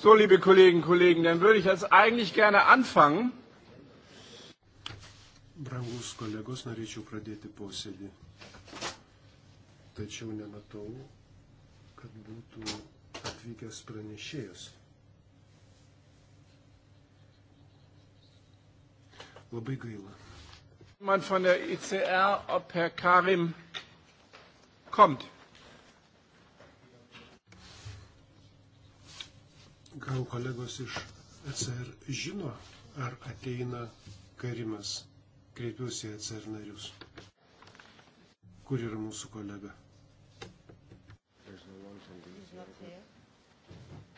So, liebe Kolleginnen und Kollegen, dann würde ich jetzt eigentlich gerne anfangen. Brangus kolegos, norėčiau pradėti posėdį. Tačiau nematau, kad būtų atvykęs pranešėjas. Labai gaila. Man von der ICR, e ob Herr Karim kommt. Gal kolegos iš ECR žino, ar ateina karimas? Kreipiuosi į ECR narius. Kur yra mūsų kolega?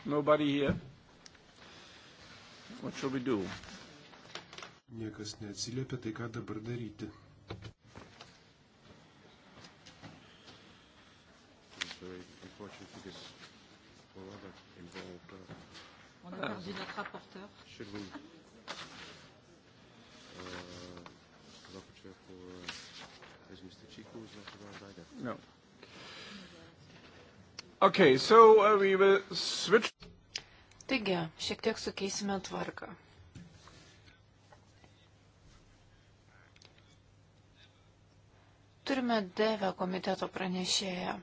Nobody here. What shall we do? Niekas neatsiliepia, tai ką dabar daryti? Very unfortunate because all other involved uh, On a ah. perdu notre rapporteur. Should we? Uh, rapporteur for, uh, is Mr. Chico is not around either. No. Okay, so uh, we will switch. Taigi, šiek tiek sukeisime tvarką. Turime DV komiteto pranešėją.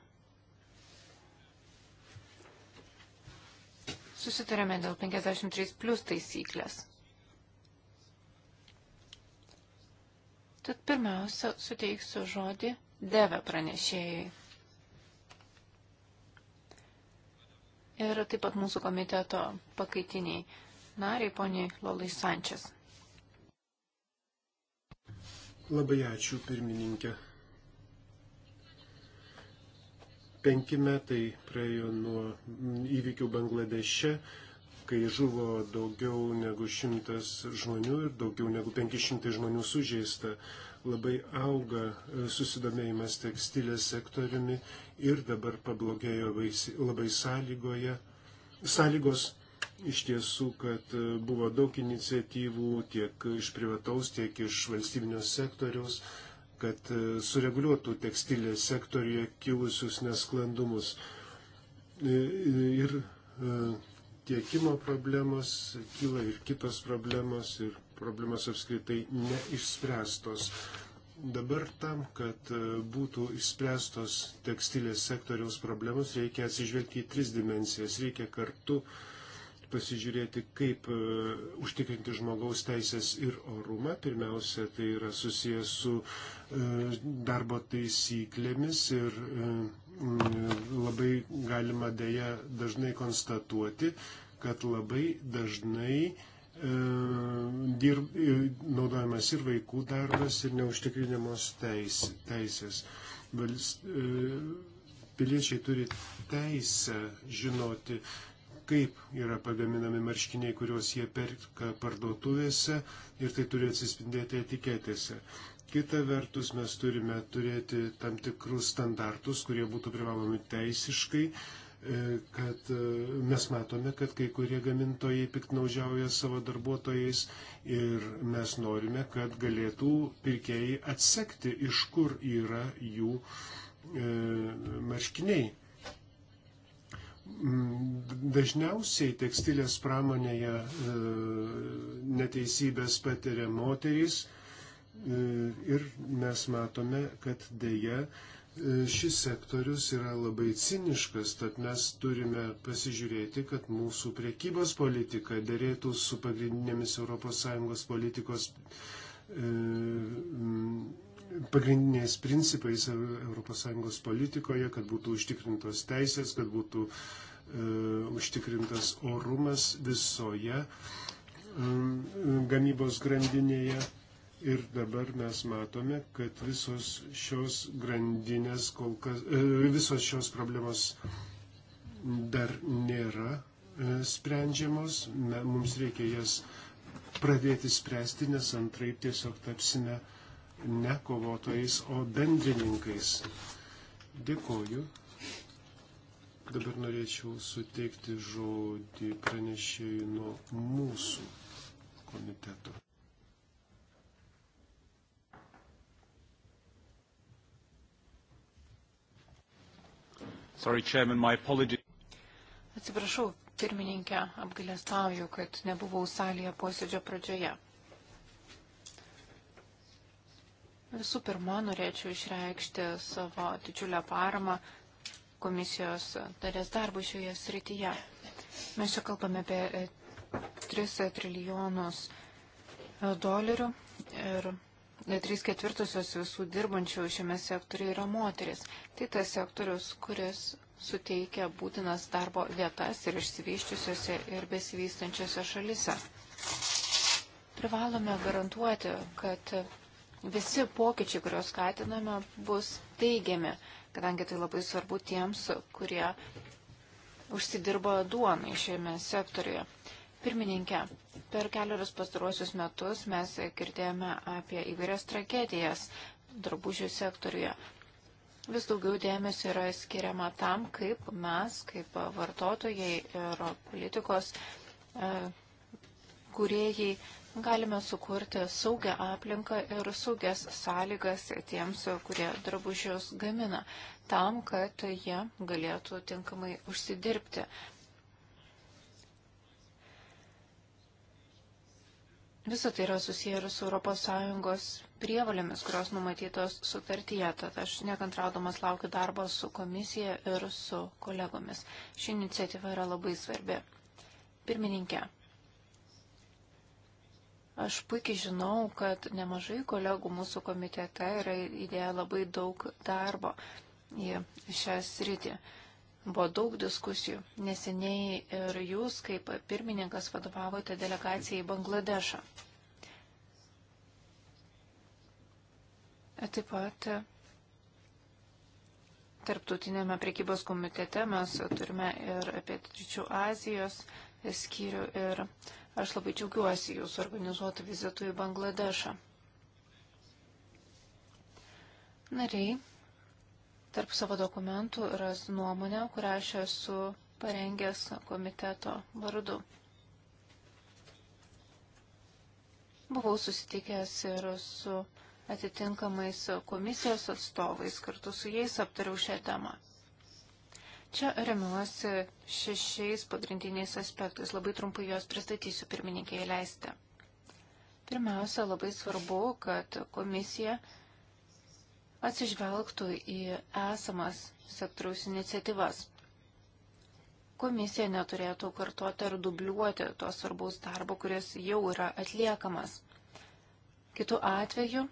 susitarėme dėl 53 plus taisyklės. Tad pirmiausia, suteiksiu žodį devę pranešėjai. Ir taip pat mūsų komiteto pakaitiniai nariai, poniai Lolai Sančias. Labai ačiū, pirmininkė. Penki metai praėjo nuo įvykių Bangladeše, kai žuvo daugiau negu šimtas žmonių ir daugiau negu penki šimtai žmonių sužeista. Labai auga e, susidomėjimas tekstilės sektoriumi ir dabar pablogėjo vaisi, labai sąlygoje, sąlygos iš tiesų, kad e, buvo daug iniciatyvų tiek iš privataus, tiek iš valstybinio sektoriaus kad e, sureguliuotų tekstilės sektorijoje kilusius nesklandumus. E, e, ir tiekimo problemos kyla ir kitos problemos ir problemos apskritai neišspręstos. Dabar tam, kad būtų išspręstos tekstilės sektoriaus problemos, reikia atsižvelgti į tris dimensijas. Reikia kartu uh, pasižiūrėti, kaip e, užtikrinti žmogaus teisės ir orumą. Pirmiausia, tai yra susijęs su e, darbo taisyklėmis ir e, labai galima dėja dažnai konstatuoti, kad labai dažnai dirb, naudojamas ir vaikų darbas, ir neužtikrinamos teis, teisės. Piliečiai turi teisę žinoti, kaip yra pagaminami marškiniai, kuriuos jie perka parduotuvėse ir tai turi atsispindėti etiketėse. Kita vertus, mes turime turėti tam tikrus standartus, kurie būtų privalomi teisiškai, e, kad e, mes matome, kad kai kurie gamintojai piknaudžiauja savo darbuotojais ir mes norime, kad galėtų pirkėjai atsekti, iš kur yra jų e, marškiniai. Mm, dažniausiai tekstilės pramonėje e, neteisybės patiria moterys e, ir mes matome, kad dėja e, šis sektorius yra labai ciniškas, tad mes turime pasižiūrėti, kad mūsų priekybos politika dėrėtų su pagrindinėmis ES politikos pagrindiniais principais ES politikoje, kad būtų užtikrintos teisės, kad būtų e, užtikrintas orumas visoje e, gamybos grandinėje. Ir dabar mes matome, kad visos šios grandinės kol kas, e, visos šios problemos dar nėra e, sprendžiamos. Me, mums reikia jas pradėti spręsti, nes antraip tiesiog tapsime e, ne kovotojais, o bendrininkais. Dėkoju. Dabar norėčiau suteikti žodį pranešėjui nuo mūsų komiteto. Sorry, Chairman, my apologies. Atsiprašau, pirmininkė, apgailestauju, kad nebuvau salėje posėdžio pradžioje. Visų pirma, norėčiau išreikšti savo didžiulę paramą komisijos darės darbų šioje srityje. Mes čia kalbame apie 3 e, trilijonus e, dolerių ir 3 e, ketvirtusios visų dirbančių šiame sektoriu yra moteris. Tai tas sektorius, kuris suteikia būtinas darbo vietas ir išsivyščiusiose ir besivystančiose šalise. Privalome garantuoti, kad visi pokyčiai, kuriuos skatiname, bus teigiami, kadangi tai labai svarbu tiems, kurie užsidirba duonai šiame sektoriuje. Pirmininkė, per keliarius pastaruosius metus mes girdėjome apie įvairias tragedijas drabužių sektoriuje. Vis daugiau dėmesio yra skiriama tam, kaip mes, kaip vartotojai ir politikos e, kuriejai galime sukurti saugią aplinką ir saugias sąlygas tiems, kurie drabužius gamina, tam, kad jie galėtų tinkamai užsidirbti. Visą tai yra susiję ir su ES prievalėmis, kurios numatytos sutartyje, tad aš nekantraudamas laukiu darbo su komisija ir su kolegomis. Ši iniciatyva yra labai svarbi. Pirmininkė, Aš puikiai žinau, kad nemažai kolegų mūsų komitete yra įdėję labai daug darbo į šią sritį. Buvo daug diskusijų. Neseniai ir jūs, kaip pirmininkas, vadovavote delegacijai į Bangladešą. Taip pat Tarptautinėme prekybos komitete mes turime ir apie Tričių Azijos skyrių ir Aš labai džiaugiuosi jūsų organizuotų vizitų į Bangladešą. Nariai tarp savo dokumentų ras nuomonę, kurią aš esu parengęs komiteto vardu. Buvau susitikęs ir su atitinkamais komisijos atstovais, kartu su jais aptariau šią temą. Čia remiuosi šešiais pagrindiniais aspektais. Labai trumpai juos pristatysiu pirmininkiai leisti. Pirmiausia, labai svarbu, kad komisija atsižvelgtų į esamas sektoriaus iniciatyvas. Komisija neturėtų kartuoti ar dubliuoti to svarbaus darbo, kuris jau yra atliekamas. Kitu atveju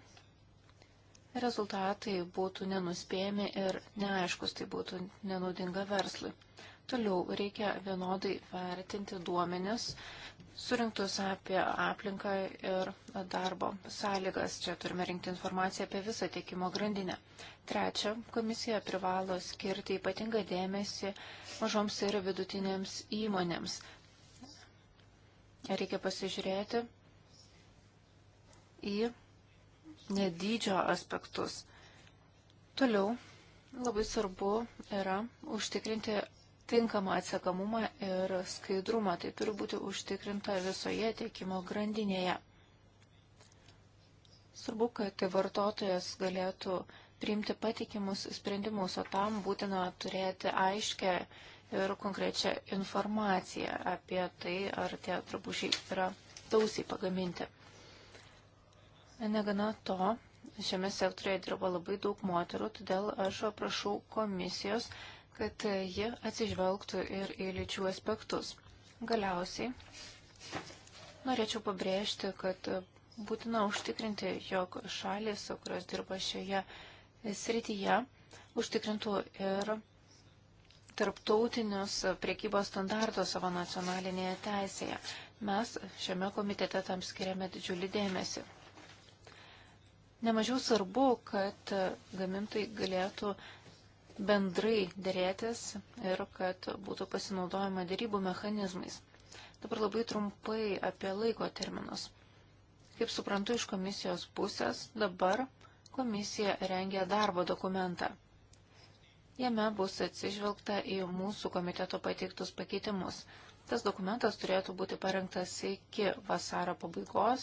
rezultatai būtų nenuspėjami ir neaiškus, tai būtų nenaudinga verslui. Toliau reikia vienodai vertinti duomenis, surinktus apie aplinką ir darbo sąlygas. Čia turime rinkti informaciją apie visą tiekimo grandinę. Trečia, komisija privalo skirti ypatingą dėmesį mažoms ir vidutinėms įmonėms. Reikia pasižiūrėti į dydžio aspektus. Toliau labai svarbu yra užtikrinti tinkamą atsekamumą ir skaidrumą. Tai turi būti užtikrinta visoje tiekimo grandinėje. Svarbu, kad vartotojas galėtų priimti patikimus sprendimus, o tam būtina turėti aiškę ir konkrečią informaciją apie tai, ar tie drabužiai yra tausiai pagaminti. Negana to, šiame sektorėje dirba labai daug moterų, todėl aš prašau komisijos, kad ji atsižvelgtų ir į lyčių aspektus. Galiausiai norėčiau pabrėžti, kad būtina užtikrinti, jog šalis, kurios dirba šioje srityje, užtikrintų ir tarptautinius priekybos standartus savo nacionalinėje teisėje. Mes šiame komitete tam skiriame didžiulį dėmesį. Nemažiau svarbu, kad gamintojai galėtų bendrai dėrėtis ir kad būtų pasinaudojama dėrybų mechanizmais. Dabar labai trumpai apie laiko terminus. Kaip suprantu iš komisijos pusės, dabar komisija rengia darbo dokumentą. Jame bus atsižvelgta į mūsų komiteto pateiktus pakeitimus. Tas dokumentas turėtų būti parengtas iki vasaro pabaigos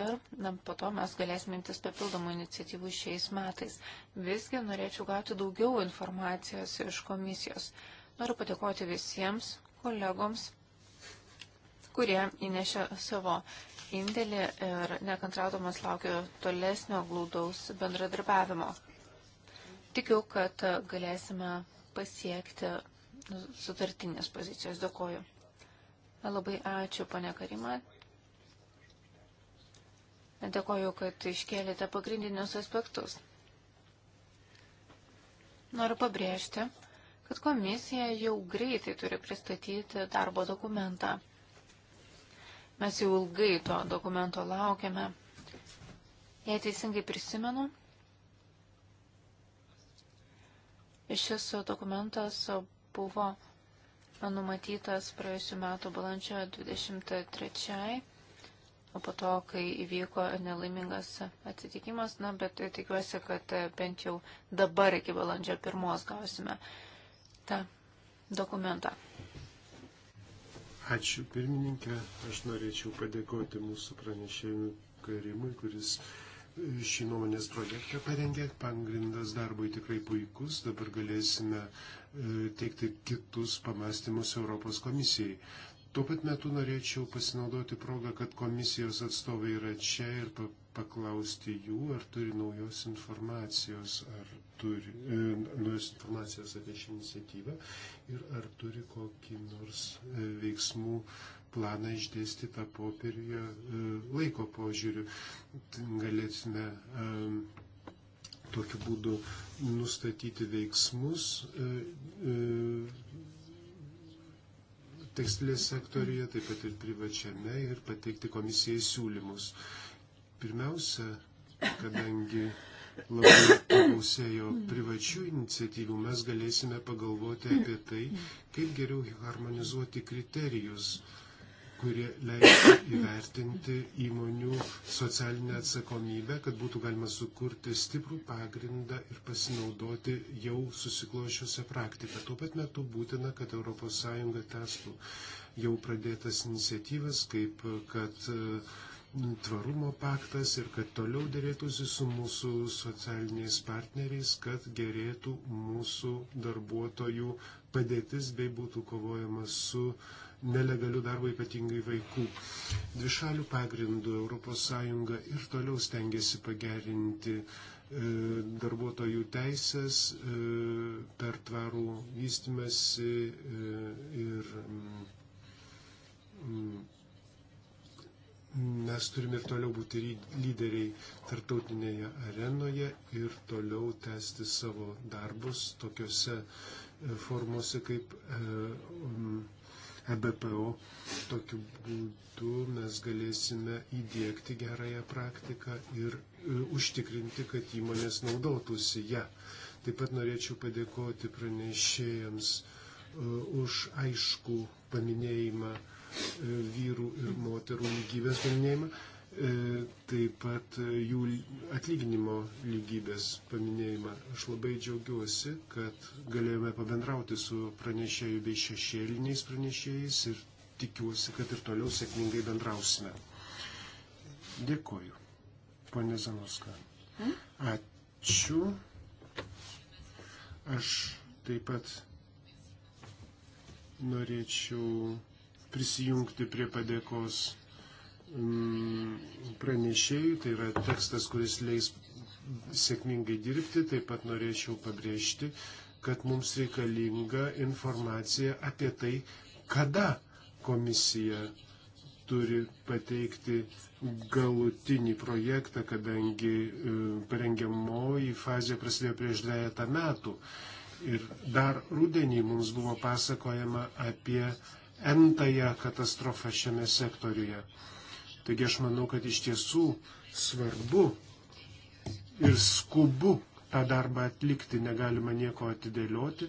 ir na, po to mes galėsime imtis papildomų iniciatyvų šiais metais. Visgi norėčiau gauti daugiau informacijos iš komisijos. Noriu padėkoti visiems kolegoms, kurie įnešė savo indėlį ir nekantraudamas laukiu tolesnio glaudaus bendradarbiavimo. Tikiu, kad galėsime pasiekti sutartinės pozicijos. Dėkoju. Labai ačiū, pane Karima. Dėkoju, kad iškėlėte pagrindinius aspektus. Noriu pabrėžti, kad komisija jau greitai turi pristatyti darbo dokumentą. Mes jau ilgai to dokumento laukiame. Jei teisingai prisimenu, šis dokumentas buvo numatytas praėjusiu metu balandžio 23, o po to, kai įvyko nelaimingas atsitikimas, na, bet tikiuosi, kad bent jau dabar iki balandžio pirmos gausime tą dokumentą. Ačiū pirmininkė, aš norėčiau padėkoti mūsų pranešėjimui Karimui, kuris šį nuomonės projektą parengė, pangrindas darbui tikrai puikus, dabar galėsime E, teikti kitus pamastymus Europos komisijai. Tuo pat metu norėčiau pasinaudoti progą, kad komisijos atstovai yra čia ir paklausti jų, ar turi naujos informacijos, ar turi e, naujos informacijos apie šią iniciatyvą ir ar turi kokį nors e, veiksmų planą išdėstytą popieriuje e, laiko požiūriu. Galėsime e, tokiu būdu e, nustatyti veiksmus e, e, tekstilės sektorija, taip pat ir privačiame ir pateikti komisijai siūlymus. Pirmiausia, kadangi labai pagausėjo privačių iniciatyvų, mes galėsime pagalvoti apie tai, kaip geriau harmonizuoti kriterijus kuri leistų įvertinti įmonių socialinę atsakomybę, kad būtų galima sukurti stiprų pagrindą ir pasinaudoti jau susiklošiusią praktiką. Tuo pat metu būtina, kad ES testų jau pradėtas iniciatyvas, kaip kad tvarumo paktas ir kad toliau dėrėtųsi su mūsų socialiniais partneriais, kad gerėtų mūsų darbuotojų padėtis bei būtų kovojama su uh, nelegaliu darbu, ypatingai vaikų. Dvišalių pagrindų ES ir toliau stengiasi pagerinti e, darbuotojų teisės e, per tvarų vystimąsi e, ir mm, mm, mes turime ir toliau būti lyderiai tartautinėje arenoje ir toliau tęsti savo darbus tokiuose formuose kaip mm, EBPO. Tokiu būdu mes galėsime įdėkti gerąją praktiką ir e, užtikrinti, kad įmonės naudotųsi ją. Ja. Taip pat norėčiau padėkoti pranešėjams e, už aišku paminėjimą e, vyrų ir moterų lygybės paminėjimą. E, taip pat e, jų atlyginimo lygybės paminėjimą. Aš labai džiaugiuosi, kad galėjome pabendrauti su pranešėjų bei šešėliniais pranešėjais ir tikiuosi, kad ir toliau sėkmingai bendrausime. Dėkoju, ponė Zanoska. Ačiū. Aš taip pat norėčiau prisijungti prie padėkos Mm, pranešėjų, tai yra tekstas, kuris leis sėkmingai dirbti, taip pat norėčiau pabrėžti, kad mums reikalinga informacija apie tai, kada komisija turi pateikti galutinį projektą, kadangi e, parengiamoji fazė prasidėjo prieš dviejatą metų. Ir dar rudenį mums buvo pasakojama apie entąją katastrofą šiame sektoriuje. Taigi aš manau, kad iš tiesų svarbu ir skubu tą darbą atlikti, negalima nieko atidėlioti,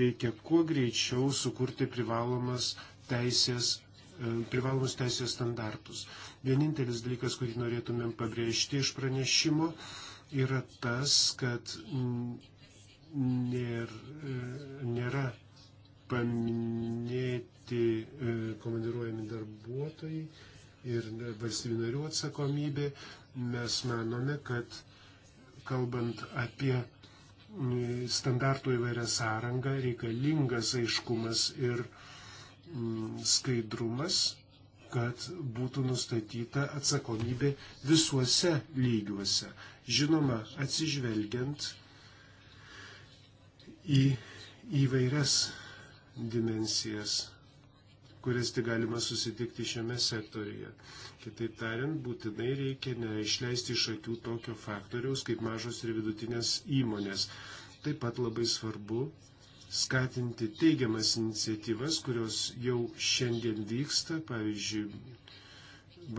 reikia kuo greičiau sukurti privalomas teisės e, privalomus teisės standartus. Vienintelis dalykas, kurį norėtumėm pabrėžti iš pranešimo, yra tas, kad nėra, e, nėra paminėti e, komandiruojami darbuotojai, ir valstybių narių atsakomybė. Mes manome, kad kalbant apie standartų įvairią sąrangą, reikalingas aiškumas ir skaidrumas, kad būtų nustatyta atsakomybė visuose lygiuose. Žinoma, atsižvelgiant į įvairias dimensijas kurias tik galima susitikti šiame sektoriuje. Kitaip tariant, būtinai reikia neišleisti iš akių tokio faktoriaus kaip mažos ir vidutinės įmonės. Taip pat labai svarbu skatinti teigiamas iniciatyvas, kurios jau šiandien vyksta, pavyzdžiui,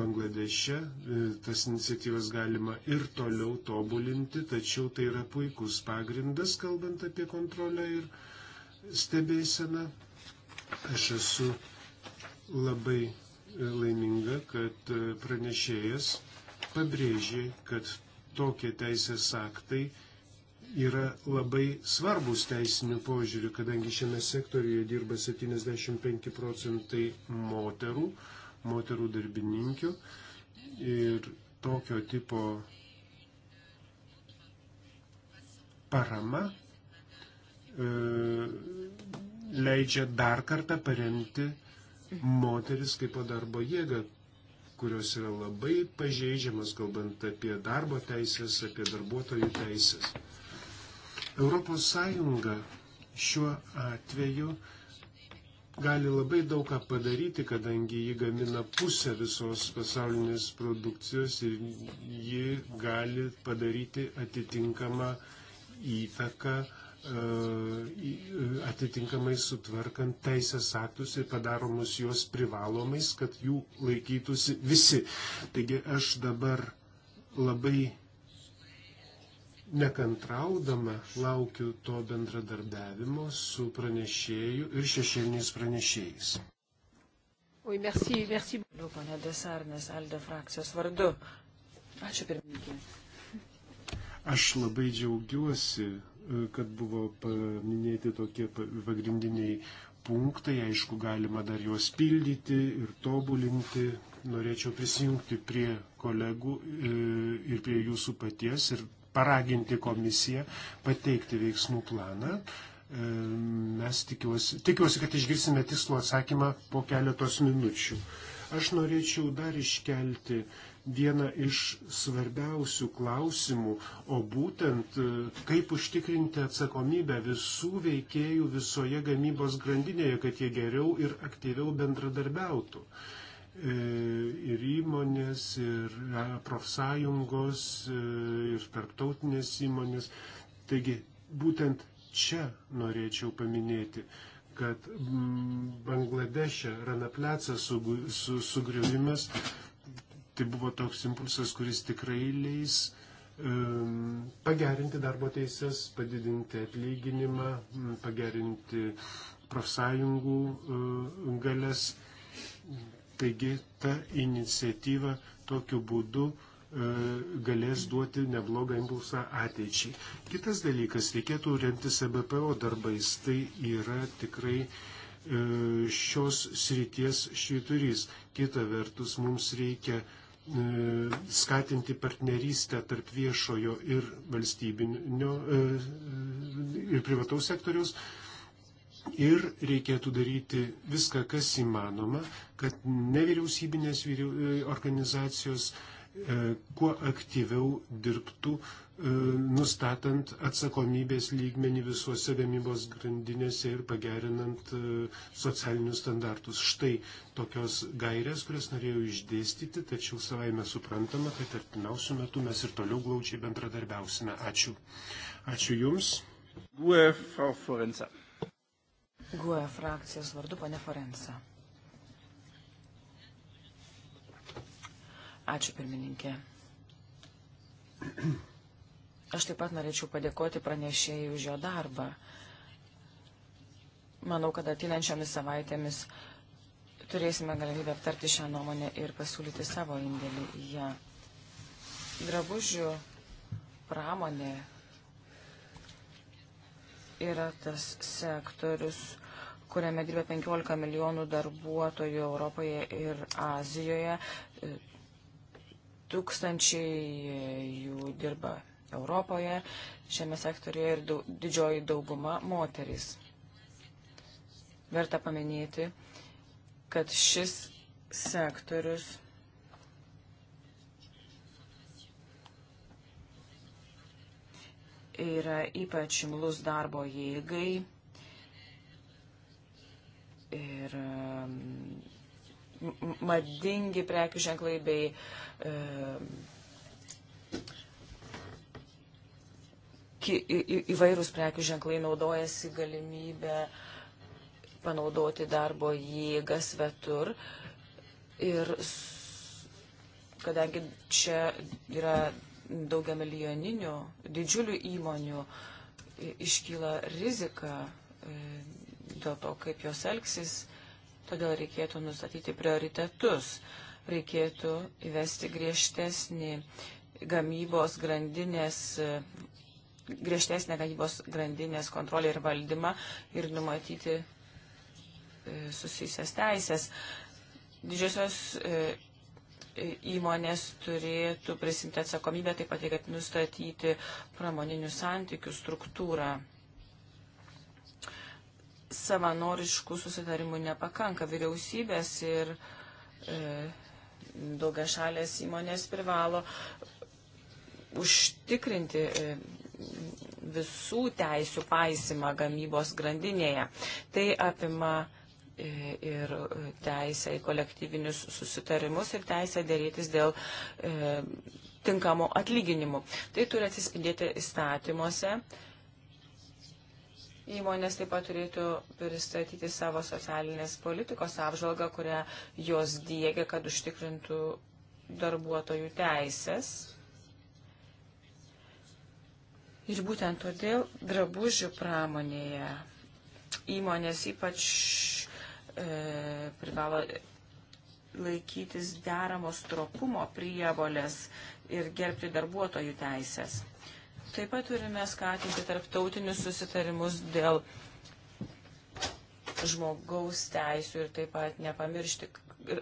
Bangladeše. E, tas iniciatyvas galima ir toliau tobulinti, tačiau tai yra puikus pagrindas, kalbant apie kontrolę ir stebėseną. Aš esu labai e, laiminga, kad e, pranešėjas pabrėžė, kad tokie teisės aktai yra labai svarbus teisiniu požiūriu, kadangi šiame sektoriuje dirba 75 procentai moterų, moterų darbininkių ir tokio tipo parama e, leidžia dar kartą paremti moteris kaip darbo jėga, kurios yra labai pažeidžiamas, kalbant apie darbo teisės, apie darbuotojų teisės. Europos Sąjunga šiuo atveju gali labai daug ką padaryti, kadangi ji gamina pusę visos pasaulinės produkcijos ir ji gali padaryti atitinkamą įtaką uh, E, e, atitinkamai sutvarkant teisės aktus ir padaromus juos privalomais, kad jų laikytųsi visi. Taigi aš dabar labai nekantraudama laukiu to bendradarbiavimo su pranešėju ir šešėliniais pranešėjais. Oi, merci, merci. Ponė Desarnės, Alde frakcijos vardu. Ačiū pirmininkė. Aš labai džiaugiuosi kad buvo paminėti tokie pagrindiniai punktai, aišku, galima dar juos pildyti ir tobulinti. Norėčiau prisijungti prie kolegų e, ir prie jūsų paties ir paraginti komisiją pateikti veiksmų planą. E, mes tikiuosi, tikiuosi kad išgirsime tikslų atsakymą po keletos minučių. Aš norėčiau dar iškelti uh, vieną iš svarbiausių klausimų, o būtent e, kaip užtikrinti atsakomybę visų veikėjų visoje gamybos grandinėje, kad jie geriau ir aktyviau bendradarbiautų. E, ir įmonės, ir e, profsąjungos, ir tarptautinės įmonės. Taigi būtent čia norėčiau paminėti, kad Bangladeše Rana Plecas sugriuvimas su, su Tai buvo toks impulsas, kuris tikrai leis um, pagerinti darbo teisės, padidinti atlyginimą, pagerinti profsąjungų uh, e, galės. Taigi ta iniciatyva tokiu būdu e, galės duoti neblogą impulsą ateičiai. Kitas dalykas, reikėtų remtis EBPO darbais. Tai yra tikrai e, šios srities švyturys. Kita vertus, mums reikia E, skatinti partnerystę tarp viešojo ir valstybinio e, ir privataus sektoriaus. Ir reikėtų daryti viską, kas įmanoma, kad nevyriausybinės e, organizacijos uh, E, kuo aktyviau dirbtų, e, nustatant atsakomybės lygmenį visuose gamybos grandinėse ir pagerinant e, socialinius standartus. Štai tokios gairės, kurias norėjau išdėstyti, tačiau savai mes suprantame, kad artimiausių metų mes ir toliau glaučiai bendradarbiausime. Ačiū. Ačiū Jums. Gue, Frau Forenza. Gue frakcijos vardu, pane Forenza. Ačiū pirmininkė. Aš taip pat norėčiau padėkoti pranešėjai už jo darbą. Manau, kad ateinančiomis savaitėmis turėsime galimybę aptarti šią nuomonę ir pasiūlyti savo indėlį į ją. Drabužių pramonė yra tas sektorius, kuriame dirba 15 milijonų darbuotojų Europoje ir Azijoje. Tūkstančiai jų dirba Europoje, šiame sektorėje ir daug, didžioji dauguma moterys. Verta paminėti, kad šis sektorius yra ypač imlus darbo jėgai ir madingi prekių ženklai bei e, įvairūs prekių ženklai naudojasi galimybę panaudoti darbo jėgą svetur. Ir kadangi čia yra daugia milijoninių, didžiulių įmonių, iškyla rizika e, dėl to, kaip jos elgsis Todėl reikėtų nustatyti prioritetus, reikėtų įvesti griežtesnį gamybos grandinės griežtesnę gamybos grandinės kontrolę ir valdymą ir numatyti e, susijusias teisės. Didžiosios e, įmonės turėtų prisimti atsakomybę taip pat, kad nustatyti pramoninių santykių struktūrą savanoriškų susitarimų nepakanka. Vyriausybės ir e, daugia šalės įmonės privalo užtikrinti e, visų teisių paisimą gamybos grandinėje. Tai apima e, ir teisę į kolektyvinius susitarimus ir teisę dėrėtis dėl e, tinkamo atlyginimų. Tai turi atsispindėti įstatymuose. E, Įmonės taip pat turėtų pristatyti savo socialinės politikos apžvalgą, kurią jos diegia, kad užtikrintų darbuotojų teisės. Ir būtent todėl drabužių pramonėje įmonės ypač e, privalo laikytis deramos tropumo prievolės ir gerbti darbuotojų teisės. Taip pat turime skatinti tarptautinius susitarimus dėl žmogaus teisų ir taip pat nepamiršti,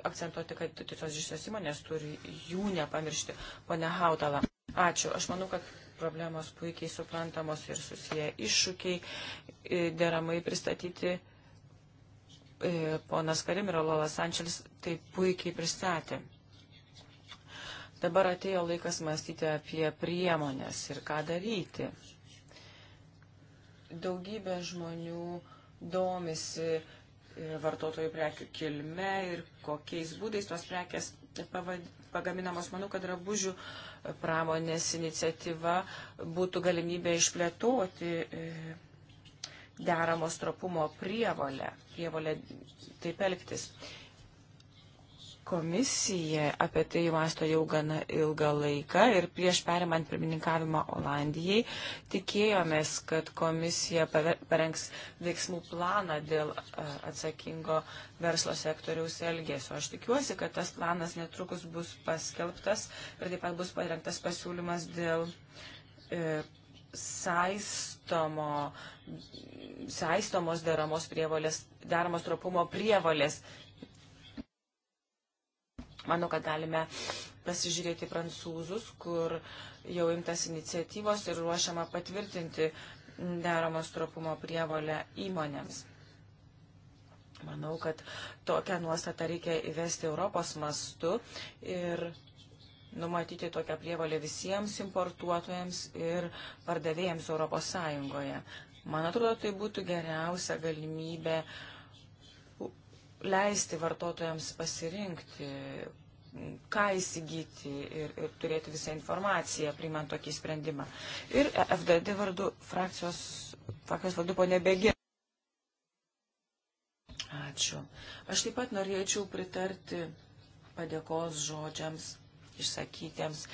akcentuoti, kad tos žiūrės įmonės turi jų nepamiršti. Pone Hautala, ačiū. Aš manau, kad problemos puikiai suprantamos ir susiję iššūkiai e, deramai pristatyti. E, ponas Karimiro Lolas Ančelis tai puikiai pristatė. Dabar atėjo laikas mąstyti apie priemonės ir ką daryti. Daugybė žmonių domisi e, vartotojų prekių kilme ir kokiais būdais tos prekės pagaminamos. Manau, kad drabužių pramonės iniciatyva būtų galimybė išplėtoti e, deramos trapumo prievolę, prievolę taip elgtis. Komisija apie tai masto jau gana ilgą laiką ir prieš perimant pirmininkavimą Olandijai tikėjomės, kad komisija parengs veiksmų planą dėl atsakingo verslo sektoriaus elgesio. Aš tikiuosi, kad tas planas netrukus bus paskelbtas ir taip pat bus parengtas pasiūlymas dėl e, saistomo, saistomos deramos prievolės, deramos tropumo prievolės Manau, kad galime pasižiūrėti prancūzus, kur jau imtas iniciatyvos ir ruošiama patvirtinti deramos trapumo prievolę įmonėms. Manau, kad tokią nuostatą reikia įvesti Europos mastu ir numatyti tokią prievalę visiems importuotojams ir pardavėjams Europos Sąjungoje. Man atrodo, tai būtų geriausia galimybė uh, leisti vartotojams pasirinkti, ką įsigyti ir, ir turėti visą informaciją, priimant tokį sprendimą. Ir FDD vardu frakcijos, frakcijos vardu ponė Begė. Ačiū. Aš taip pat norėčiau pritarti padėkos žodžiams išsakytiems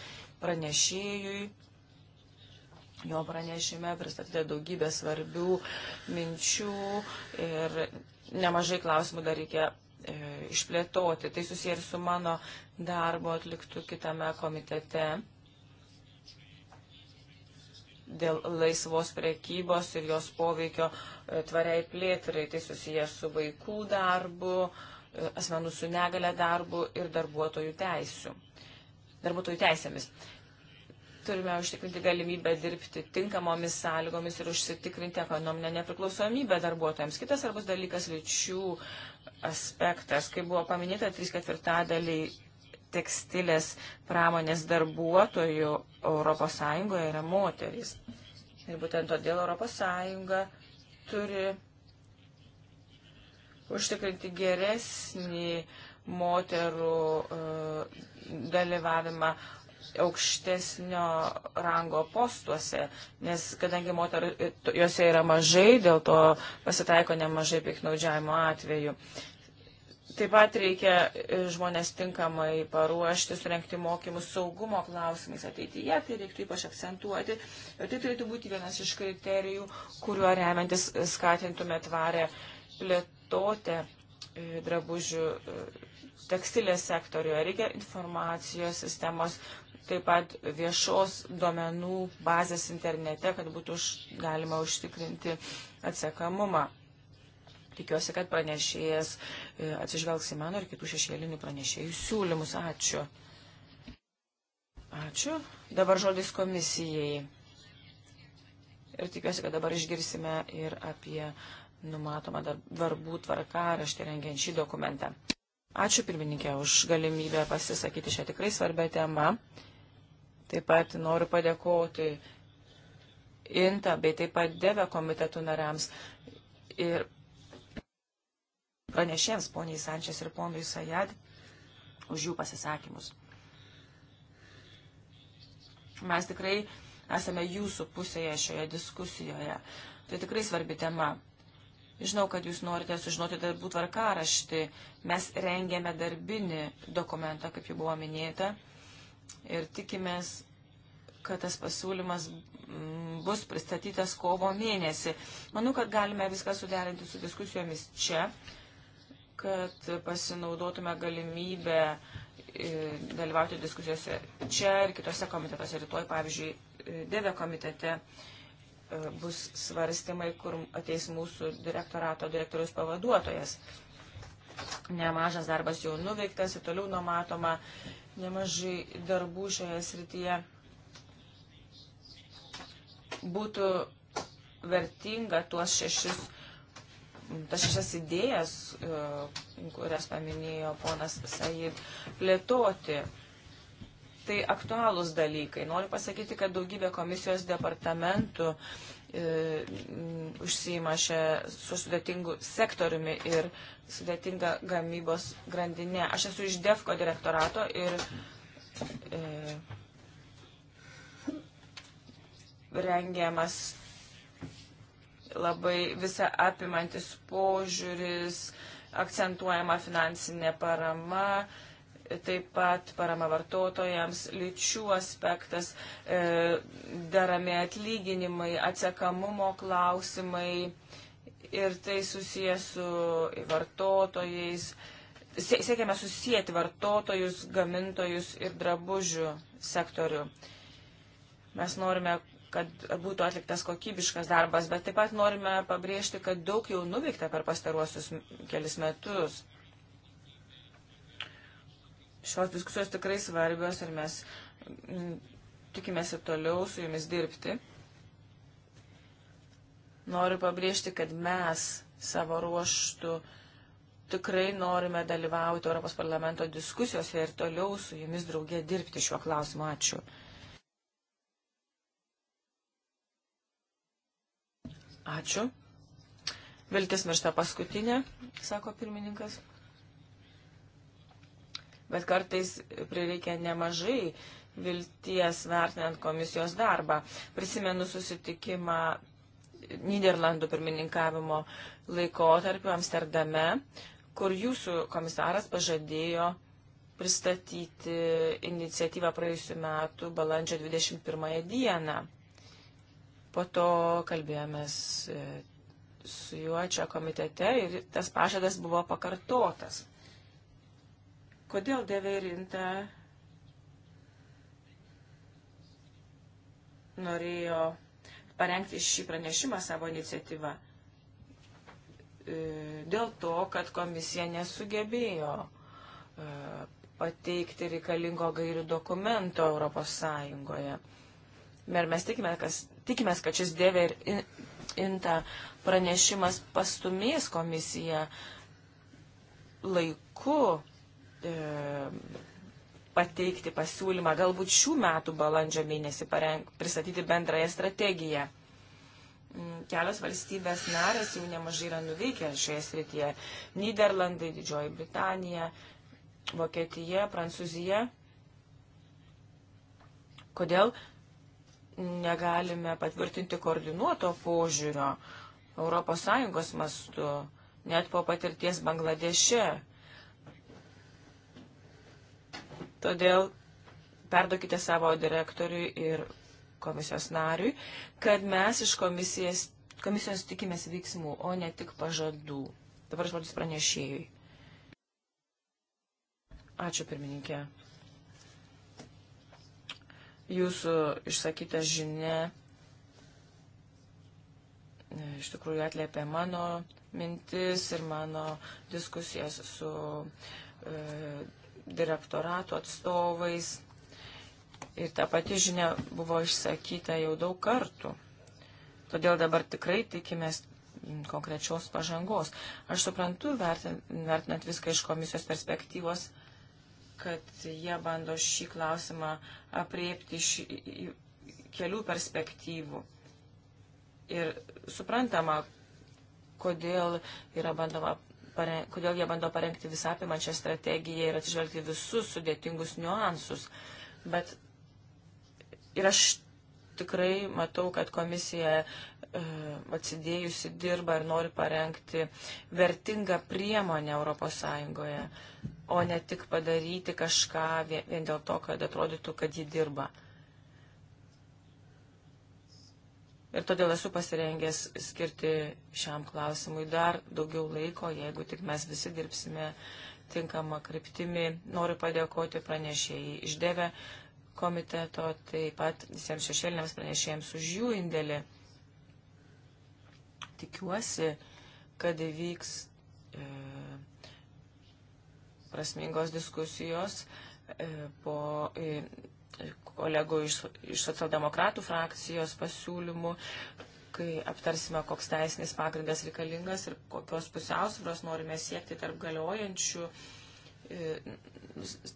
pranešėjui. Jo pranešime pristatė daugybę svarbių minčių ir nemažai klausimų dar reikia e, išplėtoti. Tai susiję ir su mano darbo atliktų kitame komitete dėl laisvos prekybos ir jos poveikio e, tvariai plėtrai. Tai susiję su vaikų darbu, e, asmenų su negale darbu ir darbuotojų teisų. Darbuotojų teisėmis. Turime užtikrinti galimybę dirbti tinkamomis sąlygomis ir užsitikrinti ekonominę nepriklausomybę darbuotojams. Kitas svarbus dalykas - lyčių aspektas. Kai buvo paminėta, 3 ketvirtadaliai tekstilės pramonės darbuotojų ES yra moteris. Ir būtent todėl ES turi užtikrinti geresnį moterų uh, dalyvavimą aukštesnio rango postuose, nes kadangi moterų e, juose yra mažai, dėl to pasitaiko nemažai piknaudžiavimo atvejų. Taip pat reikia e, žmonės tinkamai paruošti, surenkti mokymus saugumo klausimais ateityje, tai reiktų ypač akcentuoti. Ir tai turėtų būti vienas iš kriterijų, kuriuo remiantis skatintume tvarę plėtotę e, drabužių tekstilės sektoriuje. Reikia informacijos sistemos, taip pat viešos duomenų bazės internete, kad būtų už, galima užtikrinti atsekamumą. Tikiuosi, kad pranešėjas e, atsižvelgs į mano ir kitų šešėlinių pranešėjų siūlymus. Ačiū. Ačiū. Dabar žodis komisijai. Ir tikiuosi, kad dabar išgirsime ir apie numatomą darbų tvarkaraštį rengiant šį dokumentą. Ačiū pirmininkė už galimybę pasisakyti šią tikrai svarbę temą. Taip pat noriu padėkoti INTA bei taip pat DEVE komitetų nariams ir pranešėms poniai Sančias ir ponui Sajad už jų pasisakymus. Mes tikrai esame jūsų pusėje šioje diskusijoje. Tai tikrai svarbi tema. Žinau, kad jūs norite sužinoti darbų tvarkaraštį. Mes rengėme darbinį dokumentą, kaip jau buvo minėta ir tikimės, kad tas pasiūlymas mm, bus pristatytas kovo mėnesį. Manau, kad galime viską suderinti su diskusijomis čia, kad pasinaudotume galimybę e, dalyvauti diskusijose čia ir kitose komitetuose. Rytoj, pavyzdžiui, e, Dėvė komitete e, bus svarstymai, kur ateis mūsų direktorato direktorius pavaduotojas. Nemažas darbas jau nuveiktas ir toliau numatoma nemažai darbų šioje srityje. Būtų vertinga tuos šešis, tas šešias idėjas, e, kurias paminėjo ponas Said, plėtoti. Tai aktualūs dalykai. Noriu pasakyti, kad daugybė komisijos departamentų uh, E, užsijima šią su sudėtingu sektoriumi ir sudėtinga gamybos grandinė. Aš esu iš DEFCO direktorato ir e, rengiamas labai visą apimantis požiūris, akcentuojama finansinė parama, e, taip pat parama vartotojams, lyčių aspektas, e, darami atlyginimai, atsekamumo klausimai ir tai susijęs su vartotojais. Siekiame susijęti vartotojus, gamintojus ir drabužių sektorių. Mes norime, kad būtų atliktas kokybiškas darbas, bet taip pat norime pabrėžti, kad daug jau nuveikta per pastaruosius kelis metus šios diskusijos tikrai svarbios ir mes mm, tikimės ir toliau su jumis dirbti. Noriu pabrėžti, kad mes savo ruoštų tikrai norime dalyvauti Europos parlamento diskusijose ir toliau su jumis draugė dirbti šiuo klausimu. Ačiū. Ačiū. Viltis miršta paskutinė, sako pirmininkas bet kartais prireikia nemažai vilties vertinant komisijos darbą. Prisimenu susitikimą Niderlandų pirmininkavimo laikotarpiu Amsterdame, kur jūsų komisaras pažadėjo pristatyti iniciatyvą praėjusiu metu balandžio 21 dieną. Po to kalbėjomės e, su juo čia komitete ir tas pažadas buvo pakartotas. Kodėl Deverinta norėjo parengti šį pranešimą savo iniciatyvą? E, dėl to, kad komisija nesugebėjo e, pateikti reikalingo gairių dokumento Europos Sąjungoje. Ir mes tikime, kas, tikimės, kad šis dėvė ir in, inta pranešimas pastumės komisiją laiku e, pateikti pasiūlymą, galbūt šių metų balandžio mėnesį pareng, pristatyti bendrąją strategiją. Mm, kelios valstybės narės jau nemažai yra nuveikę šioje srityje. Niderlandai, Didžioji Britanija, Vokietija, Prancūzija. Kodėl negalime patvirtinti koordinuoto požiūrio ES mastu, net po patirties Bangladeše? Todėl perduokite savo direktoriui ir komisijos nariui, kad mes iš komisijos, komisijos tikimės veiksmų, o ne tik pažadų. Dabar žodis pranešėjui. Ačiū pirmininkė. Jūsų išsakyta žinia e, iš tikrųjų atlėpė mano mintis ir mano diskusijas su e, direktorato atstovais. Ir ta pati žinia buvo išsakyta jau daug kartų. Todėl dabar tikrai tikimės konkrečios pažangos. Aš suprantu, vertinant viską iš komisijos perspektyvos, kad jie bando šį klausimą apriepti iš kelių perspektyvų. Ir suprantama, kodėl yra bandoma pare, kodėl jie bando parengti visą apimančią strategiją ir atsižvelgti visus sudėtingus niuansus. Bet ir aš tikrai matau, kad komisija e, atsidėjusi dirba ir nori parengti vertingą priemonę ES, o ne tik padaryti kažką vien dėl to, kad atrodytų, kad ji dirba. Ir todėl esu pasirengęs skirti šiam klausimui dar daugiau laiko, jeigu tik mes visi dirbsime tinkamą kryptimį. Noriu padėkoti pranešėjai išdėvę komiteto, taip pat visiems šešėliniams pranešėjams už jų indėlį. Tikiuosi, kad vyks e, prasmingos diskusijos e, po. E, kolegų iš, iš socialdemokratų frakcijos pasiūlymų, kai aptarsime, koks teisinis pagrindas reikalingas ir kokios pusiausvros norime siekti tarp galiojančių e,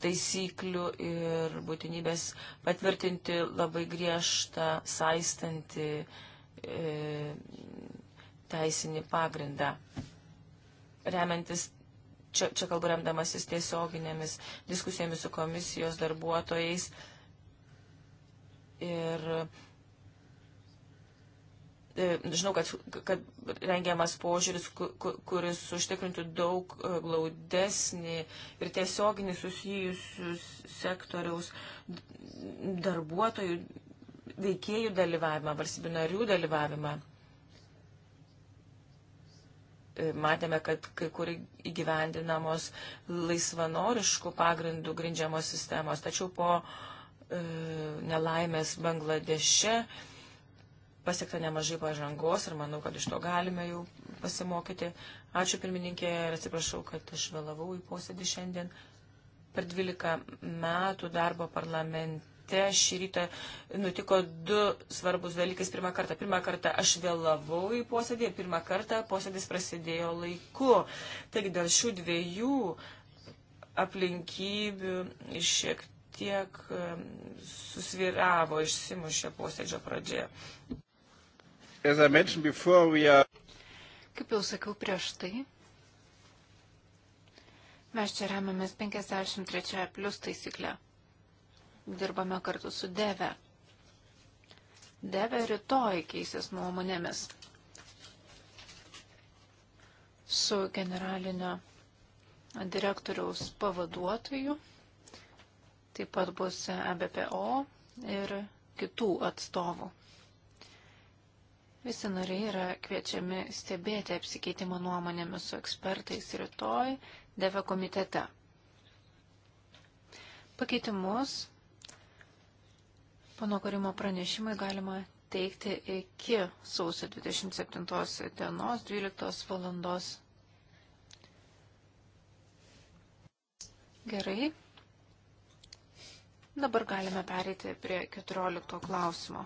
taisyklių ir būtinybės patvirtinti labai griežtą, saistantį e, teisinį pagrindą. Remiantis čia, čia kalbu remdamasis tiesioginėmis diskusijomis su komisijos darbuotojais, Ir e, žinau, kad, kad rengiamas požiūris, kuris užtikrintų daug e, glaudesnį ir tiesioginį susijusius sektoriaus darbuotojų, veikėjų dalyvavimą, valstybių narių dalyvavimą. E, matėme, kad kai kur įgyvendinamos laisvanoriškų pagrindų grindžiamos sistemos, tačiau po uh, E, nelaimės Bangladeše pasiekta nemažai pažangos ir manau, kad iš to galime jau pasimokyti. Ačiū pirmininkė ir atsiprašau, kad aš vėlavau į posėdį šiandien. Per 12 metų darbo parlamente šį rytą nutiko du svarbus dalykas pirmą kartą. Pirmą kartą aš vėlavau į posėdį ir pirmą kartą posėdis prasidėjo laiku. Taigi dėl šių dviejų aplinkybių šiek tiek susviravo, išsimušė posėdžio pradžioje. Kaip jau sakiau prieš tai, mes čia remiamės 53 plus taisyklę. Dirbame kartu su Deve. Deve rytoj keisės nuomonėmis su generalinio direktoriaus pavaduotoju Taip pat bus ABPO e ir kitų atstovų. Visi nariai yra kviečiami stebėti apsikeitimo nuomonėmis su ekspertais rytoj DEVE komitete. Pakeitimus Pano Karimo pranešimai galima teikti iki sausio 27 dienos 12 valandos. Gerai. Dabar galime pereiti prie 14 klausimo.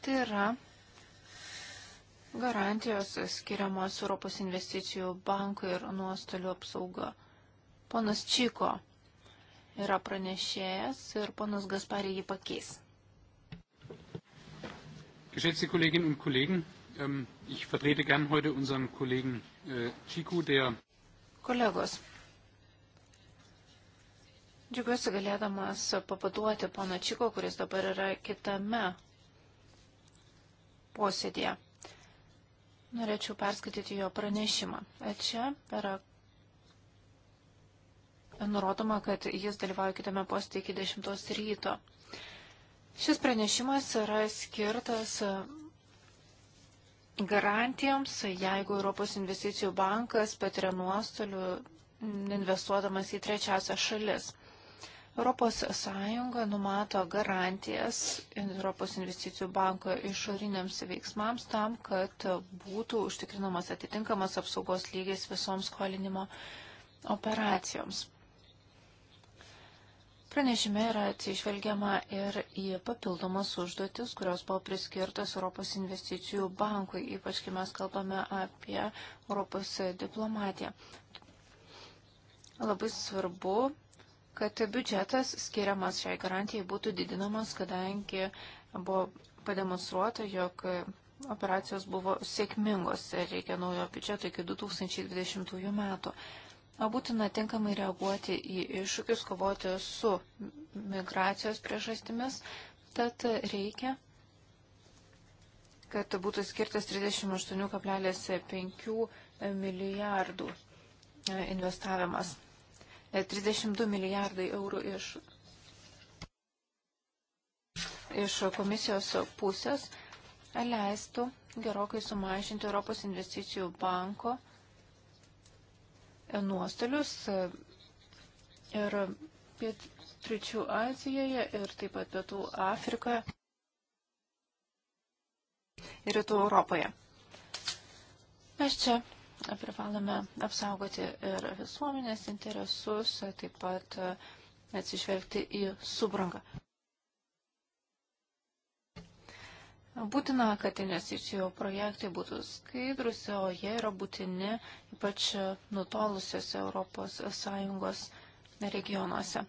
Tai yra garantijos skiriamos Europos investicijų bankui ir nuostolių apsauga. Ponas Čiko yra pranešėjas ir ponas Gasparė jį pakeis. Geschätzte Kolleginnen und Kollegen, ähm, ich vertrete gern heute unseren Kollegen äh, Chiku, der Kolegos, džiugiuosi galėdamas papaduoti pono Čiko, kuris dabar yra kitame posėdėje. Norėčiau perskaityti jo pranešimą. E čia yra nurodoma, kad jis dalyvauja kitame posėdėje iki 10 ryto. Šis pranešimas yra skirtas garantijoms, jeigu Europos investicijų bankas patiria nuostolių investuodamas į trečiasią šalis. Europos Sąjunga numato garantijas Europos investicijų banko išoriniams veiksmams tam, kad būtų užtikrinamas atitinkamas apsaugos lygis visoms skolinimo operacijoms. Pranešime yra atsižvelgiama ir į papildomas užduotis, kurios buvo priskirtas Europos investicijų bankui, ypač kai mes kalbame apie Europos diplomatiją. Labai svarbu, kad biudžetas skiriamas šiai garantijai būtų didinamas, kadangi buvo pademonstruota, jog operacijos buvo sėkmingos ir reikia naujo biudžeto iki 2020 metų būtina tinkamai reaguoti į iššūkius, kovoti su migracijos priežastimis, tad reikia, kad būtų skirtas 38,5 milijardų e, investavimas. 32 e, milijardai eurų iš, iš komisijos pusės leistų gerokai sumažinti Europos investicijų banko nuostolius ir pietričių Azijoje ir taip pat pietų Afrikoje ir rytų Europoje. Mes čia privalome apsaugoti ir visuomenės interesus, taip pat atsižvelgti į subrangą. Būtina, kad investicijų projektai būtų skaidrus, o jie yra būtini ypač nutolusiuose ES regionuose.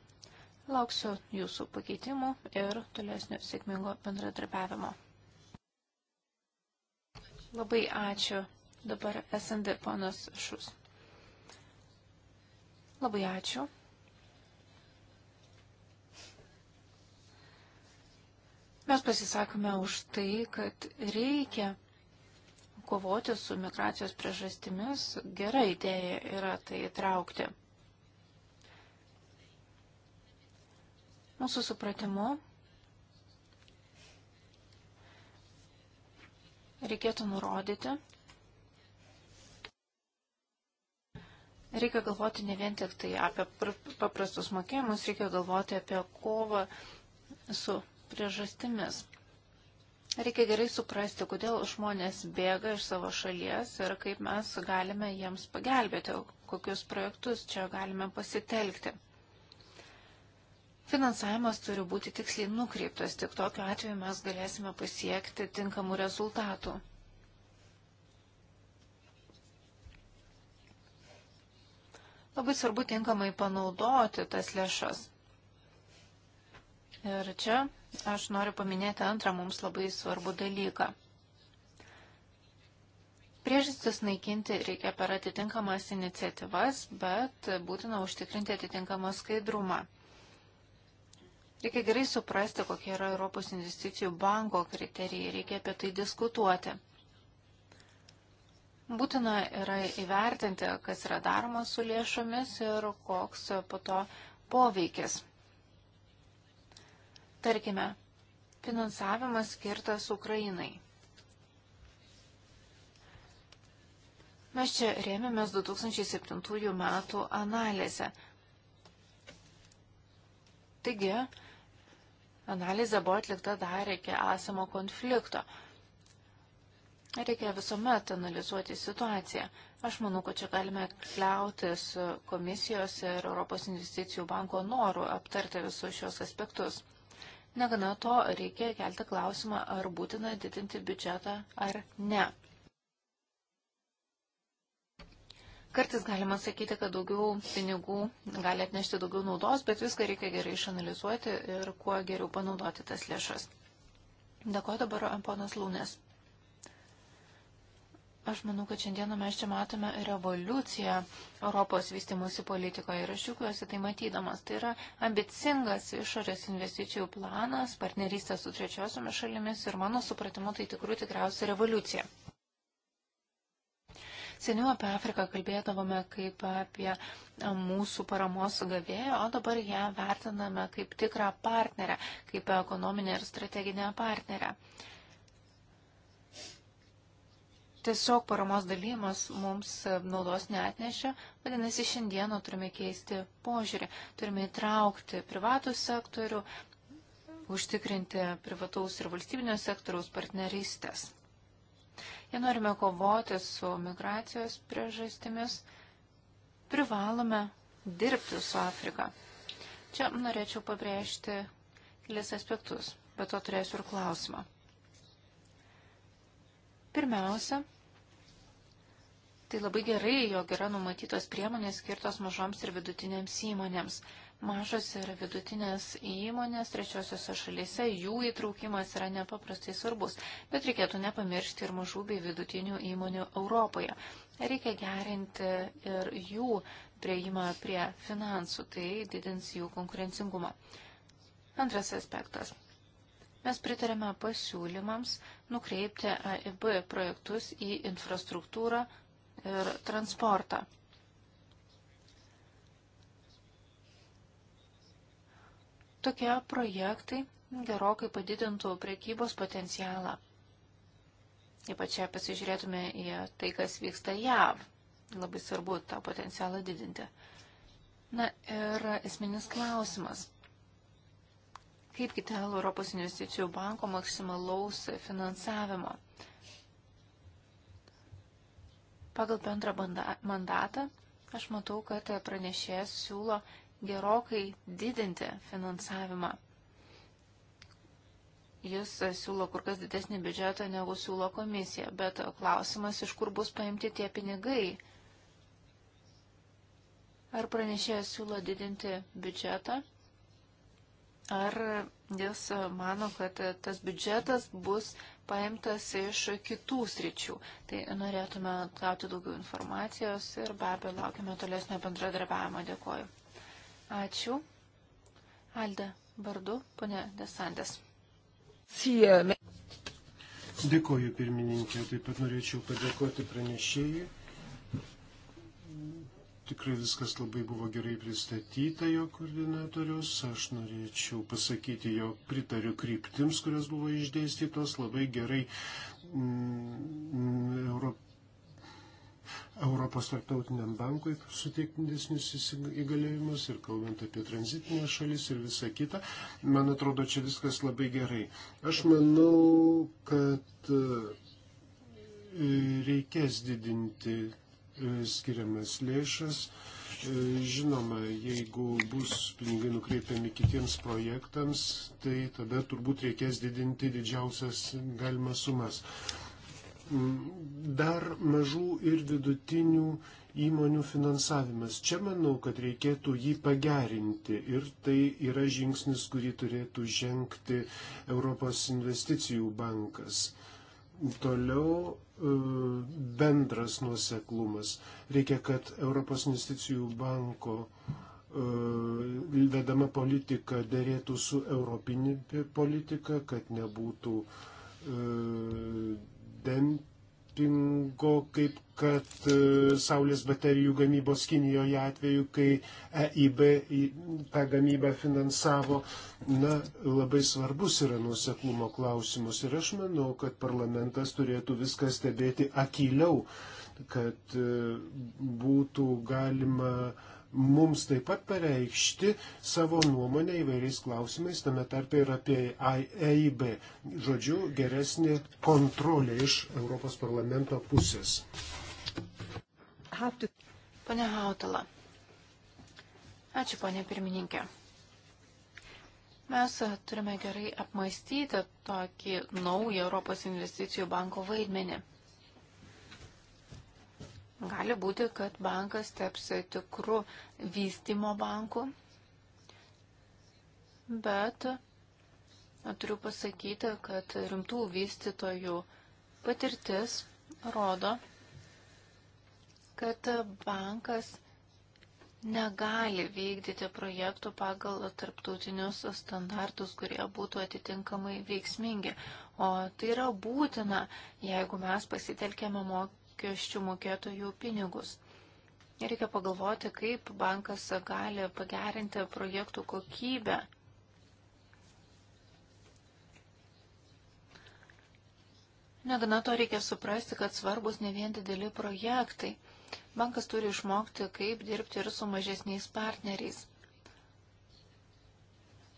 Lauksiu jūsų pakeitimų ir tolesnio sėkmingo bendradarbiavimo. Labai ačiū. Dabar SND ponas Šus. Labai ačiū. Mes pasisakome už tai, kad reikia kovoti su migracijos priežastimis. Gera idėja yra tai įtraukti. Mūsų supratimu reikėtų nurodyti, Reikia galvoti ne vien tik tai apie paprastus mokėjimus, reikia galvoti apie kovą su priežastimis. Reikia gerai suprasti, kodėl žmonės bėga iš savo šalies ir kaip mes galime jiems pagelbėti, kokius projektus čia galime pasitelkti. Finansavimas turi būti tiksliai nukreiptas, tik tokiu atveju mes galėsime pasiekti tinkamų rezultatų. Labai svarbu tinkamai panaudoti tas lėšas. Ir čia aš noriu paminėti antrą mums labai svarbų dalyką. Priežastis naikinti reikia per atitinkamas iniciatyvas, bet būtina užtikrinti atitinkamą skaidrumą. Reikia gerai suprasti, kokie yra Europos investicijų banko kriterijai, reikia apie tai diskutuoti. Būtina yra įvertinti, kas yra daroma su lėšomis ir koks po to poveikis. Tarkime, finansavimas skirtas Ukrainai. Mes čia rėmėmės 2007 metų analizę. Taigi, analizė buvo atlikta dar iki esamo konflikto. Reikia visuomet analizuoti situaciją. Aš manau, kad čia galime kliautis komisijos ir Europos investicijų banko norų aptarti visus šios aspektus. Negana to, reikia kelti klausimą, ar būtina didinti biudžetą ar ne. Kartais galima sakyti, kad daugiau pinigų gali atnešti daugiau naudos, bet viską reikia gerai išanalizuoti ir kuo geriau panaudoti tas lėšas. Dėkuoju dabar ponas Lūnės. Aš manau, kad šiandieną mes čia matome revoliuciją Europos vystimusi politikoje ir aš džiugiuosi tai matydamas. Tai yra ambicingas išorės investicijų planas, partnerystė su trečiosiomis šalimis ir mano supratimu tai tikrų tikriausia revoliucija. Seniau apie Afriką kalbėdavome kaip apie mūsų paramos gavėją, o dabar ją vertiname kaip tikrą partnerę, kaip ekonominę ir strateginę partnerę tiesiog paramos dalymas mums e, naudos neatnešė, vadinasi, šiandieną turime keisti požiūrį, turime įtraukti privatų sektorių, užtikrinti privataus ir valstybinio sektoriaus partnerystės. Jei norime kovoti su migracijos priežastimis, privalome dirbti su Afrika. Čia norėčiau pabrėžti kelis aspektus, bet to turėsiu ir klausimą. Pirmiausia, Tai labai gerai, jog yra numatytos priemonės skirtos mažoms ir vidutinėms įmonėms. Mažos ir vidutinės įmonės trečiosiuose šalyse jų įtraukimas yra nepaprastai svarbus, bet reikėtų nepamiršti ir mažų bei vidutinių įmonių Europoje. Reikia gerinti ir jų prieimą prie finansų, tai didins jų konkurencingumą. Antras aspektas. Mes pritarėme pasiūlymams nukreipti AIB projektus į infrastruktūrą, ir transportą. Tokie projektai gerokai padidintų prekybos potencialą. Ypač čia pasižiūrėtume į tai, kas vyksta JAV. Labai svarbu tą potencialą didinti. Na ir esminis klausimas. Kaipgi dėl Europos investicijų banko maksimalaus finansavimo? Pagal bendrą mandatą aš matau, kad pranešėjas siūlo gerokai didinti finansavimą. Jis siūlo kur kas didesnį biudžetą negu siūlo komisija, bet klausimas, iš kur bus paimti tie pinigai. Ar pranešėjas siūlo didinti biudžetą, ar jis mano, kad tas biudžetas bus paimtas iš kitų sričių. Tai norėtume gauti daugiau informacijos ir be abejo laukime tolesnio bendradarbiavimo. Dėkoju. Ačiū. Alde vardu, ponė Desandės. Dėkoju pirmininkė, taip pat norėčiau padėkoti pranešėjai tikrai viskas labai buvo gerai pristatyta jo koordinatorius. Aš norėčiau pasakyti, jog pritariu kryptims, kurios buvo išdėstytos, labai gerai mm, Europos. Europos tarptautiniam bankui suteikti didesnius įgaliojimus ir kalbant apie tranzitinės šalis ir visą kitą, man atrodo, čia viskas labai gerai. Aš manau, kad e, reikės didinti skiriamas lėšas. E, žinoma, jeigu bus pinigai nukreipiami kitiems projektams, tai tada turbūt reikės didinti didžiausias galimas sumas. Mm, dar mažų ir vidutinių įmonių finansavimas. Čia manau, kad reikėtų jį pagerinti ir tai yra žingsnis, kurį turėtų žengti Europos investicijų bankas. Toliau bendras nuoseklumas. Reikia, kad Europos investicijų banko e, vedama politika dėrėtų su europinė politika, kad nebūtų e, dempingo dempingo, kaip kad e, Saulės baterijų gamybos Kinijoje atveju, kai EIB tą gamybą finansavo. Na, labai svarbus yra nuseklumo klausimus ir aš manau, kad parlamentas turėtų viską stebėti akiliau, kad e, būtų galima uh, mums taip pat pareikšti savo nuomonę įvairiais klausimais, tame tarpe ir apie EIB. Žodžiu, geresnė kontrolė iš Europos parlamento pusės. Pane Hautala. Ačiū, ponė pirmininkė. Mes turime gerai apmastyti tokį naują Europos investicijų banko vaidmenį. Gali būti, kad bankas taps tikru vystimo banku, bet turiu pasakyti, kad rimtų vystytojų patirtis rodo, kad bankas negali vykdyti projektų pagal tarptautinius standartus, kurie būtų atitinkamai veiksmingi. O tai yra būtina, jeigu mes pasitelkėme mokymą mokesčių mokėtojų pinigus. Reikia pagalvoti, kaip bankas gali pagerinti projektų kokybę. Negana to reikia suprasti, kad svarbus ne vien dideli projektai. Bankas turi išmokti, kaip dirbti ir su mažesniais partneriais.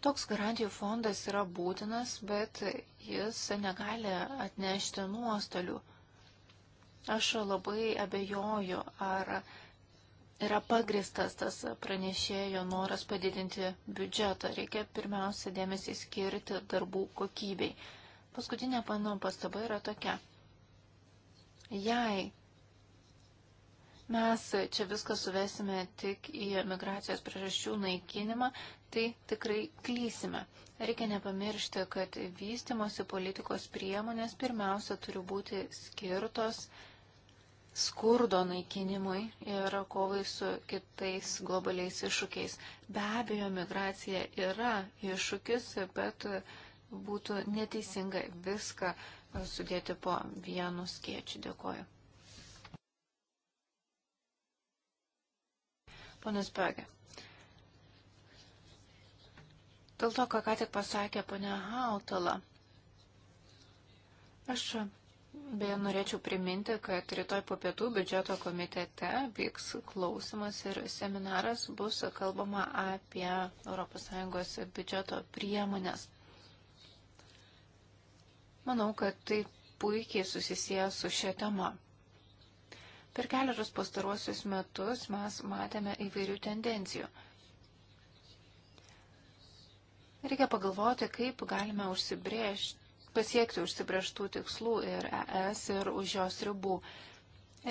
Toks garantijų fondas yra būtinas, bet jis negali atnešti nuostolių. Aš labai abejoju, ar yra pagristas tas pranešėjo noras padidinti biudžetą. Reikia pirmiausia dėmesį skirti darbų kokybei. Paskutinė pano pastaba yra tokia. Jei mes čia viską suvesime tik į migracijos priežasčių naikinimą, tai tikrai klysime. Reikia nepamiršti, kad vystimosi politikos priemonės pirmiausia turi būti skirtos uh, skurdo naikinimui ir kovai su kitais globaliais iššūkiais. Be abejo, migracija yra iššūkis, bet būtų neteisinga viską sudėti po vienu skiečiu. Dėkoju. Ponas Bergė. Dėl to, ką ką tik pasakė ponia Hautala, aš Beje, norėčiau priminti, kad rytoj po pietų biudžeto komitete vyks klausimas ir seminaras bus kalbama apie ES biudžeto priemonės. Manau, kad tai puikiai susisieja su šia tema. Per keliarus pastaruosius metus mes matėme įvairių tendencijų. Reikia pagalvoti, kaip galime užsibrėžti pasiekti užsibrieštų tikslų ir ES, ir už jos ribų.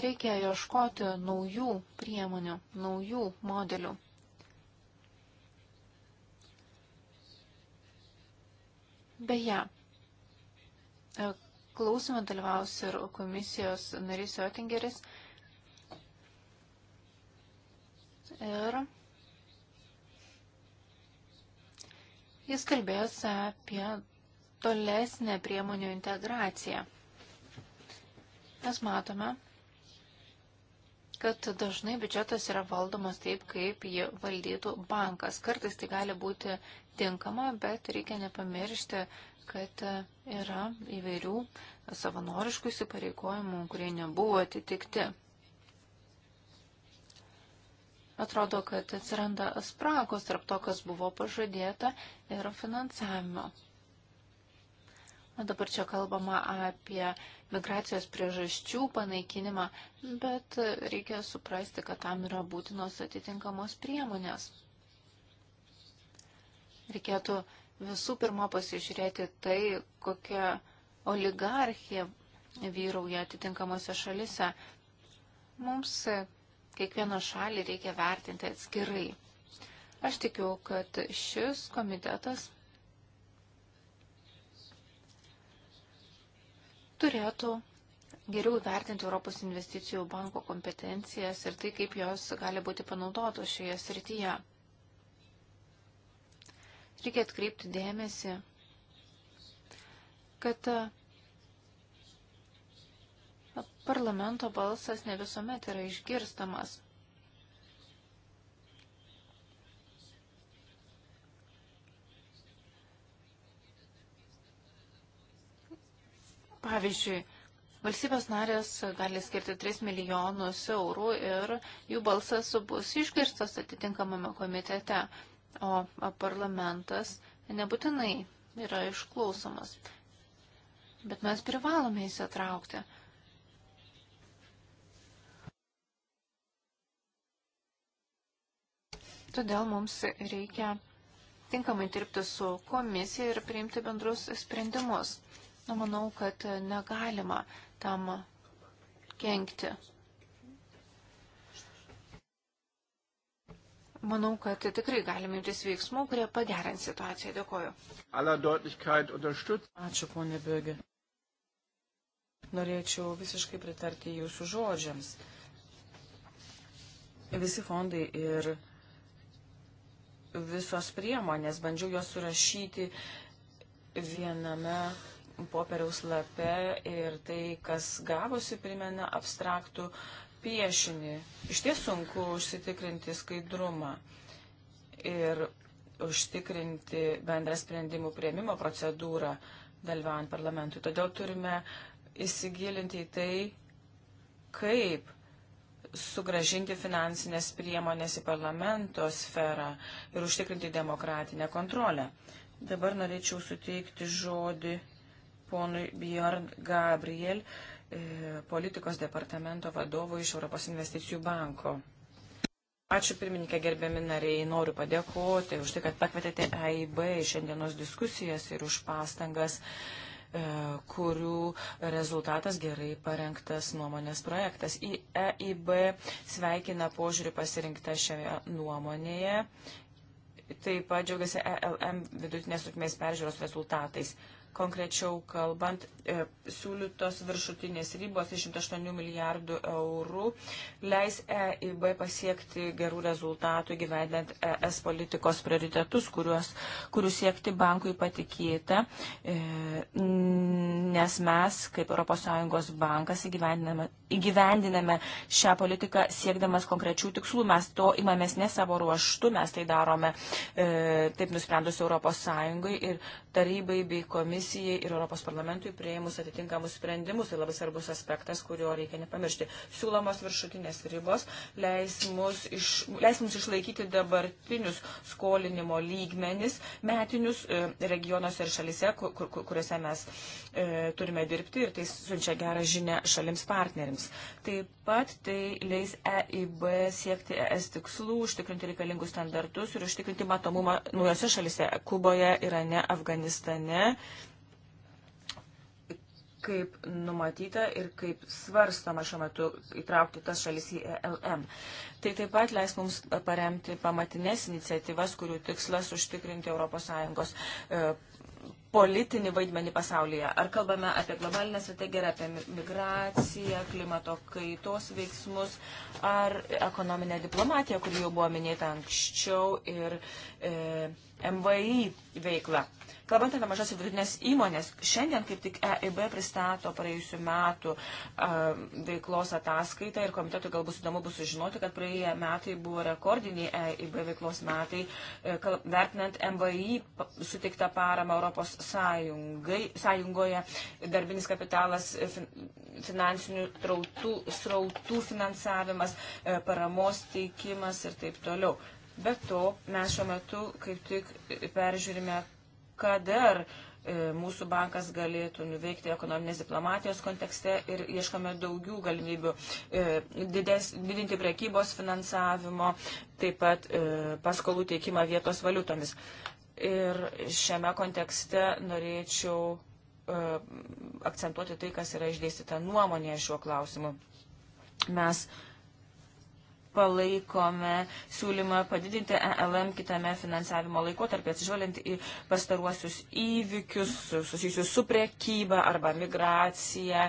Reikia ieškoti naujų priemonių, naujų modelių. Beje, e, klausimą dalyvaus ir komisijos narys Jotingeris. Ir jis kalbės apie tolesnę priemonių integraciją. Mes matome, kad dažnai biudžetas yra valdomas taip, kaip jį valdytų bankas. Kartais tai gali būti tinkama, bet reikia nepamiršti, kad yra įvairių savanoriškų įsipareigojimų, kurie nebuvo atitikti. Atrodo, kad atsiranda spragos tarp to, kas buvo pažadėta ir finansavimo. Dabar čia kalbama apie migracijos priežasčių panaikinimą, bet reikia suprasti, kad tam yra būtinos atitinkamos priemonės. Reikėtų visų pirma pasižiūrėti tai, kokia oligarchija vyrauja atitinkamose šalise. Mums kiekvieną šalį reikia vertinti atskirai. Aš tikiu, kad šis komitetas turėtų geriau vertinti Europos investicijų banko kompetencijas ir tai, kaip jos gali būti panaudotos šioje srityje. Reikia atkreipti dėmesį, kad parlamento balsas ne visuomet yra išgirstamas. Pavyzdžiui, Valstybės narės gali skirti 3 milijonus eurų ir jų balsas bus išgirstas atitinkamame komitete, o parlamentas nebūtinai yra išklausomas. Bet mes privalome įsitraukti. Todėl mums reikia tinkamai dirbti su komisija ir priimti bendrus sprendimus manau, kad e, negalima tam kenkti. Manau, kad tikrai galime imtis veiksmų, kurie pagerins situaciją. Dėkoju. Ačiū, ponė Bėgi. Norėčiau visiškai pritarti jūsų žodžiams. Visi fondai ir visos priemonės, bandžiau juos surašyti viename popieriaus lape ir tai, kas gavosi, primena abstraktų piešinį. Iš ties sunku užsitikrinti skaidrumą ir užtikrinti bendrą sprendimų prieimimo procedūrą dalyvaujant parlamentui. Todėl turime įsigilinti į tai, kaip sugražinti finansinės priemonės į parlamento sferą ir užtikrinti demokratinę kontrolę. Dabar norėčiau suteikti žodį ponui Bjorn Gabriel, e, politikos departamento vadovui iš Europos investicijų banko. Ačiū pirmininkė gerbiami nariai, noriu padėkoti už tai, kad pakvietėte AIB į šiandienos diskusijas ir už pastangas, e, kurių rezultatas gerai parengtas nuomonės projektas. Į EIB sveikina požiūrį pasirinktą šioje nuomonėje. Taip pat džiaugiasi ELM vidutinės trukmės peržiūros rezultatais konkrečiau kalbant, e, siūlytos viršutinės rybos 108 milijardų eurų leis EIB pasiekti gerų rezultatų gyvendant ES politikos prioritetus, kuriuos, kurių siekti bankui patikėta, e, nes mes, kaip ES bankas, įgyvendiname, įgyvendiname šią politiką siekdamas konkrečių tikslų. Mes to imamės ne savo ruoštų, mes tai darome e, taip nusprendus ES ir tarybai bei komisijai komisijai ir Europos parlamentui prieimus atitinkamus sprendimus. Tai labai svarbus aspektas, kurio reikia nepamiršti. Siūlomos viršutinės ribos leis, mus iš, leis mums išlaikyti dabartinius skolinimo lygmenis metinius e, regionuose ir šalise, kur, kur, kuriuose mes e, turime dirbti ir tai siunčia gerą žinę šalims partneriams. Taip pat tai leis EIB siekti ES tikslų, užtikrinti reikalingus standartus ir užtikrinti matomumą naujose šalise - Kuboje, Irane, Afganistane. Afganistane kaip numatyta ir kaip svarstama šiuo metu įtraukti tas šalis į ELM. Tai taip pat leis mums paremti pamatinės iniciatyvas, kurių tikslas užtikrinti ES e, politinį vaidmenį pasaulyje. Ar kalbame apie globalinę strategiją, apie migraciją, klimato kaitos veiksmus, ar ekonominę diplomatiją, kuri jau buvo minėta anksčiau, ir e, MVI veiklą. Kalbant apie mažas ir vidutinės įmonės, šiandien kaip tik EIB pristato praėjusiu metu a, veiklos ataskaitą ir komitetui galbūt įdomu bus sužinoti, kad praėję metai buvo rekordiniai EIB veiklos metai, e, kal, vertinant MVI suteiktą paramą Europos Sąjungai, Sąjungoje, darbinis kapitalas, e, fin, finansinių trautų, srautų finansavimas, e, paramos teikimas ir taip toliau. Be to, mes šiuo metu kaip tik peržiūrime ką dar e, mūsų bankas galėtų nuveikti ekonominės diplomatijos kontekste ir ieškome daugiau galimybių e, didės, didinti prekybos finansavimo, taip pat e, paskolų teikimą vietos valiutomis. Ir šiame kontekste norėčiau akcentuoti tai, kas yra išdėstyta nuomonė šiuo klausimu. Mes uh, palaikome siūlymą padidinti ELM kitame finansavimo laikotarpį, atsižvelgiant į pastaruosius įvykius susijusius su priekyba arba migracija.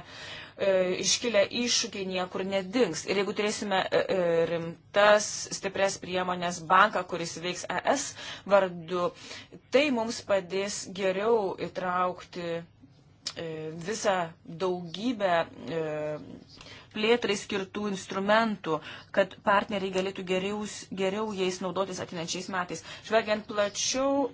E, iškilę iššūkiai niekur nedings. Ir jeigu turėsime e, e rimtas, stipres priemonės banką, kuris veiks ES vardu, tai mums padės geriau įtraukti e, visą daugybę e, plėtrai skirtų instrumentų, kad partneriai galėtų geriaus, geriau jais naudotis atinančiais metais. Žvelgiant plačiau,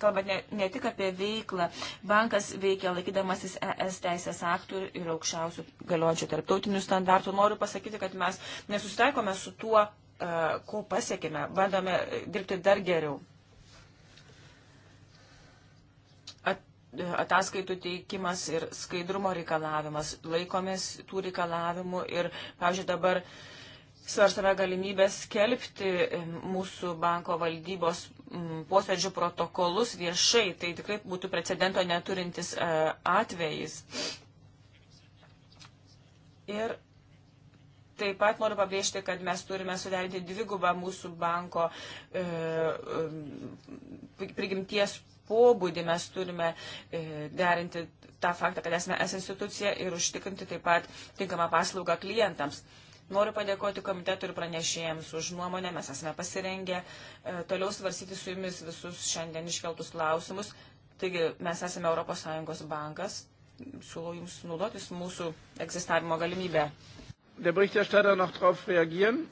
kalbant ne, ne tik apie veiklą, bankas veikia laikydamasis ES teisės aktų ir aukščiausių galiojančių tarptautinių standartų. Noriu pasakyti, kad mes nesustaikome su tuo, e, ko pasiekime, bandome e, dirbti dar geriau. ataskaitų teikimas ir skaidrumo reikalavimas. Laikomės tų reikalavimų ir, pavyzdžiui, dabar svarstame galimybę skelbti mūsų banko valdybos posėdžių protokolus viešai. Tai tikrai būtų precedento neturintis e, atvejais. Ir Taip pat noriu pabrėžti, kad mes turime suderinti dvigubą mūsų banko e, prigimties pobūdį mes turime e, derinti tą faktą, kad esame es institucija ir užtikrinti taip pat tinkamą paslaugą klientams. Noriu padėkoti komitetų ir pranešėjams už nuomonę. Mes esame pasirengę e, toliau svarsyti su jumis visus šiandien iškeltus klausimus. Taigi mes esame ES bankas. Siūlau jums naudotis mūsų egzistavimo galimybę. Der Berichterstatter noch darauf reagieren?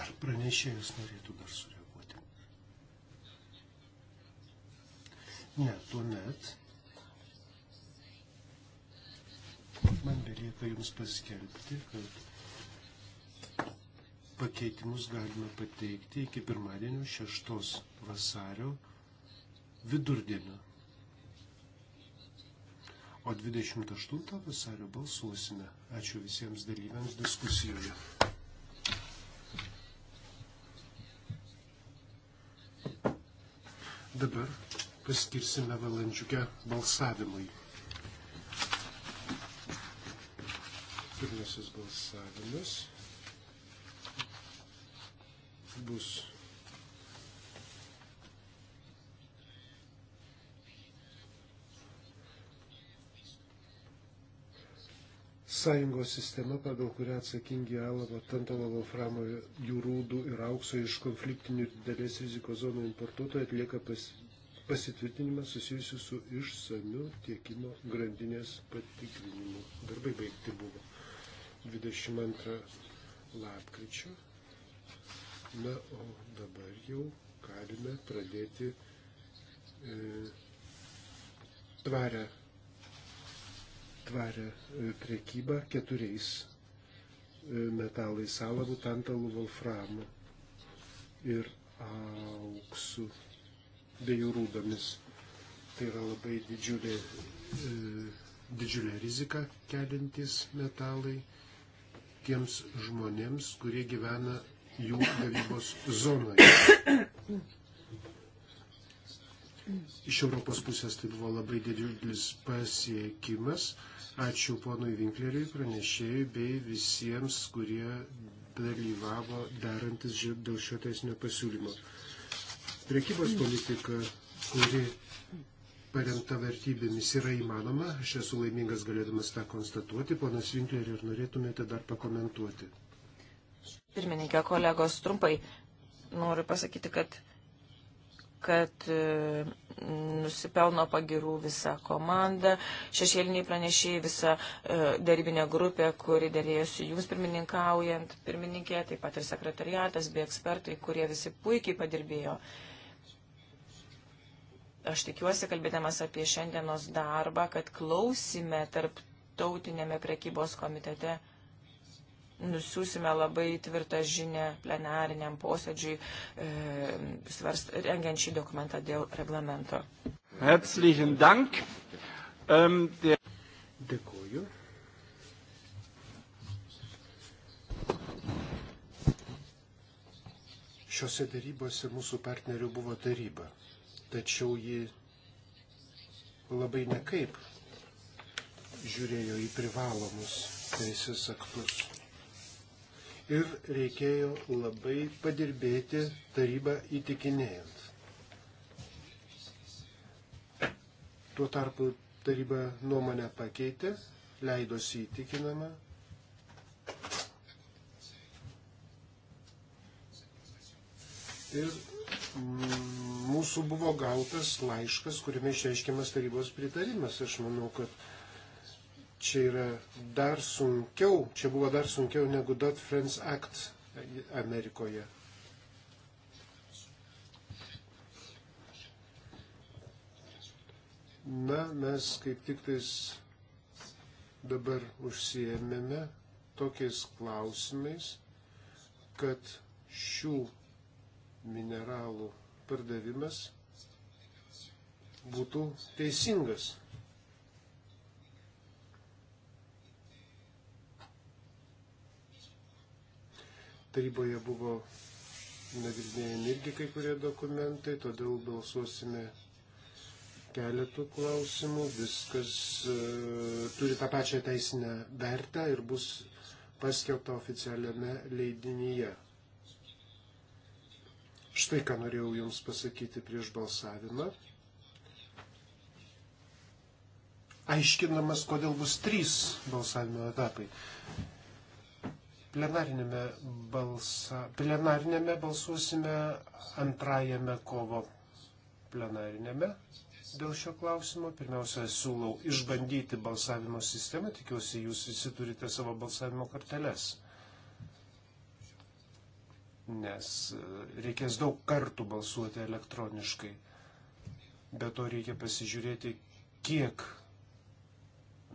Ar pranešėjas norėtų dar su Ne, tuomet man belieka Jums paskelbti, kad pakeitimus galima pateikti iki pirmadienio 6 vasario vidurdienio. O 28 vasario balsuosime. Ačiū visiems dalyviams diskusijoje. Dabar paskirsime valandžiukę balsavimui. Pirmasis balsavimas bus sąjungos sistema, pagal kurią atsakingi Alavo, Tantalo, Volframo, jų rūdų ir aukso iš konfliktinių didelės rizikos zonų importuotojai atlieka pas, pasitvirtinimą susijusiu su išsamiu tiekimo grandinės patikrinimu. Darbai baigti buvo 22 lapkričio. Na, o dabar jau galime pradėti e, tvarę, tvarę e, priekybą keturiais e, metalais - alavų, tantalų, volframų ir auksų bei jų rūdomis. Tai yra labai didžiulė, e, didžiulė rizika kelintis metalai tiems žmonėms, kurie gyvena jų gavybos zonoje. Iš Europos pusės tai buvo labai didžiulis pasiekimas. Ačiū ponui Vinkleriui, pranešėjui bei visiems, kurie dalyvavo darantis dėl šio teisinio pasiūlymo. Prekybos politika, kuri paremta vertybėmis yra įmanoma. Aš esu laimingas galėdamas tą konstatuoti. Ponas Vinkler, ir norėtumėte dar pakomentuoti? Pirmininkė, kolegos, trumpai noriu pasakyti, kad, kad e, nusipelno pagirų visa komanda, šešėliniai pranešėjai, visa e, darybinė grupė, kuri dėrėjosi jums pirmininkaujant, pirmininkė, taip pat ir sekretariatas bei ekspertai, kurie visi puikiai padirbėjo. E, Aš tikiuosi, kalbėdamas apie šiandienos darbą, kad klausime tarptautinėme prekybos komitete nusiusime labai tvirtą žinę plenariniam posėdžiui, e, svarst, rengiant šį dokumentą dėl reglamento. Herzlichen Dank. Um, der... Dėkuoju. Šiuose darybose mūsų partnerių buvo taryba tačiau ji labai nekaip žiūrėjo į privalomus teisės aktus. Ir reikėjo labai padirbėti tarybą įtikinėjant. Tuo tarpu taryba nuomonę pakeitė, leidosi įtikinama. Ir mm, mūsų buvo gautas laiškas, kuriame išreiškiamas tarybos pritarimas. Aš manau, kad čia yra dar sunkiau, čia buvo dar sunkiau negu Dot Friends Act Amerikoje. Na, mes kaip tik tais dabar užsiemėme tokiais klausimais, kad šių mineralų pardavimas būtų teisingas. Taryboje buvo nagrinėjami irgi kai kurie dokumentai, todėl balsuosime keletų klausimų, viskas e, turi tą pačią teisinę vertę ir bus paskelbta oficialiame leidinyje. Štai ką norėjau Jums pasakyti prieš balsavimą. Aiškinamas, kodėl bus trys balsavimo etapai. Plenarinėme, balsa, plenarinėme balsuosime antrajame kovo plenarinėme dėl šio klausimo. Pirmiausia, siūlau išbandyti balsavimo sistemą, tikiuosi jūs visi turite savo balsavimo korteles nes e, reikės daug kartų balsuoti elektroniškai. Be to reikia pasižiūrėti, kiek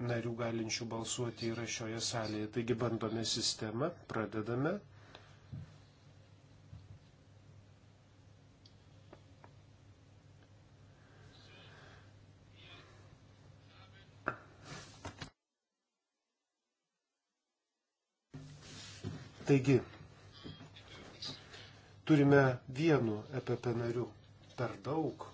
narių galinčių balsuoti yra šioje salėje. Taigi bandome sistemą, pradedame. Taigi, Turime vienu EPP nariu per daug.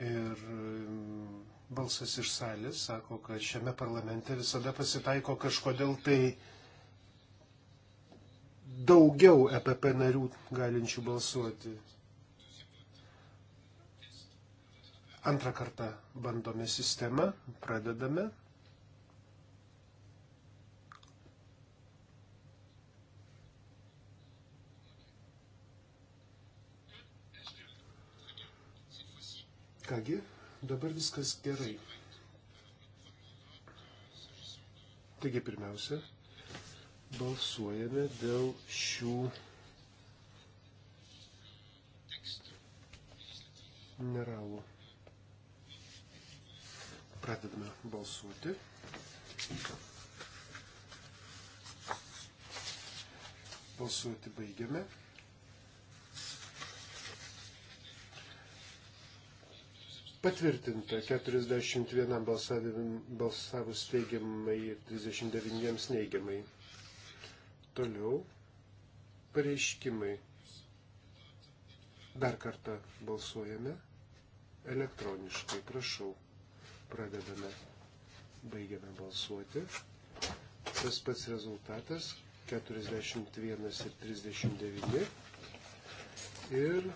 Ir mm, balsas iš salės sako, kad šiame parlamente visada pasitaiko kažkodėl tai daugiau EPP narių galinčių balsuoti. Antrą kartą bandome sistemą, pradedame. Kągi, dabar viskas gerai. Taigi pirmiausia, balsuojame dėl šių mineralų. Pradedame balsuoti. Balsuoti baigiame. Patvirtinta 41 balsavus teigiamai ir 39 neigiamai. Toliau pareiškimai. Dar kartą balsuojame elektroniškai, prašau. Pradedame, baigiame balsuoti. Tas pats rezultatas 41 ir 39. Ir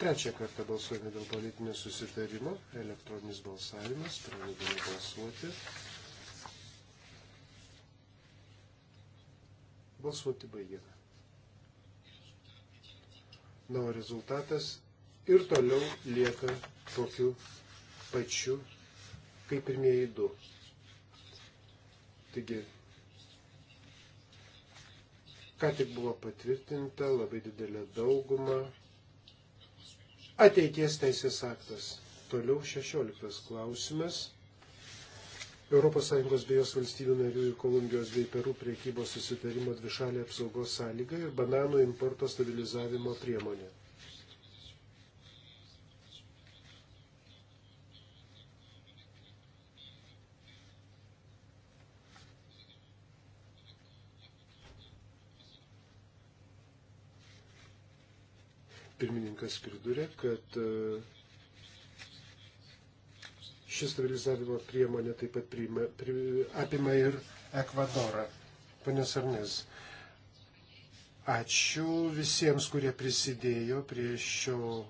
trečią kartą balsuojame dėl politinio susitarimo. Elektroninis balsavimas. Pradedame balsuoti. Balsuoti baigiame. Na, o rezultatas ir toliau lieka tokiu pačiu kaip pirmieji du. Taigi, ką tik buvo patvirtinta labai didelė dauguma ateities teisės aktas. Toliau 16 klausimas. ES bei jos valstybių narių ir Kolumbijos bei Perų priekybos susitarimo dvišalė apsaugos sąlyga ir bananų importo stabilizavimo priemonė. Pirmininkas pridūrė, kad e, ši stabilizavimo priemonė taip pat priima, pri, apima ir Ekvadorą. Pane Sarnės, ačiū visiems, kurie prisidėjo prie šio e,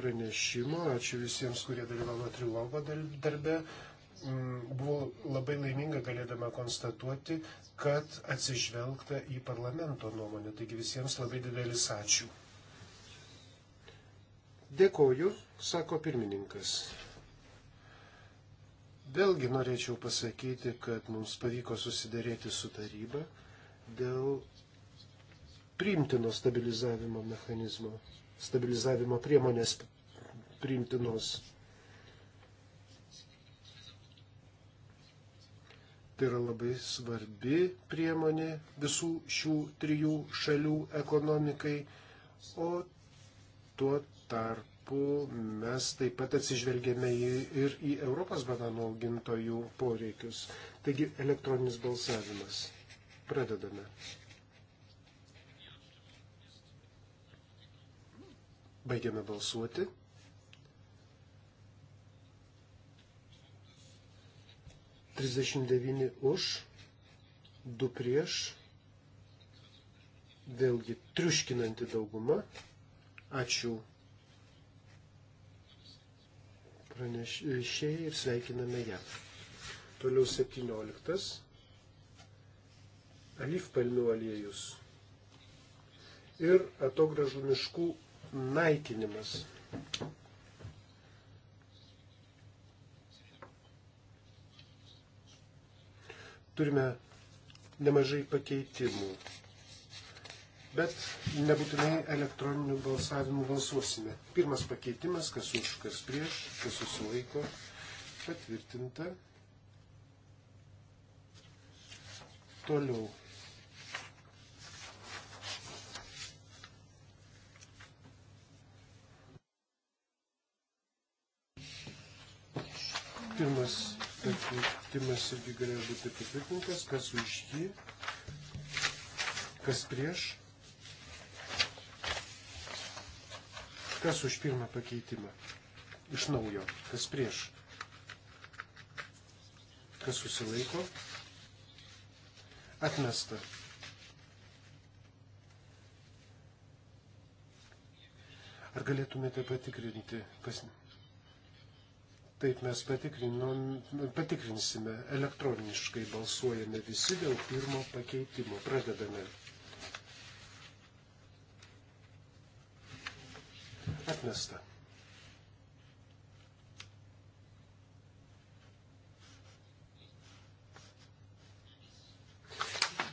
pranešimo, ačiū visiems, kurie dalyvavo trilogo darbe. Mm, buvau labai laiminga galėdama konstatuoti, kad atsižvelgta į parlamento nuomonę. Taigi visiems labai didelis ačiū. Dėkoju, sako pirmininkas. Vėlgi norėčiau pasakyti, kad mums pavyko susidėrėti su taryba dėl priimtino stabilizavimo mechanizmo, stabilizavimo priemonės priimtinos Tai yra labai svarbi priemonė visų šių trijų šalių ekonomikai, o tuo tarpu mes taip pat atsižvelgėme ir į Europos bananų augintojų poreikius. Taigi elektroninis balsavimas. Pradedame. Baigiame balsuoti. 39 už, 2 prieš, vėlgi triuškinanti dauguma. Ačiū pranešėjai ir sveikiname ją. Toliau 17. Alyv palmių aliejus ir atogražų miškų naikinimas. turime nemažai pakeitimų. Bet nebūtinai elektroniniu balsavimu balsuosime. Pirmas pakeitimas, kas už, kas prieš, kas susilaiko, patvirtinta. Toliau. Pirmas pakeitimas irgi galėjo būti patvirtintas, kas už jį, kas prieš, kas už pirmą pakeitimą, iš naujo, kas prieš, kas susilaiko, atmesta. Ar galėtumėte patikrinti, kas ne? Taip mes patikrinsime elektroniškai, balsuojame visi dėl pirmo pakeitimo. Pradedame. Atmesta.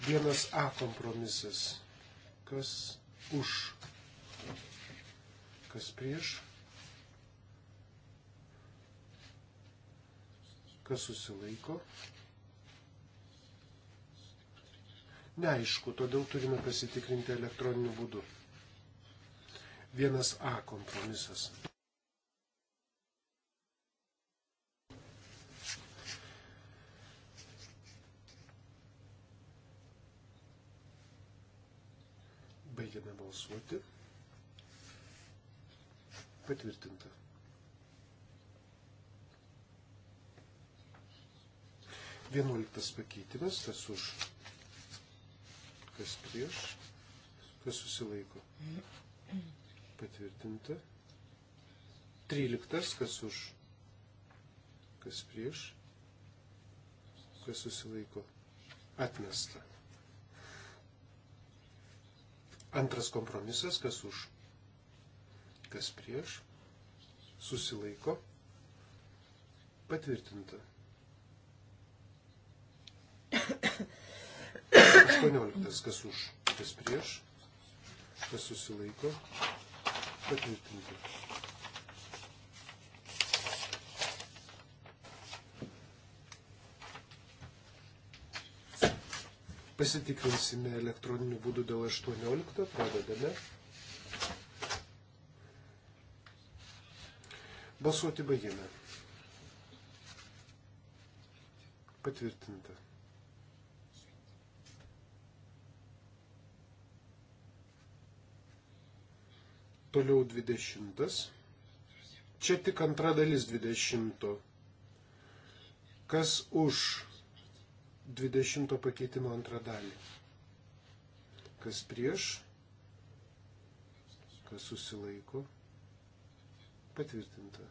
Vienas A kompromisas. Kas už? Kas prieš? kas susilaiko. Neaišku, todėl turime pasitikrinti elektroniniu būdu. Vienas A kompromisas. Baigiame balsuoti. Patvirtinta. 11 pakeitimas, kas už, kas prieš, kas susilaiko. Patvirtinta. 13, kas už, kas prieš, kas susilaiko. Atmesta. Antras kompromisas, kas už, kas prieš, susilaiko, patvirtinta. 18. Kas už, kas prieš, kas susilaiko, patvirtinti. Pasitikrinsime elektroniniu būdu dėl 18. Pradedame. Balsuoti baigėme. Patvirtinta. Toliau 20. Čia tik antra dalis 20. Kas už 20 pakeitimo antrą dalį? Kas prieš? Kas susilaiko? Patvirtinta.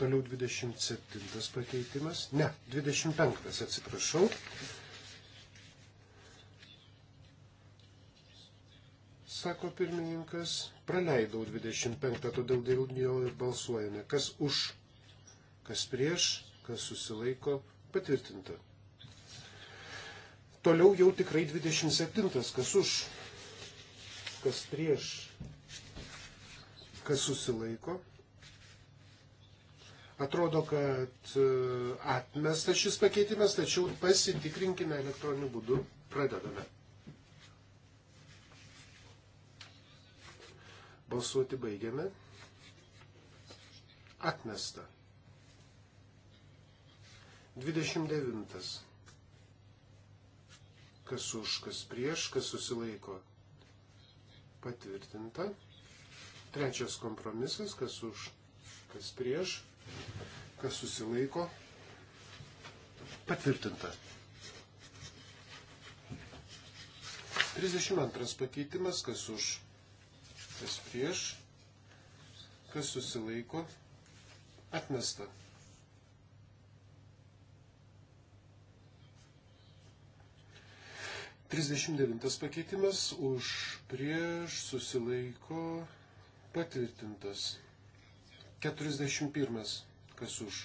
Toliau 27 pakeitimas. Ne, 25 atsiprašau. sako pirmininkas. Praleidau 25, todėl dėl jo ir balsuojame. Kas už, kas prieš, kas susilaiko, patvirtinta. Toliau jau tikrai 27, kas už, kas prieš, kas susilaiko. Atrodo, kad e, atmestas šis pakeitimas, tačiau pasitikrinkime elektroniniu būdu. Pradedame. Balsuoti baigiame. Atmesta. 29. Kas už, kas prieš, kas susilaiko. Patvirtinta. Trečias kompromisas, kas už, kas prieš, kas susilaiko. Patvirtinta. 32 pakeitimas, kas už kas prieš, kas susilaiko, atmesta. Trisdešimt devintas pakeitimas už prieš susilaiko patvirtintas. Keturiasdešimt pirmas kas už,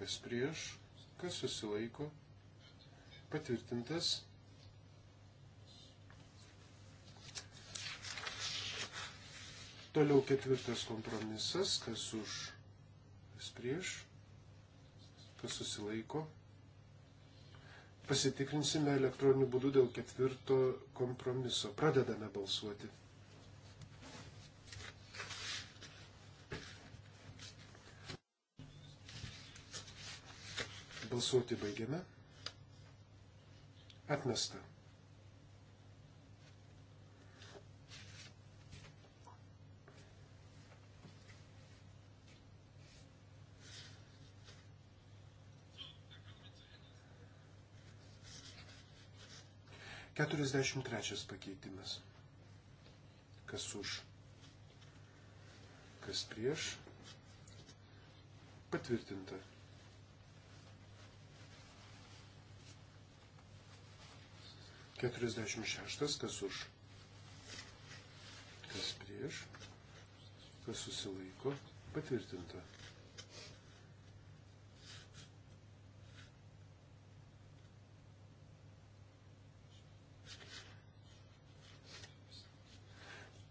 kas prieš, kas susilaiko patvirtintas. Toliau ketvirtas kompromisas, kas už, kas prieš, kas susilaiko. Pasitikrinsime elektroniniu būdu dėl ketvirto kompromiso. Pradedame balsuoti. Balsuoti baigiame. Atmesta. 43 pakeitimas. Kas už? Kas prieš? Patvirtinta. Keturiasdešimt šeštas, kas už, kas prieš, kas susilaiko, patvirtinta.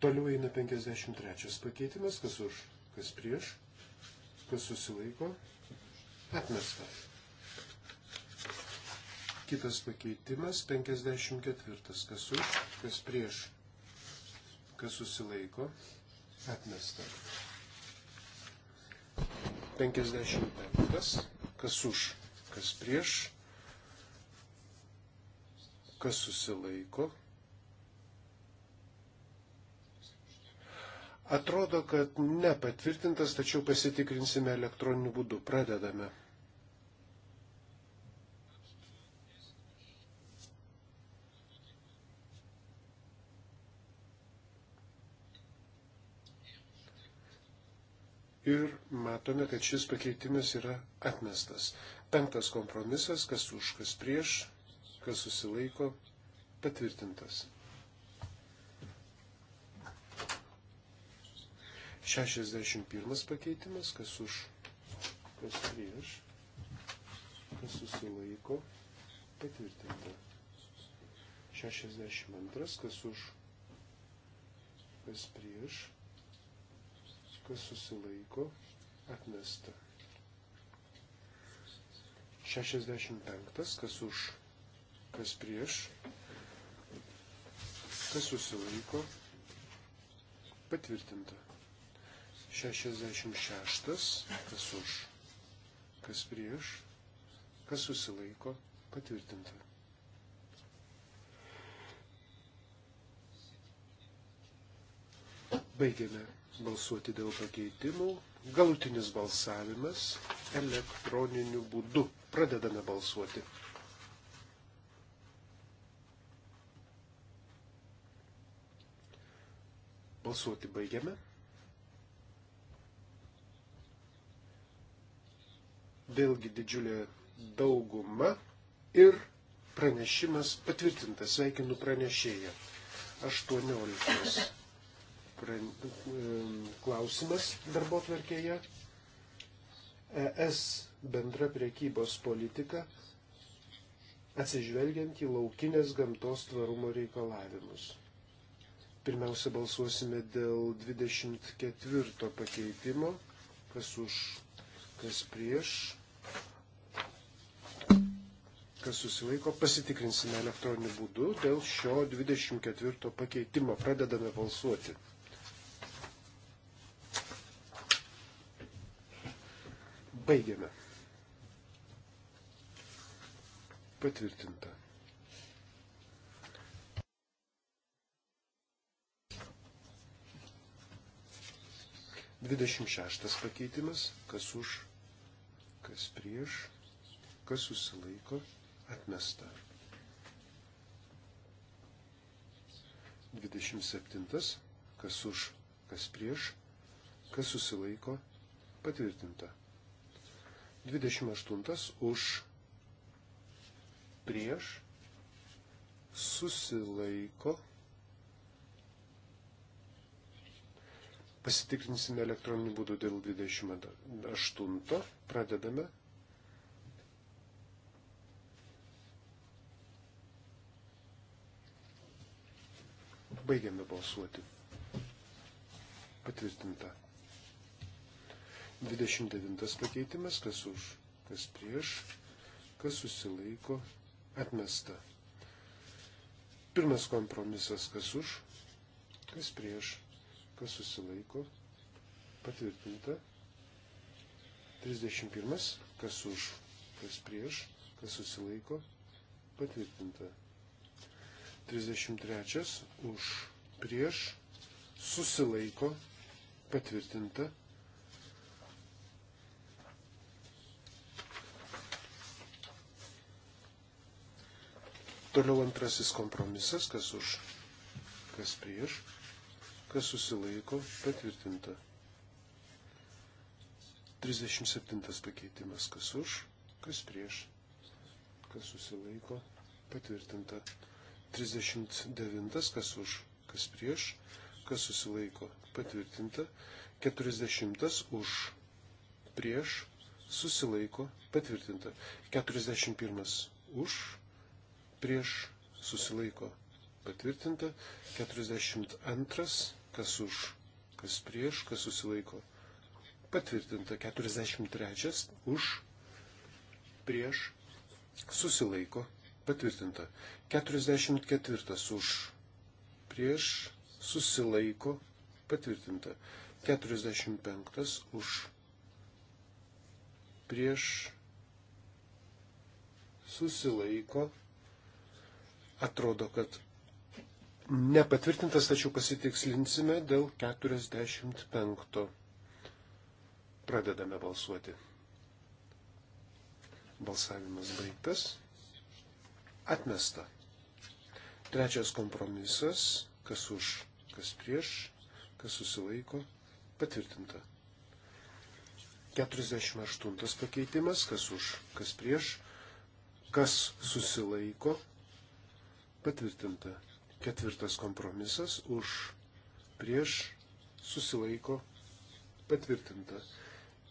Toliau eina 53 pakeitimas, kas už, kas prieš, kas susilaiko, atmesta. Kitas pakeitimas 54, kas už, kas prieš, kas susilaiko, atmesta. 55, kas už, kas prieš, kas susilaiko, Atrodo, kad nepatvirtintas, tačiau pasitikrinsime elektroniniu būdu. Pradedame. Ir matome, kad šis pakeitimas yra atmestas. Penktas kompromisas, kas už, kas prieš, kas susilaiko, patvirtintas. 61 pakeitimas, kas už, kas prieš, kas susilaiko, patvirtinta. 62, kas už, kas prieš, kas susilaiko, atmesta. 65, kas už, kas prieš, kas susilaiko, patvirtinta. 66, kas už, kas prieš, kas susilaiko, patvirtinta. Baigėme balsuoti dėl pakeitimų. Galutinis balsavimas elektroniniu būdu. Pradedame balsuoti. Balsuoti baigiame. vėlgi didžiulė dauguma ir pranešimas patvirtintas. Sveikinu pranešėją. 18. Pran... Klausimas darbo tvarkėje. ES bendra priekybos politika atsižvelgiant į laukinės gamtos tvarumo reikalavimus. Pirmiausia, balsuosime dėl 24 pakeitimo, kas už, kas prieš, Kas susilaiko, pasitikrinsime elektroniniu būdu dėl šio 24 pakeitimo. Pradedame balsuoti. Baigiame. Patvirtinta. Dvidešimt šeštas pakeitimas, kas už kas prieš, kas susilaiko, atmesta. 27. Kas už, kas prieš, kas susilaiko, patvirtinta. 28. Už, prieš, susilaiko, atmesta Pasitikrinsime elektroniniu būdu dėl 28. Pradedame. Baigiame balsuoti. Patvirtinta. 29 pakeitimas, kas už, kas prieš, kas susilaiko, atmesta. Pirmas kompromisas, kas už, kas prieš, kas susilaiko, patvirtinta. 31, kas už, kas prieš, kas susilaiko, patvirtinta. 33, už, prieš, susilaiko, patvirtinta. Toliau antrasis kompromisas, kas už, kas prieš, kas susilaiko, patvirtinta. 37 pakeitimas, kas už, kas prieš, kas susilaiko, patvirtinta. 39, kas už, kas prieš, kas susilaiko, patvirtinta. 40 už, prieš, susilaiko, patvirtinta. 41 už, prieš, susilaiko, patvirtinta. 42 kas už, kas prieš, kas susilaiko. Patvirtinta 43 už, prieš, susilaiko. Patvirtinta 44 už, prieš, susilaiko. Patvirtinta 45 už, prieš, susilaiko. Atrodo, kad nepatvirtintas, tačiau pasitikslinsime dėl 45. Pradedame balsuoti. Balsavimas baigtas. Atmesta. Trečias kompromisas. Kas už, kas prieš, kas susilaiko. Patvirtinta. 48 pakeitimas. Kas už, kas prieš, kas susilaiko. Patvirtinta. Ketvirtas kompromisas už prieš susilaiko patvirtinta.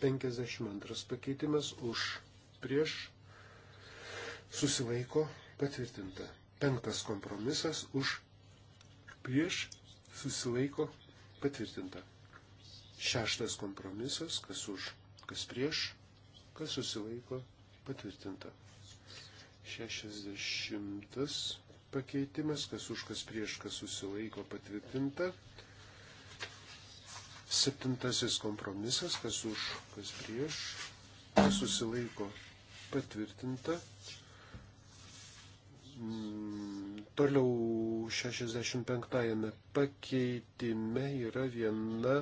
52 pakeitimas už prieš susilaiko patvirtinta. Penktas kompromisas už prieš susilaiko patvirtinta. Šeštas kompromisas, kas už, kas prieš, kas susilaiko patvirtinta. 60 pakeitimas, kas už, kas prieš, kas susilaiko patvirtinta. Septintasis kompromisas, kas už, kas prieš, kas susilaiko patvirtinta. Mm, toliau 65-ame pakeitime yra viena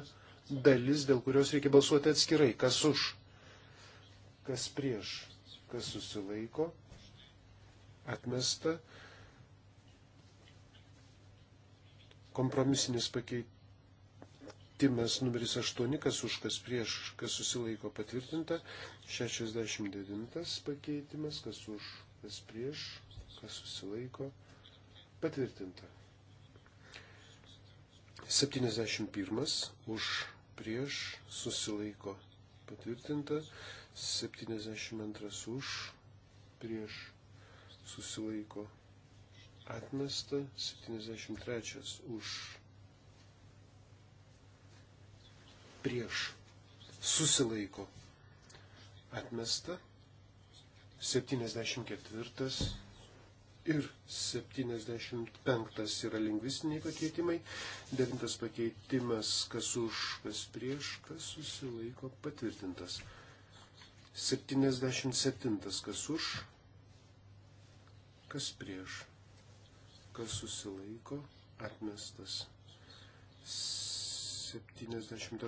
dalis, dėl kurios reikia balsuoti atskirai. Kas už, kas prieš, kas susilaiko, atmesta. Kompromisinis pakeitimas numeris 8, kas už, kas prieš, kas susilaiko patvirtinta. 69 pakeitimas, kas už, kas prieš, kas susilaiko patvirtinta. 71 už prieš susilaiko patvirtinta, 72 už prieš susilaiko atmesta, 73 už prieš susilaiko atmesta, 74 ir 75 yra lingvistiniai pakeitimai, 9 pakeitimas kas už, kas prieš, kas susilaiko patvirtintas. 77 kas už, kas prieš kas susilaiko, atmestas. 78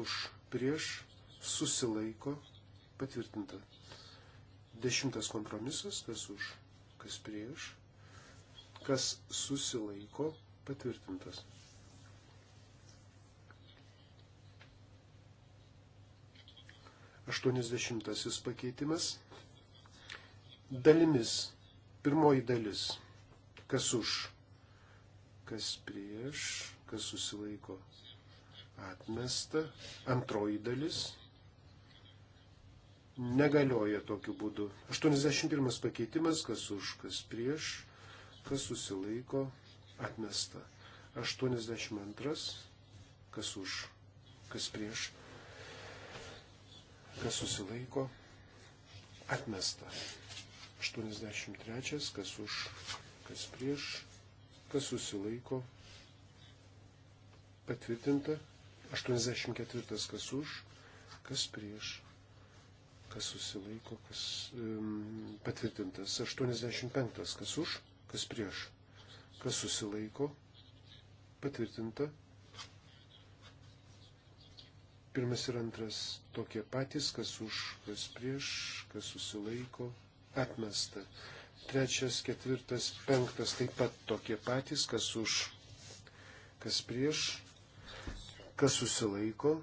už, prieš, susilaiko, patvirtinta. Dešimtas kompromisas, kas už, kas prieš, kas susilaiko, patvirtintas. Aštuonisdešimtasis pakeitimas. Dalimis. Pirmoji dalis. Kas už? Kas prieš? Kas susilaiko? Atmesta. Antroji dalis. Negalioja tokiu būdu. 81 pakeitimas. Kas už? Kas prieš? Kas susilaiko? Atmesta. 82. Kas už? Kas prieš? Kas susilaiko? Atmesta. 83. Kas už? kas prieš, kas susilaiko, patvirtinta, 84 kas už, kas prieš, kas susilaiko, kas um, patvirtintas, 85 kas už, kas prieš, kas susilaiko, patvirtinta. Pirmas ir antras tokie patys, kas už, kas prieš, kas susilaiko, atmesta trečias, ketvirtas, penktas taip pat tokie patys, kas už, kas prieš, kas susilaiko.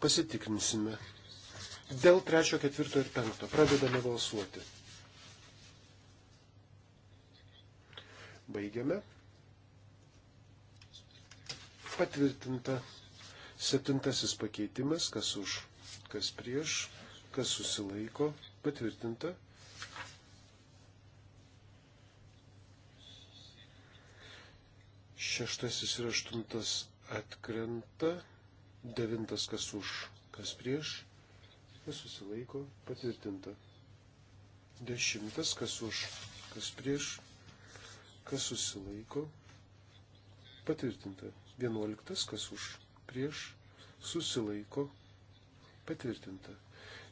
Pasitikrinsime. Dėl trečio, ketvirto ir penkto pradedame balsuoti. Baigiame. Patvirtinta septintasis pakeitimas, kas už, kas prieš, kas susilaiko, patvirtinta. Šeštasis ir aštuntas atkrenta. Devintas kas už, kas prieš, kas susilaiko, patvirtinta. Dešimtas kas už, kas prieš, kas susilaiko, patvirtinta. Vienuoliktas kas už, prieš, susilaiko, patvirtinta.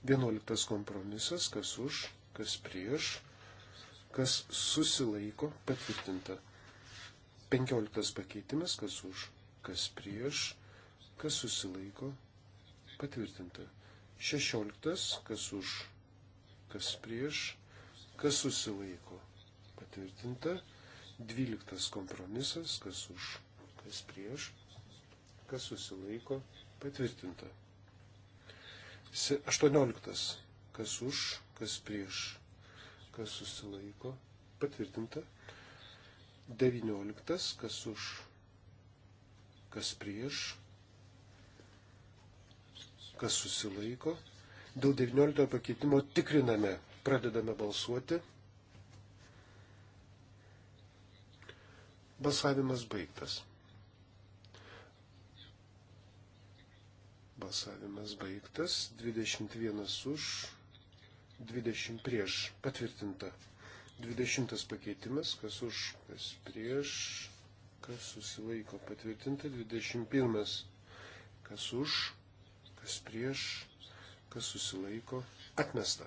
Vienuoliktas kompromisas kas už, kas prieš, kas susilaiko, patvirtinta. 15 pakeitimas, kas už, kas prieš, kas susilaiko, patvirtinta. 16, kas už, kas prieš, kas susilaiko, patvirtinta. 12 kompromisas, kas už, kas prieš, kas susilaiko, patvirtinta. 18, kas už, kas prieš, kas susilaiko, patvirtinta. 19, kas už, kas prieš, kas susilaiko. Dėl 19 pakeitimo tikriname, pradedame balsuoti. Balsavimas baigtas. Balsavimas baigtas. 21 už, 20 prieš. Patvirtinta. 20 pakeitimas, kas už, kas prieš, kas susilaiko patvirtinta. 21, kas už, kas prieš, kas susilaiko atmesta.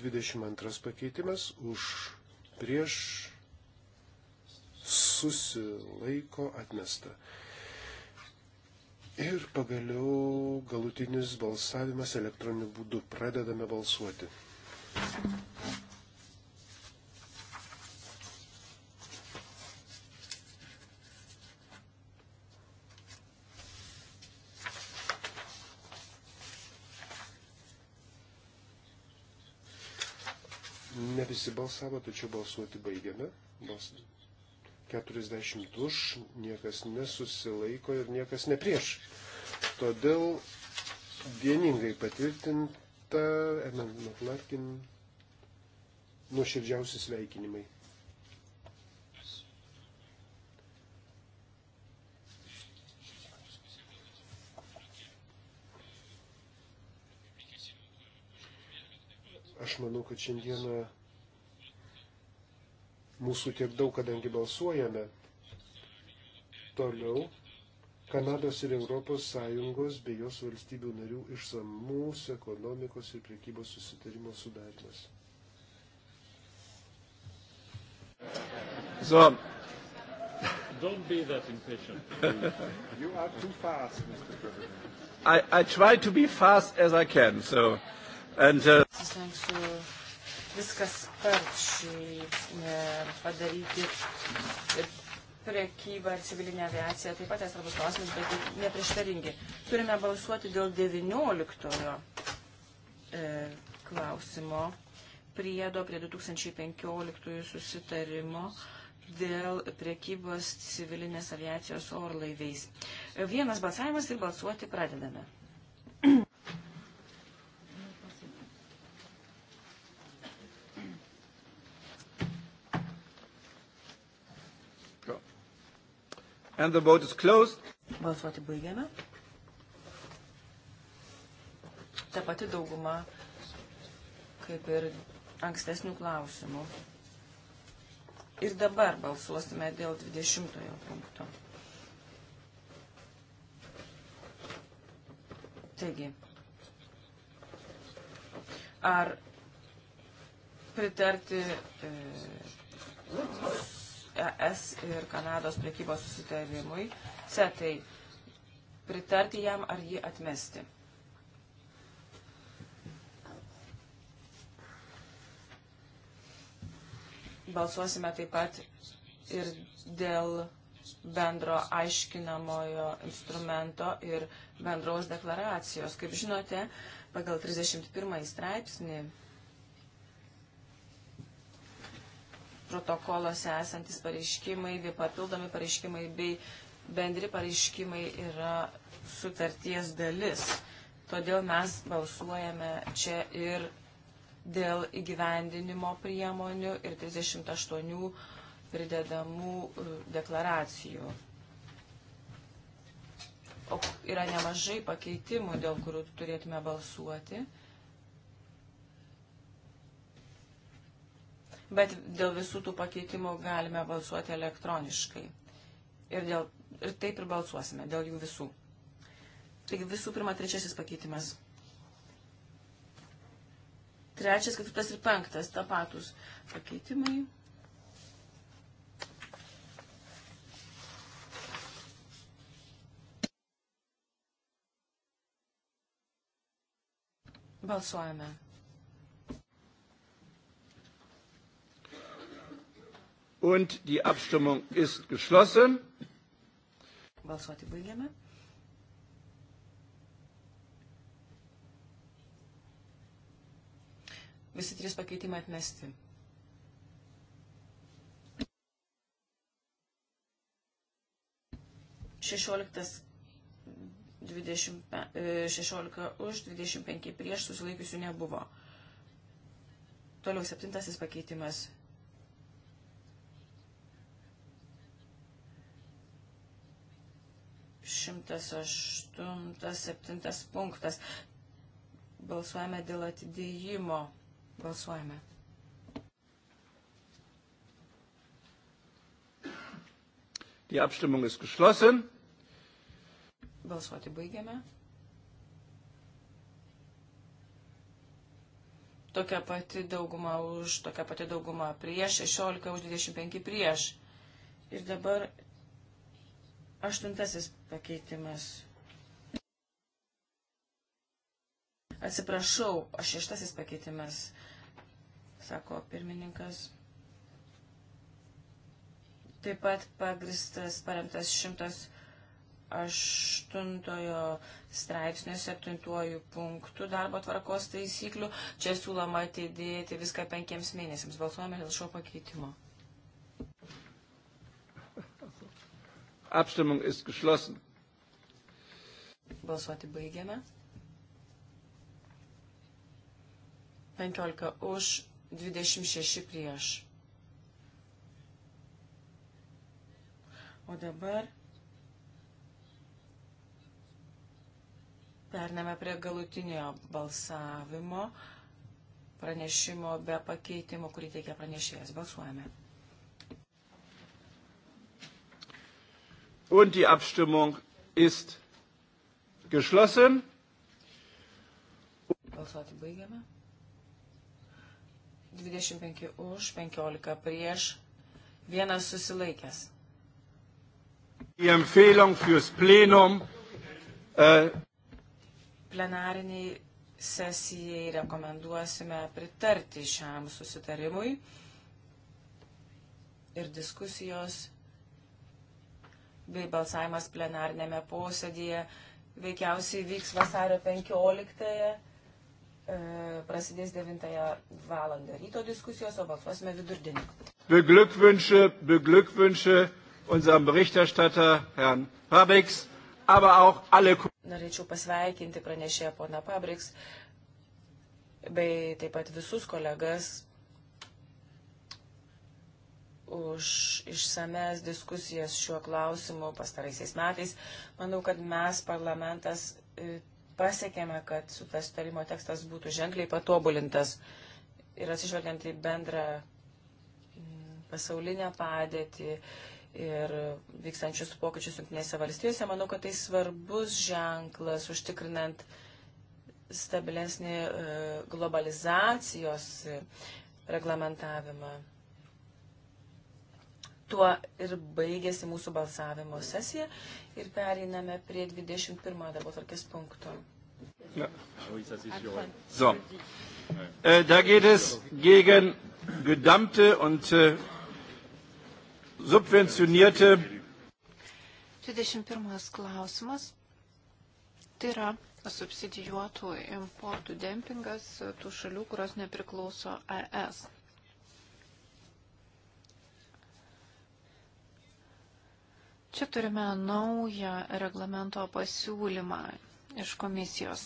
22 pakeitimas už, prieš, susilaiko atmesta. Ir pagaliau galutinis balsavimas elektroniniu būdu. Pradedame balsuoti. visi balsavo, tačiau balsuoti baigiame. Bals... 40 už, niekas nesusilaiko ir niekas neprieš. Todėl vieningai patvirtinta Eman Matlarkin nuoširdžiausi sveikinimai. Aš manau, kad šiandieną mūsų tiek daug, kadangi balsuojame. Toliau Kanados ir Europos Sąjungos bei jos valstybių narių išsamus ekonomikos ir priekybos susitarimo sudarimas. So. Don't be that impatient. you are too fast, Mr. President. I, I try to be fast as I can, so. And, uh, viskas sparčiai e, padaryti ir prekyba ir civilinė aviacija taip pat svarbus klausimas, bet neprieštaringi. Turime balsuoti dėl 19 e, klausimo priedo prie 2015 susitarimo dėl priekybos civilinės aviacijos orlaiviais. Vienas balsavimas ir balsuoti pradedame. And the vote is closed. Balsuoti baigiame. Ta pati dauguma kaip ir ankstesnių klausimų. Ir dabar balsuosime dėl 20 punkto. Taigi, ar pritarti e, ES ir Kanados prekybos susitarimui, CETAI, pritarti jam ar jį atmesti. Balsuosime taip pat ir dėl bendro aiškinamojo instrumento ir bendros deklaracijos. Kaip žinote, pagal 31 straipsnį protokoluose esantis pareiškimai, bei papildomi pareiškimai, bei bendri pareiškimai yra sutarties dalis. Todėl mes balsuojame čia ir dėl įgyvendinimo priemonių ir 38 pridedamų e, deklaracijų. O yra nemažai pakeitimų, dėl kurių turėtume balsuoti. bet dėl visų tų pakeitimų galime balsuoti elektroniškai. Ir, dėl, ir taip ir balsuosime, dėl jų visų. Taigi visų pirma trečiasis pakeitimas. Trečias, ketvirtas ir penktas tapatus pakeitimai. Balsuojame. Und die Abstimmung ist geschlossen. Balsuoti baigiame. Visi trys pakeitimai atmesti. Šešioliktas 20, 16 e, už, 25 prieš, susilaikiusių nebuvo. Toliau septintasis pakeitimas 108.7 punktas. Balsuojame dėl atidėjimo. Balsuojame. Die Abstimmung ist geschlossen. Balsuoti baigiame. Tokia pati dauguma už, tokia pati dauguma prieš, 16 už 25 prieš. Ir dabar Aštuntasis pakeitimas. Atsiprašau, aš šeštasis pakeitimas, sako pirmininkas. Taip pat pagristas paremtas 108 straipsnio 7 punktų darbo tvarkos taisyklių. Čia siūloma atidėti viską penkiems mėnesiams. Balsuojame dėl šio pakeitimo. Abstimmung ist geschlossen. Balsuoti baigiame. 15 už, 26 prieš. O dabar pername prie galutinio balsavimo pranešimo be pakeitimo, kurį teikia pranešėjas. Balsuojame. Und die Abstimmung ist geschlossen. Balsuoti baigiame. 25 už, 15 prieš, vienas susilaikęs. Die Empfehlung fürs Plenum. Äh, Plenariniai sesijai rekomenduosime pritarti šiam susitarimui ir diskusijos bei balsavimas plenarnėme posėdėje veikiausiai vyks vasario 15-ąją, e, prasidės 9-ąją valandą ryto diskusijos, o balsuosime vidurdienį. Beglückwünsche, beglückwünsche unserem Berichterstatter Herrn Pabriks, aber auch alle. Norėčiau pasveikinti pranešėją poną Pabriks bei taip pat visus kolegas už išsames diskusijas šiuo klausimu pastaraisiais metais. Manau, kad mes, parlamentas, e, pasiekėme, kad tas tarimo tekstas būtų ženkliai patobulintas ir atsižvelgiant į bendrą pasaulinę padėtį ir vykstančius pokyčius Junktinėse valstijose, manau, kad tai svarbus ženklas užtikrinant stabilesnį e, globalizacijos reglamentavimą. Tuo ir baigėsi mūsų balsavimo sesija ir pereiname prie 21 darbo tvarkės punkto. Ja. So. Äh, da geht es gegen gedammte und äh, subventionierte. 21 klausimas. Tai yra subsidijuotų importų dempingas tų šalių, kurios nepriklauso ES. Čia turime naują reglamento pasiūlymą iš komisijos.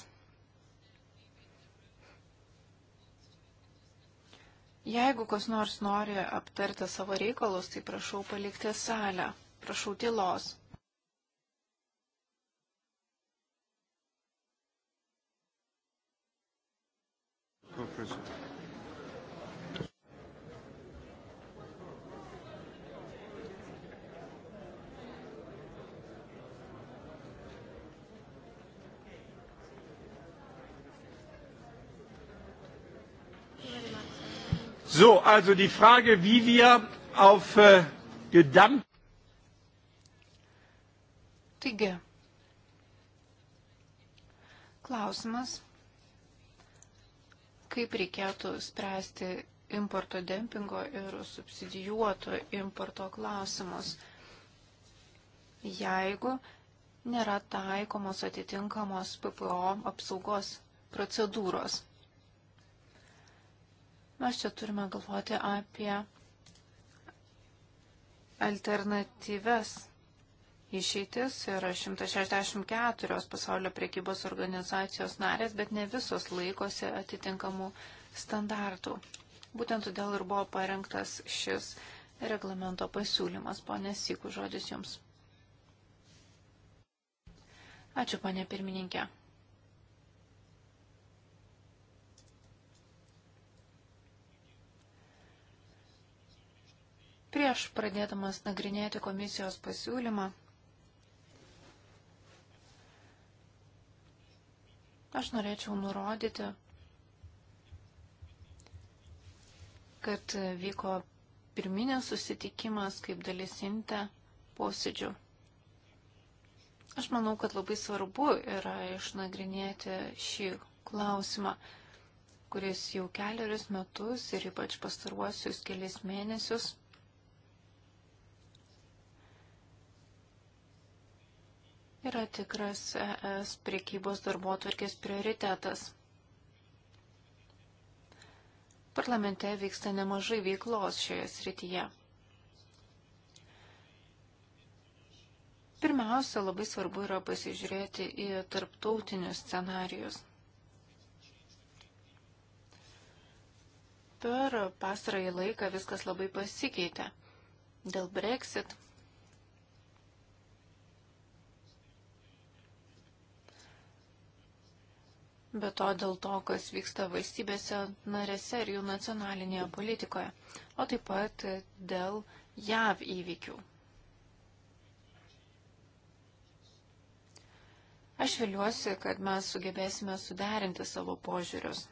Jeigu kas nors nori aptarti savo reikalus, tai prašau palikti salę. Prašau tylos. Go, President. So, also die Frage, wie wir auf äh, Gedamt. Taigi, klausimas, kaip reikėtų spręsti importo dempingo ir subsidijuoto importo klausimus, jeigu nėra taikomos atitinkamos PPO apsaugos procedūros. Mes čia turime galvoti apie alternatyves išeitis yra 164 pasaulio priekybos organizacijos narės, bet ne visos laikosi atitinkamų standartų. Būtent todėl ir buvo parengtas šis reglamento pasiūlymas. Pone Sikų, žodis jums. Ačiū, ponė pirmininkė. Prieš pradėdamas nagrinėti komisijos pasiūlymą, aš norėčiau nurodyti, kad vyko pirminis susitikimas kaip dalis inte posėdžių. Aš manau, kad labai svarbu yra išnagrinėti šį klausimą, kuris jau keliarius metus ir ypač pastaruosius kelias mėnesius yra tikras ES priekybos darbo atvarkės prioritetas. Parlamente vyksta nemažai veiklos šioje srityje. Pirmiausia, labai svarbu yra pasižiūrėti į tarptautinius scenarius. Per pastarąjį laiką viskas labai pasikeitė. Dėl Brexit be to dėl to, kas vyksta valstybėse narėse ir jų nacionalinėje politikoje, o taip pat dėl JAV įvykių. Aš viliuosi, kad mes sugebėsime suderinti savo požiūrius.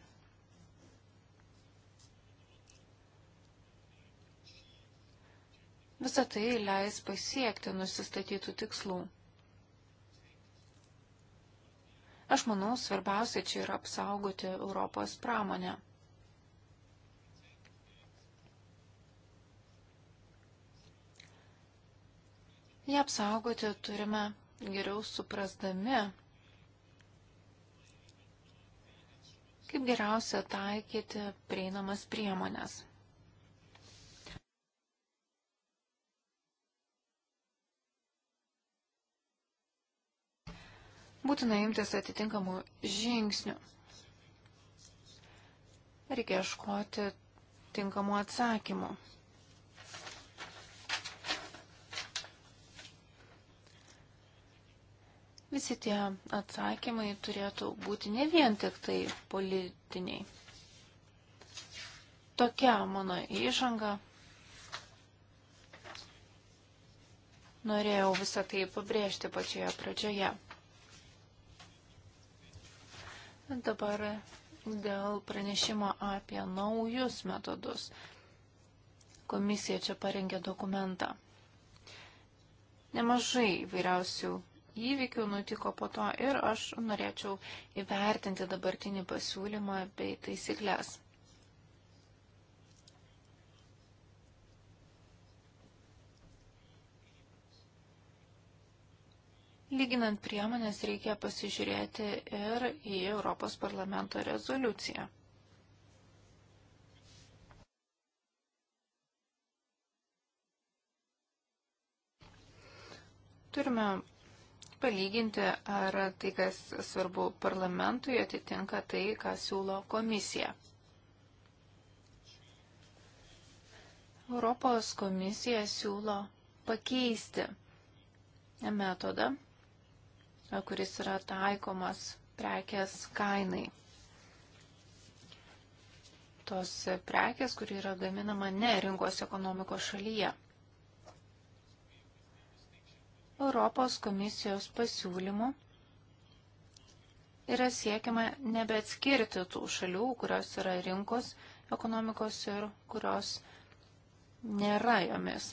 Visą tai leis pasiekti nusistatytų tikslų. Aš manau, svarbiausia čia yra apsaugoti Europos pramonę. Jie apsaugoti turime geriau suprasdami, kaip geriausia taikyti prieinamas priemonės. būtina imtis atitinkamų žingsnių. Reikia ieškoti tinkamų atsakymų. Visi tie atsakymai turėtų būti ne vien tik tai politiniai. Tokia mano įžanga. Norėjau visą tai pabrėžti pačioje pradžioje. Dabar dėl pranešimo apie naujus metodus. Komisija čia parengė dokumentą. Nemažai vairiausių įvykių nutiko po to ir aš norėčiau įvertinti dabartinį pasiūlymą bei taisyklės. Lyginant priemonės reikia pasižiūrėti ir į Europos parlamento rezoliuciją. Turime palyginti, ar tai, kas svarbu parlamentui, atitinka tai, ką siūlo komisija. Europos komisija siūlo pakeisti metodą kuris yra taikomas prekės kainai. Tos prekės, kuri yra gaminama ne rinkos ekonomikos šalyje. Europos komisijos pasiūlymu yra siekiama nebeatskirti tų šalių, kurios yra rinkos ekonomikos ir kurios nėra jomis.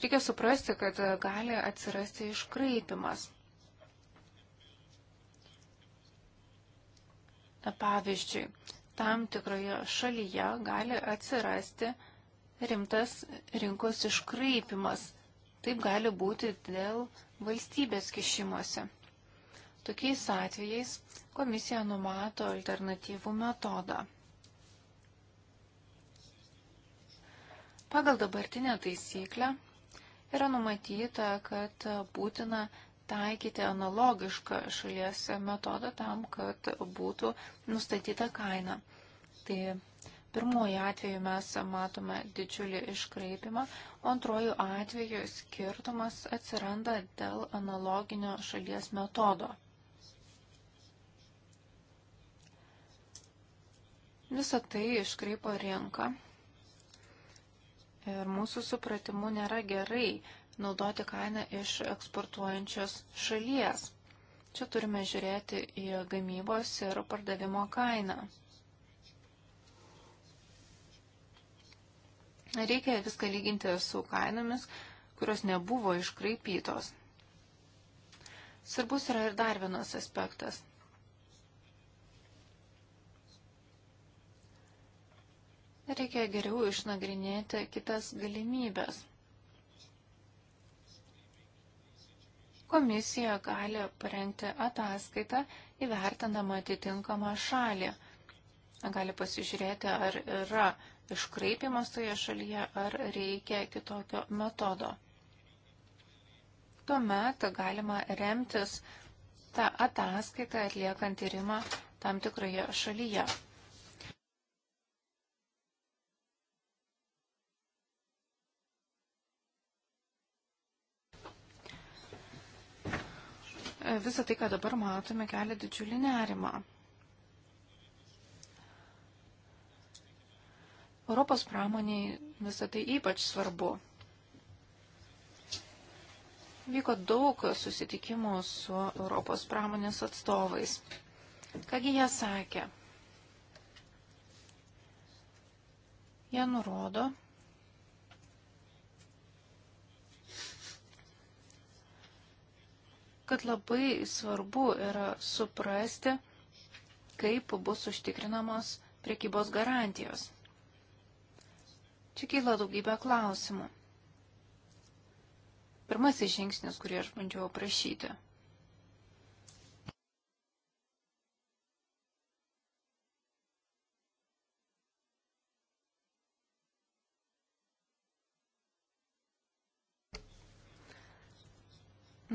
Reikia suprasti, kad gali atsirasti iškraipimas. Pavyzdžiui, tam tikroje šalyje gali atsirasti rimtas rinkos iškraipimas. Taip gali būti dėl valstybės kišimuose. Tokiais atvejais komisija numato alternatyvų metodą. Pagal dabartinę taisyklę yra numatyta, kad būtina taikyti analogišką šalies metodą tam, kad būtų nustatyta kaina. Tai pirmoji atveju mes matome didžiulį iškraipimą, o antrojų atveju skirtumas atsiranda dėl analoginio šalies metodo. Visą tai iškraipo rinką Ir mūsų supratimu nėra gerai naudoti kainą iš eksportuojančios šalies. Čia turime žiūrėti į gamybos ir pardavimo kainą. Reikia viską lyginti su kainomis, kurios nebuvo iškraipytos. Svarbus yra ir dar vienas aspektas. Reikia geriau išnagrinėti kitas galimybės. Komisija gali parengti ataskaitą įvertindama atitinkamą šalį. Gali pasižiūrėti, ar yra iškraipimas toje šalyje, ar reikia kitokio metodo. Tuomet galima remtis tą ataskaitą atliekant tyrimą tam tikroje šalyje. visą tai, ką dabar matome, kelia didžiulį nerimą. Europos pramoniai visą tai ypač svarbu. Vyko daug susitikimų su Europos pramonės atstovais. Kągi jie sakė? Jie nurodo, kad labai svarbu yra suprasti, kaip bus užtikrinamos priekybos garantijos. Čia kyla daugybė klausimų. Pirmasis žingsnis, kurį aš bandžiau aprašyti –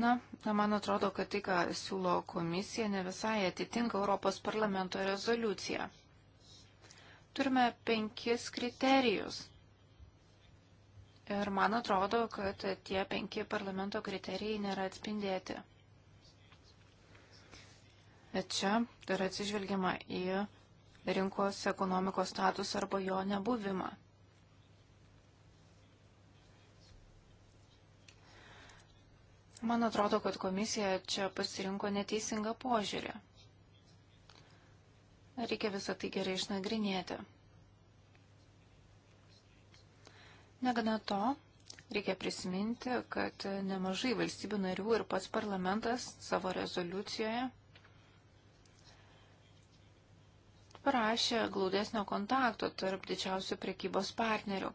Na, man atrodo, kad tai, ką siūlo komisija, ne visai atitinka Europos parlamento rezoliuciją. Turime penkis kriterijus. Ir man atrodo, kad tie penki parlamento kriterijai nėra atspindėti. Bet čia yra atsižvelgiama į rinkos ekonomikos statusą arba jo nebuvimą. Man atrodo, kad komisija čia pasirinko neteisingą požiūrį. Reikia visą tai gerai išnagrinėti. Negana to, reikia prisiminti, kad nemažai valstybių narių ir pats parlamentas savo rezoliucijoje parašė glaudesnio kontakto tarp didžiausių prekybos partnerių.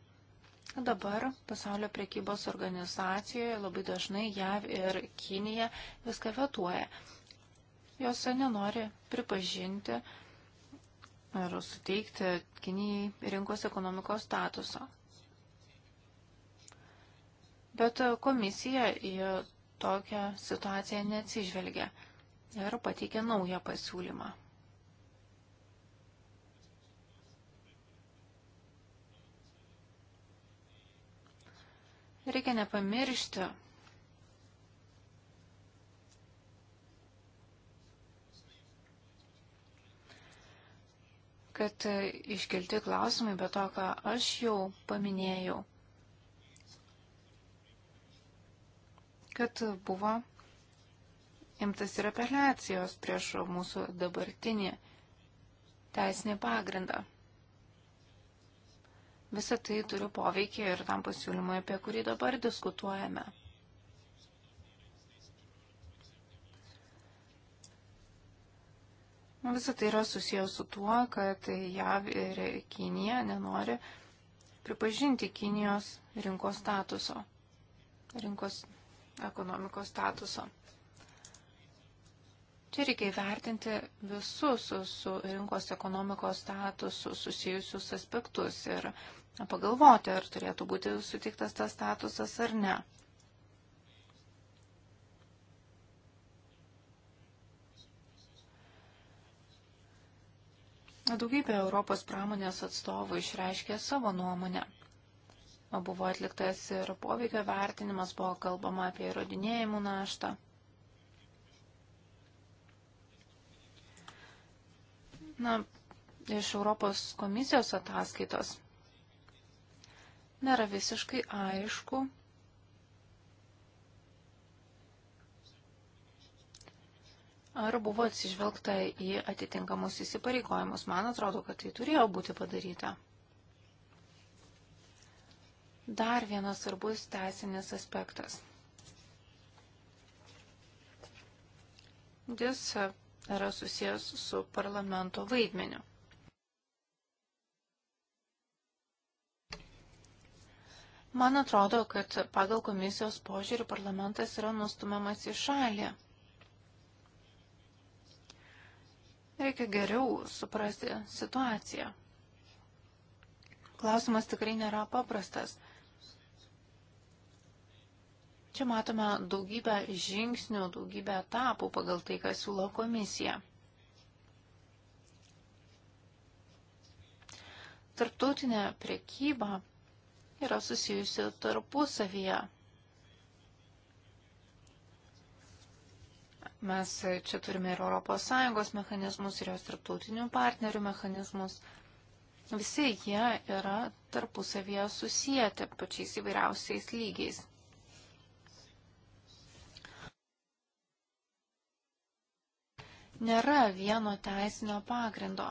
Dabar pasaulio prekybos organizacijoje labai dažnai JAV ir Kinija viską vetuoja. Jos nenori pripažinti ar suteikti Kinijai rinkos ekonomikos statuso. Bet komisija į tokią situaciją neatsižvelgia ir pateikė naują pasiūlymą. Reikia nepamiršti, kad iškelti klausimai, bet to, ką aš jau paminėjau, kad buvo imtas ir apeliacijos prieš mūsų dabartinį teisinį pagrindą. Visą tai turi poveikį ir tam pasiūlymui, apie kurį dabar diskutuojame. Visą tai yra susijęs su tuo, kad JAV ir Kinija nenori pripažinti Kinijos rinkos statuso, rinkos ekonomikos statuso. Čia reikia įvertinti visus su rinkos ekonomikos statusu susijusius aspektus ir pagalvoti, ar turėtų būti sutiktas tas statusas ar ne. Daugybė Europos pramonės atstovų išreiškė savo nuomonę. Buvo atliktas ir poveikio vertinimas, buvo kalbama apie įrodinėjimų naštą. Na, iš Europos komisijos ataskaitos nėra visiškai aišku, ar buvo atsižvelgta į atitinkamus įsipareigojimus. Man atrodo, kad tai turėjo būti padaryta. Dar vienas svarbus teisinis aspektas. Jis yra susijęs su parlamento vaidmeniu. Man atrodo, kad pagal komisijos požiūrį parlamentas yra nustumiamas į šalį. Reikia geriau suprasti situaciją. Klausimas tikrai nėra paprastas. Čia matome daugybę žingsnių, daugybę etapų pagal tai, ką siūlo komisija. Tarptautinė priekyba yra susijusi tarpusavyje. Mes čia turime ir ES mechanizmus, ir jos tarptautinių partnerių mechanizmus. Visi jie yra tarpusavyje susijęti pačiais įvairiausiais lygiais. nėra vieno teisinio pagrindo.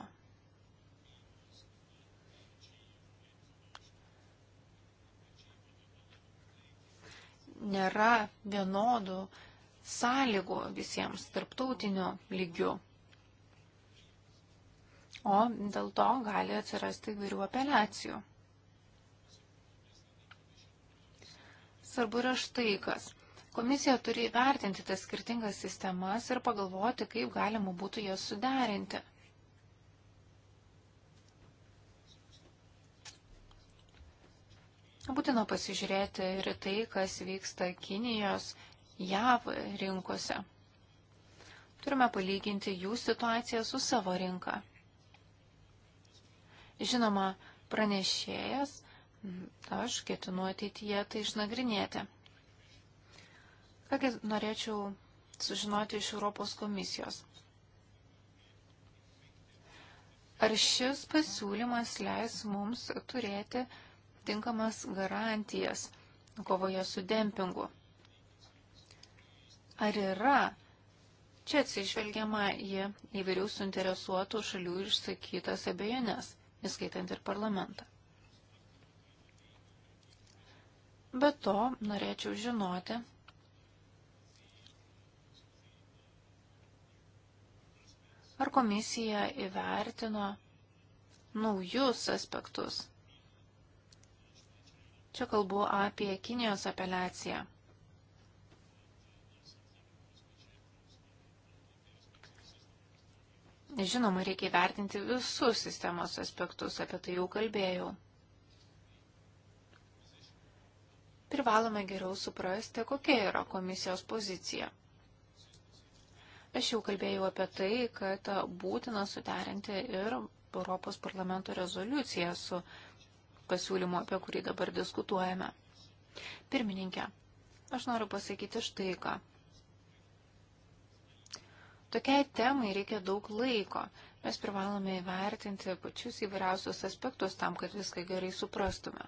Nėra vienodų sąlygų visiems tarptautiniu lygiu. O dėl to gali atsirasti įvairių apeliacijų. Svarbu yra štai kas. Komisija turi įvertinti tas skirtingas sistemas ir pagalvoti, kaip galima būtų jas suderinti. Būtina pasižiūrėti ir tai, kas vyksta Kinijos, JAV rinkose. Turime palyginti jų situaciją su savo rinka. Žinoma, pranešėjas, aš ketinu ateityje tai išnagrinėti. Kągi norėčiau sužinoti iš Europos komisijos. Ar šis pasiūlymas leis mums turėti tinkamas garantijas kovoje su dempingu? Ar yra Čia atsižvelgiama į įvairių suinteresuotų šalių išsakytas abejonės, įskaitant ir parlamentą. Be to, norėčiau žinoti, Ar komisija įvertino naujus aspektus? Čia kalbu apie Kinijos apeliaciją. Žinoma, reikia įvertinti visus sistemos aspektus, apie tai jau kalbėjau. Privalome geriau suprasti, kokia yra komisijos pozicija. Aš jau kalbėjau apie tai, kad būtina suderinti ir Europos parlamento rezoliuciją su pasiūlymu, apie kurį dabar diskutuojame. Pirmininkė, aš noriu pasakyti štai ką. Tokiai temai reikia daug laiko. Mes privalome įvertinti pačius įvairiausius aspektus tam, kad viską gerai suprastume.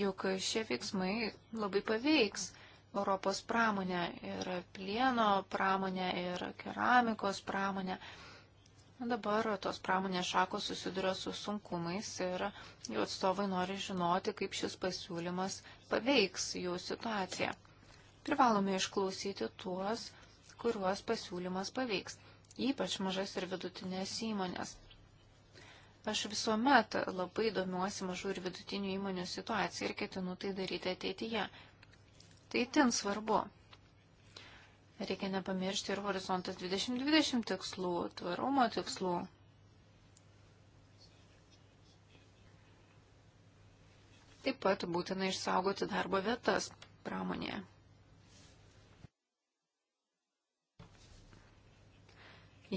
Juk šie veiksmai labai paveiks Europos pramonę, ir plieno pramonę, ir keramikos pramonę. Dabar tos pramonės šakos susiduria su sunkumais ir jų atstovai nori žinoti, kaip šis pasiūlymas paveiks jų situaciją. Privalome išklausyti tuos, kuriuos pasiūlymas paveiks, ypač mažas ir vidutinės įmonės. Aš visuomet labai domiuosi mažų ir vidutinių įmonių situaciją ir ketinu tai daryti ateityje. Tai itin svarbu. Reikia nepamiršti ir horizontas 2020 tikslų, tvarumo tikslų. Taip pat būtina išsaugoti darbo vietas pramonėje.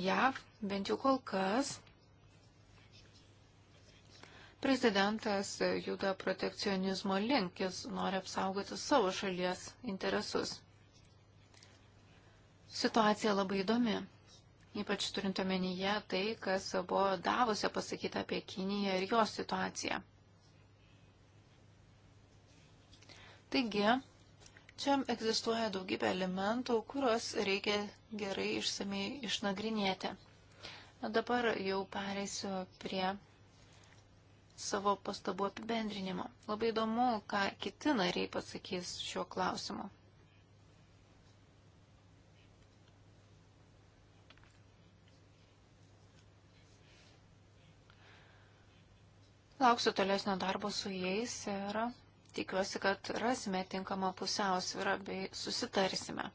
JAV bent jau kol kas Prezidentas juda protekcionizmo link, jis nori apsaugoti savo šalies interesus. Situacija labai įdomi, ypač turint omenyje tai, kas buvo davusia pasakyta apie Kiniją ir jos situaciją. Taigi, čia egzistuoja daugybė elementų, kuriuos reikia gerai išsamei išnagrinėti. Dabar jau pereisiu prie savo pastabų apibendrinimo. Labai įdomu, ką kiti nariai pasakys šiuo klausimu. Lauksiu tolesnio darbo su jais ir tikiuosi, kad rasime tinkamą pusiausvyrą bei susitarsime.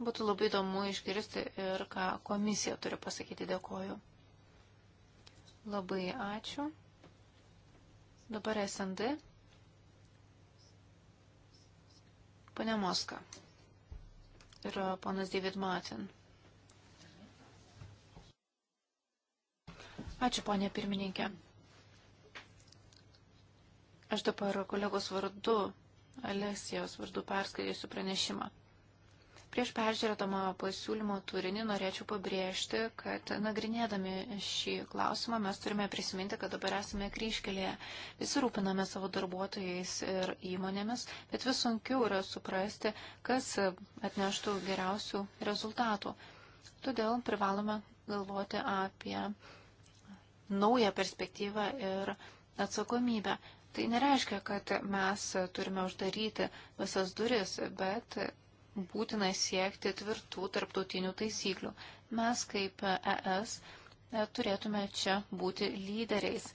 Būtų labai įdomu išgirsti ir ką komisija turi pasakyti. Dėkoju. Labai ačiū. Dabar SND. Pane Moska ir ponas David Martin. Ačiū, ponė pirmininkė. Aš dabar kolegos vardu, Alesijos vardu perskaitysiu pranešimą. Prieš peržiūrėdama pasiūlymo turinį norėčiau pabrėžti, kad nagrinėdami šį klausimą mes turime prisiminti, kad dabar esame kryškelėje. Visi rūpiname savo darbuotojais ir įmonėmis, bet vis sunkiau yra suprasti, kas atneštų geriausių rezultatų. Todėl privalome galvoti apie naują perspektyvą ir atsakomybę. Tai nereiškia, kad mes turime uždaryti visas duris, bet būtina siekti tvirtų tarptautinių taisyklių. Mes kaip ES turėtume čia būti lyderiais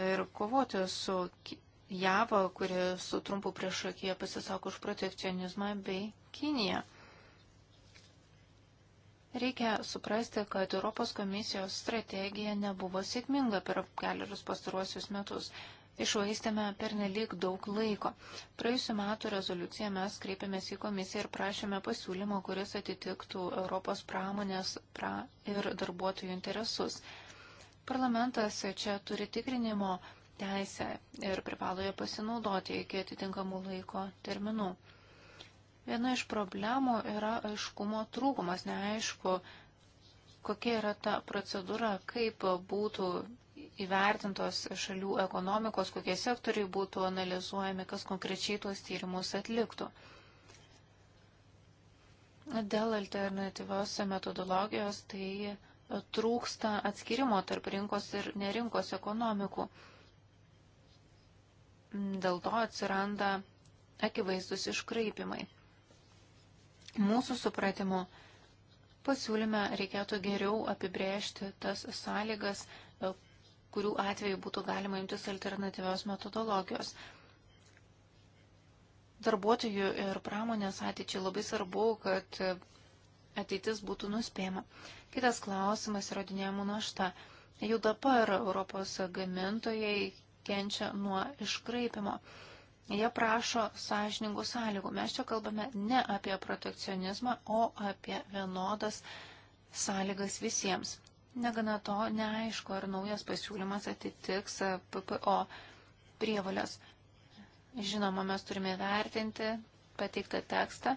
ir kovoti su JAV, kuri su trumpu priešakyje pasisako už protekcionizmą, bei Kinija. Reikia suprasti, kad Europos komisijos strategija nebuvo sėkminga per keliarius pastaruosius metus išvaistėme pernelik daug laiko. Praėjusiu metu rezoliuciją mes kreipėmės į komisiją ir prašėme pasiūlymo, kuris atitiktų Europos pramonės pra ir darbuotojų interesus. Parlamentas čia turi tikrinimo teisę ir privalo ją pasinaudoti iki atitinkamų laiko terminų. Viena iš problemų yra aiškumo trūkumas, neaišku, kokia yra ta procedūra, kaip būtų įvertintos šalių ekonomikos, kokie sektoriai būtų analizuojami, kas konkrečiai tuos tyrimus atliktų. Dėl alternatyvios metodologijos tai trūksta atskirimo tarp rinkos ir nerinkos ekonomikų. Dėl to atsiranda akivaizdus iškraipimai. Mūsų supratimu, pasiūlyme reikėtų geriau apibrėžti tas sąlygas, kurių atveju būtų galima imtis alternatyvios metodologijos. Darbuotojų ir pramonės ateičiai labai svarbu, kad ateitis būtų nuspėjama. Kitas klausimas yra dinėjimų našta. Jau dabar Europos gamintojai kenčia nuo iškraipimo. Jie prašo sąžiningų sąlygų. Mes čia kalbame ne apie protekcionizmą, o apie vienodas sąlygas visiems. Negana to, neaišku, ar naujas pasiūlymas atitiks PPO prievalės. Žinoma, mes turime vertinti pateiktą tekstą,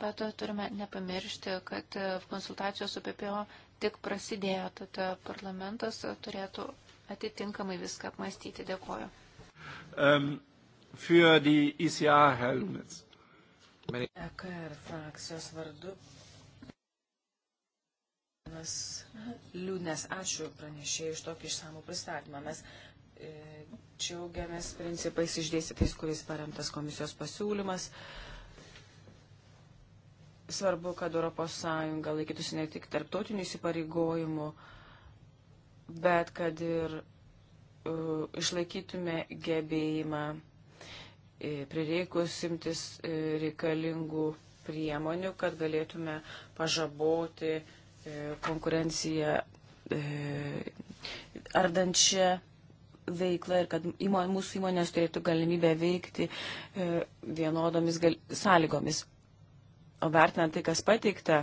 bet turime nepamiršti, kad konsultacijos su PPO tik prasidėjo, tad parlamentas turėtų atitinkamai viską apmastyti. Dėkuoju. Um, für die ICA e Helmets. EKR frakcijos vardu Panas Liūdnes, ačiū pranešėjai iš tokį išsamų pristatymą. Mes e, džiaugiamės principais išdėstytais, kuriais paremtas komisijos pasiūlymas. Svarbu, kad ES laikytųsi ne tik tarptautinių įsipareigojimų, bet kad ir e, išlaikytume gebėjimą e, prireikus imtis e, reikalingų priemonių, kad galėtume pažaboti e, E, konkurenciją e, ardančią veiklą ir kad įmon, mūsų įmonės turėtų galimybę veikti e, vienodomis gal, sąlygomis. O vertinant tai, kas pateikta,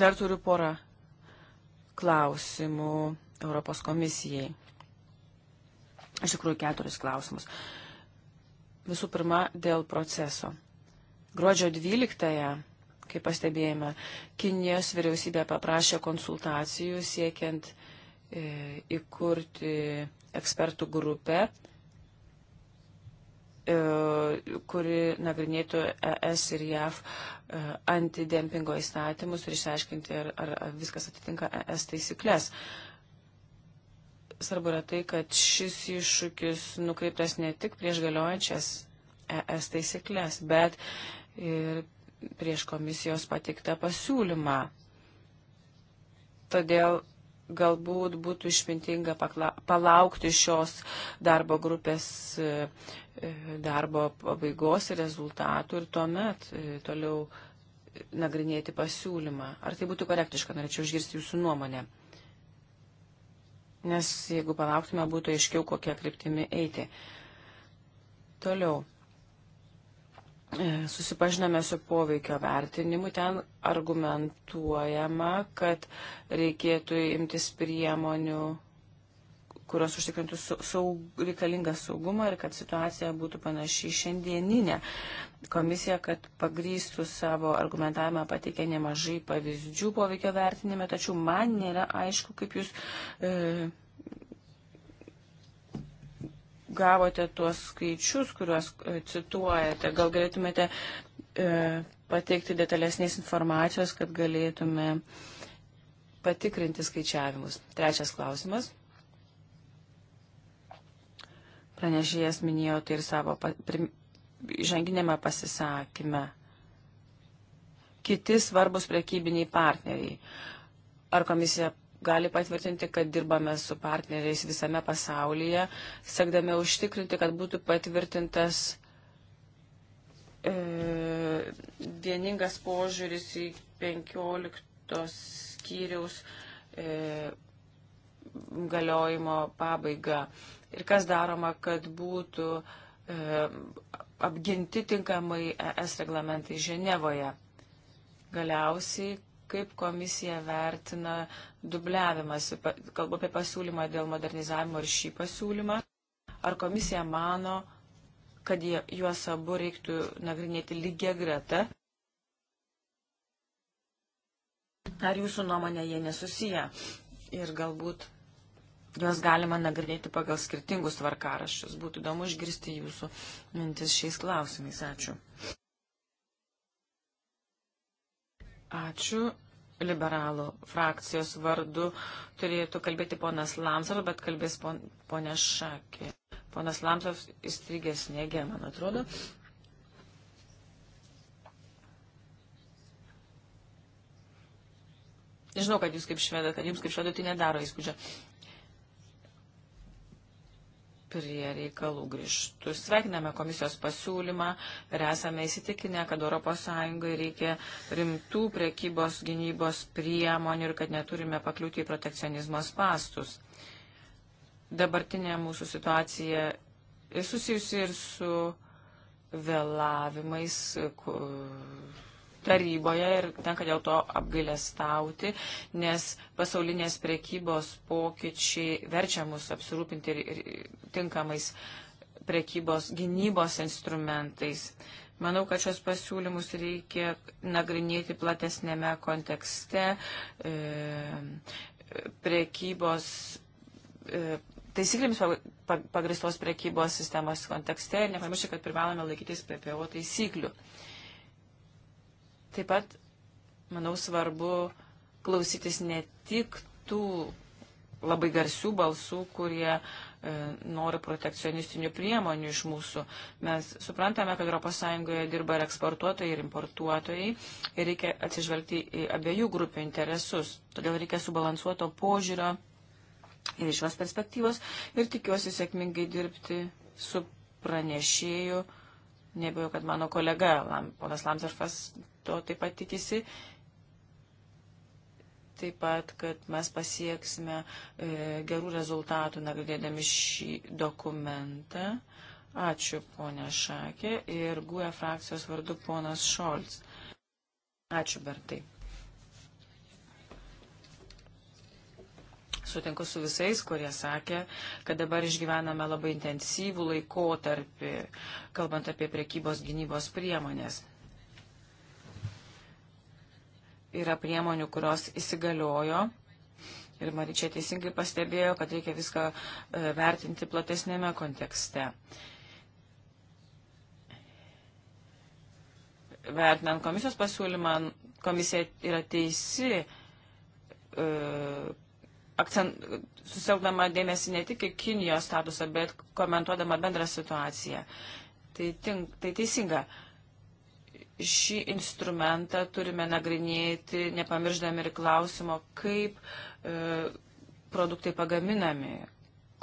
dar turiu porą klausimų Europos komisijai. Iš tikrųjų, keturis klausimus. Visų pirma, dėl proceso. Gruodžio 12-ąją kaip pastebėjome. Kinijos vyriausybė paprašė konsultacijų siekiant e, įkurti ekspertų grupę, e, kuri nagrinėtų ES ir JAV e, antidempingo įstatymus ir išsiaiškinti, ar, ar viskas atitinka ES taisyklės. Svarbu yra tai, kad šis iššūkis nukreiptas ne tik prieš galiojančias ES taisyklės, bet ir prieš komisijos pateiktą pasiūlymą. Todėl galbūt būtų išmintinga pakla, palaukti šios darbo grupės e, e, darbo pabaigos rezultatų ir tuomet e, toliau nagrinėti pasiūlymą. Ar tai būtų korektiška, norėčiau išgirsti jūsų nuomonę. Nes jeigu palauktume, būtų aiškiau, kokią kryptimį eiti. Toliau. E, susipažinome su poveikio vertinimu, ten argumentuojama, kad reikėtų imtis priemonių, kurios užtikrintų saug, reikalingą saugumą ir kad situacija būtų panaši šiandieninė. Komisija, kad pagrįstų savo argumentavimą, pateikė nemažai pavyzdžių poveikio vertinime, tačiau man nėra aišku, kaip jūs. E, gavote tuos skaičius, kuriuos e, cituojate. Gal galėtumėte e, pateikti detalesnės informacijos, kad galėtume patikrinti skaičiavimus. Trečias klausimas. Pranešėjas minėjo tai ir savo žanginėme pasisakyme. Kiti svarbus prekybiniai partneriai. Ar komisija gali patvirtinti, kad dirbame su partneriais visame pasaulyje, siekdami užtikrinti, kad būtų patvirtintas e, vieningas požiūris į 15 skyriaus e, galiojimo pabaigą. Ir kas daroma, kad būtų e, apginti tinkamai ES reglamentai Ženevoje. Galiausiai kaip komisija vertina dubliavimąsi. Kalbu apie pasiūlymą dėl modernizavimo ir šį pasiūlymą. Ar komisija mano, kad juos abu reiktų nagrinėti lygia greta? Ar jūsų nuomonė jie nesusiję? Ir galbūt juos galima nagrinėti pagal skirtingus tvarkaraščius. Būtų įdomu išgirsti jūsų mintis šiais klausimais. Ačiū. Ačiū. Liberalų frakcijos vardu turėtų kalbėti ponas Lamsar, bet kalbės pon, ponė Šakė. Ponas Lamsas įstrigęs negė, man atrodo. Žinau, kad jūs kaip švedai, kad jums kaip švedai tai nedaro įspūdžio. Uh, prie reikalų grįžtų. Sveikiname komisijos pasiūlymą ir esame įsitikinę, kad ES reikia rimtų priekybos gynybos priemonių ir kad neturime pakliūti į protekcionizmo spastus. Dabartinė mūsų situacija susijusi ir su vėlavimais, taryboje ir tenka dėl to apgailestauti, nes pasaulinės prekybos pokyčiai verčia mus apsirūpinti ir, ir tinkamais prekybos gynybos instrumentais. Manau, kad šios pasiūlymus reikia nagrinėti platesnėme kontekste e, prekybos. E, Taisyklėmis pagristos prekybos sistemos kontekste ir nepamiršti, kad privalome laikytis PPO taisyklių. E, Taip pat, manau, svarbu klausytis ne tik tų labai garsių balsų, kurie e, nori protekcionistinių priemonių iš mūsų. Mes suprantame, kad ES dirba ir eksportuotojai, ir importuotojai, ir reikia atsižvelgti į abiejų grupių interesus. Todėl reikia subalansuoto požiūrio ir iš šios perspektyvos ir tikiuosi sėkmingai dirbti su pranešėju Nebėjau, kad mano kolega, ponas Lamsarfas, to taip pat tikisi. Taip pat, kad mes pasieksime e, gerų rezultatų nagrinėdami šį dokumentą. Ačiū, ponė Šakė ir GUE frakcijos vardu ponas Šolts. Ačiū, Bertai. Sutinku su visais, kurie sakė, kad dabar išgyvename labai intensyvų laikotarpį, kalbant apie priekybos gynybos priemonės. Yra priemonių, kurios įsigaliojo. Ir Maryčia teisingai pastebėjo, kad reikia viską e, vertinti platesnėme kontekste. Vertinant komisijos pasiūlymą, komisija yra teisi e, akcent, susilgdama dėmesį ne tik į Kinijos statusą, bet komentuodama bendrą situaciją. Tai, tink, tai teisinga. Šį instrumentą turime nagrinėti, nepamirždami ir klausimo, kaip e, produktai pagaminami,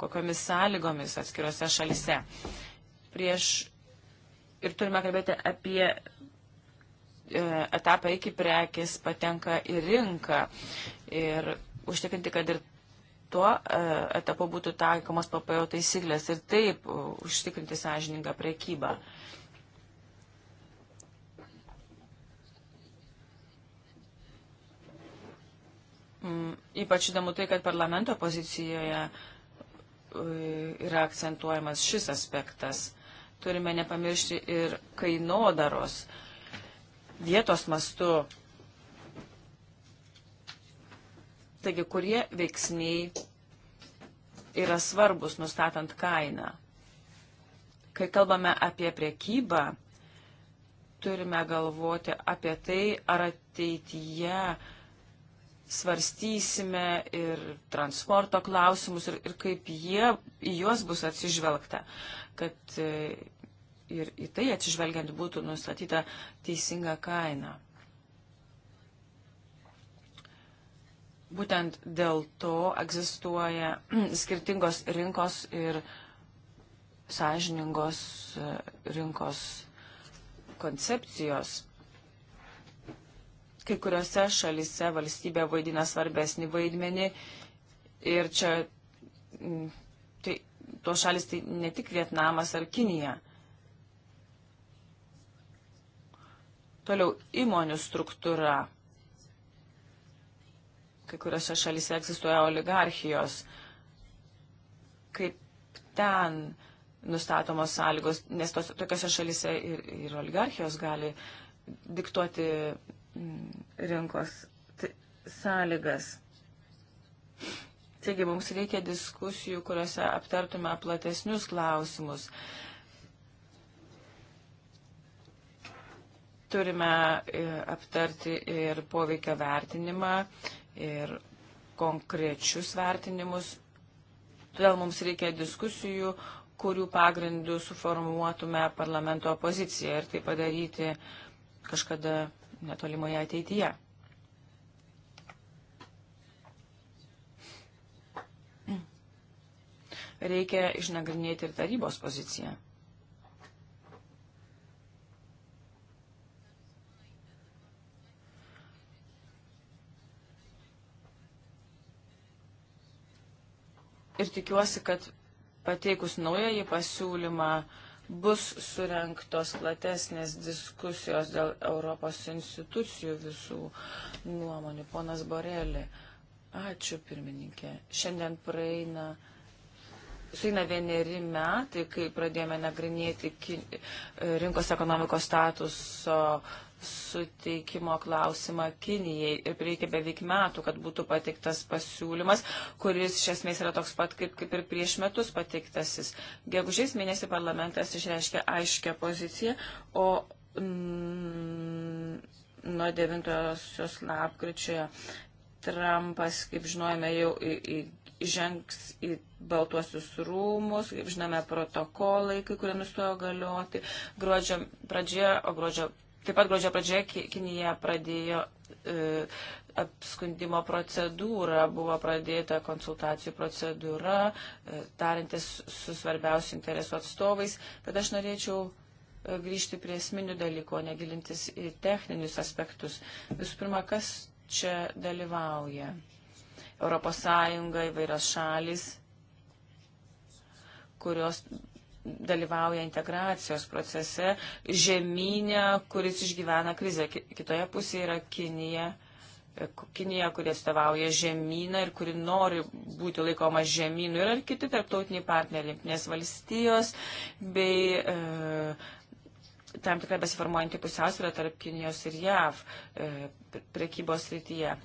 kokiamis sąlygomis atskirose šalise. Prieš ir turime kalbėti apie e, etapą iki prekės patenka į rinką. Ir užtikrinti, kad ir tuo e, etapu būtų taikomos PPO taisyklės ir taip e, užtikrinti sąžiningą prekybą. Mm, ypač įdomu tai, kad parlamento pozicijoje e, yra akcentuojamas šis aspektas. Turime nepamiršti ir kainodaros. Vietos mastu Taigi, kurie veiksniai yra svarbus nustatant kainą? Kai kalbame apie priekybą, turime galvoti apie tai, ar ateityje svarstysime ir transporto klausimus ir, ir kaip jie, į juos bus atsižvelgta, kad e, ir į tai atsižvelgiant būtų nustatyta teisinga kaina. Būtent dėl to egzistuoja skirtingos rinkos ir sąžiningos e, rinkos koncepcijos. Kai kuriuose šalise valstybė vaidina svarbesnį vaidmenį ir čia tai, to šalis tai ne tik Vietnamas ar Kinija. Toliau įmonių struktūra kai kuriuose šalyse egzistuoja oligarchijos. Kaip ten nustatomos sąlygos, nes tos, tokiose šalyse ir, ir oligarchijos gali diktuoti mm, rinkos sąlygas. Taigi mums reikia diskusijų, kuriuose aptartume platesnius klausimus. Turime e, aptarti ir poveikio vertinimą ir konkrečius vertinimus. Todėl mums reikia diskusijų, kurių pagrindų suformuotume parlamento opoziciją ir tai padaryti kažkada netolimoje ateityje. Reikia išnagrinėti ir tarybos poziciją. ir tikiuosi, kad pateikus naująjį pasiūlymą bus surenktos platesnės diskusijos dėl Europos institucijų visų nuomonių. Ponas Borelė, ačiū pirmininkė. Šiandien praeina suina vieneri metai, kai pradėjome nagrinėti e, rinkos ekonomikos statuso suteikimo klausimą Kinijai ir reikia beveik metų, kad būtų pateiktas pasiūlymas, kuris iš esmės yra toks pat kaip, kaip ir prieš metus pateiktasis. Gegužės mėnesį parlamentas išreiškė aiškę poziciją, o mm, nuo 9 lapkričio Trumpas, kaip žinojame, jau į, į žengs į Baltuosius rūmus, kaip žinome, protokolai, kai kurie nustojo galioti gruodžio pradžioje, o gruodžio, taip pat gruodžio pradžioje Kinija pradėjo e, apskundimo procedūra, buvo pradėta konsultacijų procedūra, e, tarintis su svarbiausių interesų atstovais, bet aš norėčiau e, grįžti prie esminių dalykų, o negilintis į techninius aspektus. Visų pirma, kas čia dalyvauja? ES įvairios šalis, kurios dalyvauja integracijos procese, žemynė, kuris išgyvena krizę. Kitoje pusėje yra Kinija. E, Kinija, kurie atstovauja žemyną ir kuri nori būti laikoma žemynu, ir kiti tarptautiniai partneriai, nes valstijos bei e, tam tikrai besiformuojanti pusiausvyrą tarp Kinijos ir JAV e, prekybos rytyje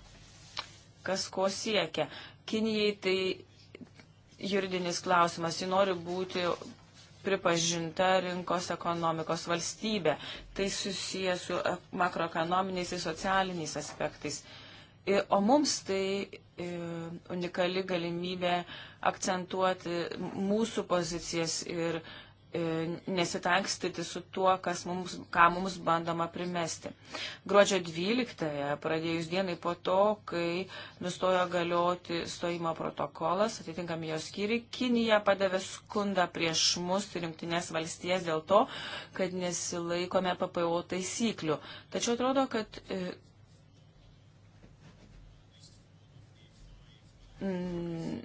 kas ko siekia. Kinijai tai juridinis klausimas, ji nori būti pripažinta rinkos ekonomikos valstybė. Tai susijęs su e, makroekonominiais ir socialiniais aspektais. O mums tai e, unikali galimybė akcentuoti mūsų pozicijas ir E, nesitankstyti su tuo, kas mums, ką mums bandoma primesti. Gruodžio 12-ąją, pradėjus dienai po to, kai nustojo galioti stojimo protokolas, atitinkami jos skyri, Kinija padavė skundą prieš mus ir jungtinės valstijas dėl to, kad nesilaikome PPO taisyklių. Tačiau atrodo, kad mm,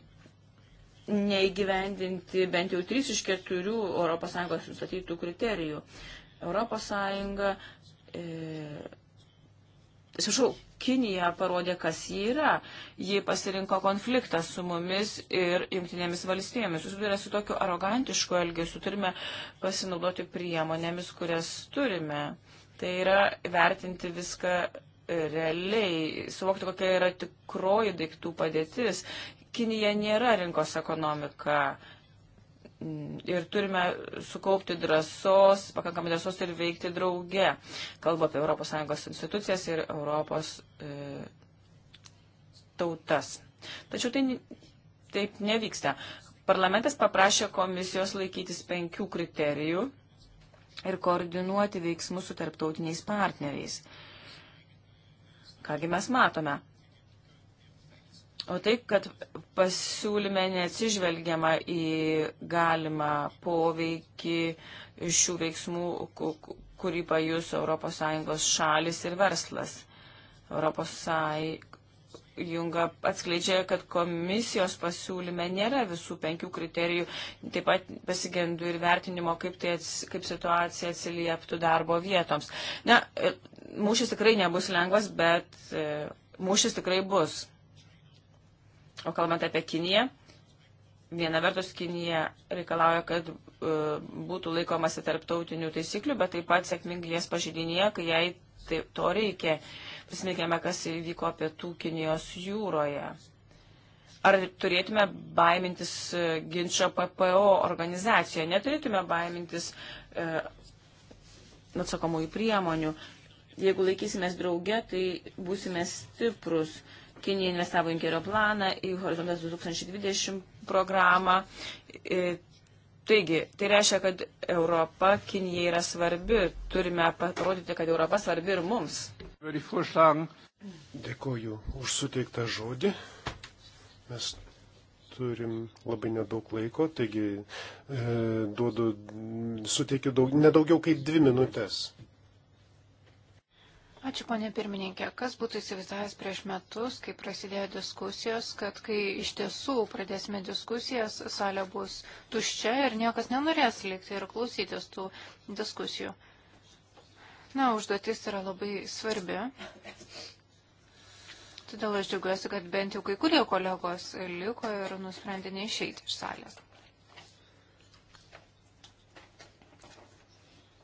neįgyvendinti bent jau trys iš keturių ES nustatytų kriterijų. ES, e, sašau, Kinija parodė, kas ji yra. Ji pasirinko konfliktą su mumis ir jungtinėmis valstybėmis. Susiduria su tokiu arogantišku elgesiu. Turime pasinaudoti priemonėmis, kurias turime. Tai yra vertinti viską realiai, suvokti, kokia yra tikroji daiktų padėtis Kinija nėra rinkos ekonomika. Mm, ir turime sukaupti drąsos, pakankamai drąsos ir veikti drauge. Kalba apie ES institucijas ir Europos e, tautas. Tačiau tai taip nevyksta. Parlamentas paprašė komisijos laikytis penkių kriterijų ir koordinuoti veiksmus su tarptautiniais partneriais. Kągi mes matome? O taip, kad pasiūlyme neatsižvelgiama į galimą poveikį šių veiksmų, kurį pajus ES šalis ir verslas. ES atskleidžia, kad komisijos pasiūlyme nėra visų penkių kriterijų. Taip pat pasigendu ir vertinimo, kaip, tai ats, kaip situacija atsilieptų darbo vietoms. Na, e, mūšis tikrai nebus lengvas, bet e, mūšis tikrai bus. O kalbant apie Kiniją, viena vertus Kinija reikalauja, kad e, būtų laikomasi tarptautinių taisyklių, bet taip pat sėkmingai jas pažydinėja, kai jai tai, to reikia. Prisiminkime, kas įvyko pietų Kinijos jūroje. Ar turėtume baimintis e, ginčio PPO organizacijoje? Neturėtume baimintis e, atsakomųjų priemonių. Jeigu laikysimės drauge, tai būsime stiprus. Kinija investavo į Junkerio planą, į Horizontas 2020 programą. E, taigi, tai reiškia, kad Europa Kinija yra svarbi. Turime parodyti, kad Europa svarbi ir mums. Dėkoju už suteiktą žodį. Mes turim labai nedaug laiko, taigi e, duodu, suteikiu daug, nedaugiau kaip dvi minutės. Ačiū, ponė pirmininkė. Kas būtų įsivaizdavęs prieš metus, kai prasidėjo diskusijos, kad kai iš tiesų pradėsime diskusijas, salė bus tuščia ir niekas nenorės likti ir klausytis tų diskusijų. Na, užduotis yra labai svarbi. Todėl aš džiaugiuosi, kad bent jau kai kurie kolegos liko ir nusprendė neišeiti iš salės.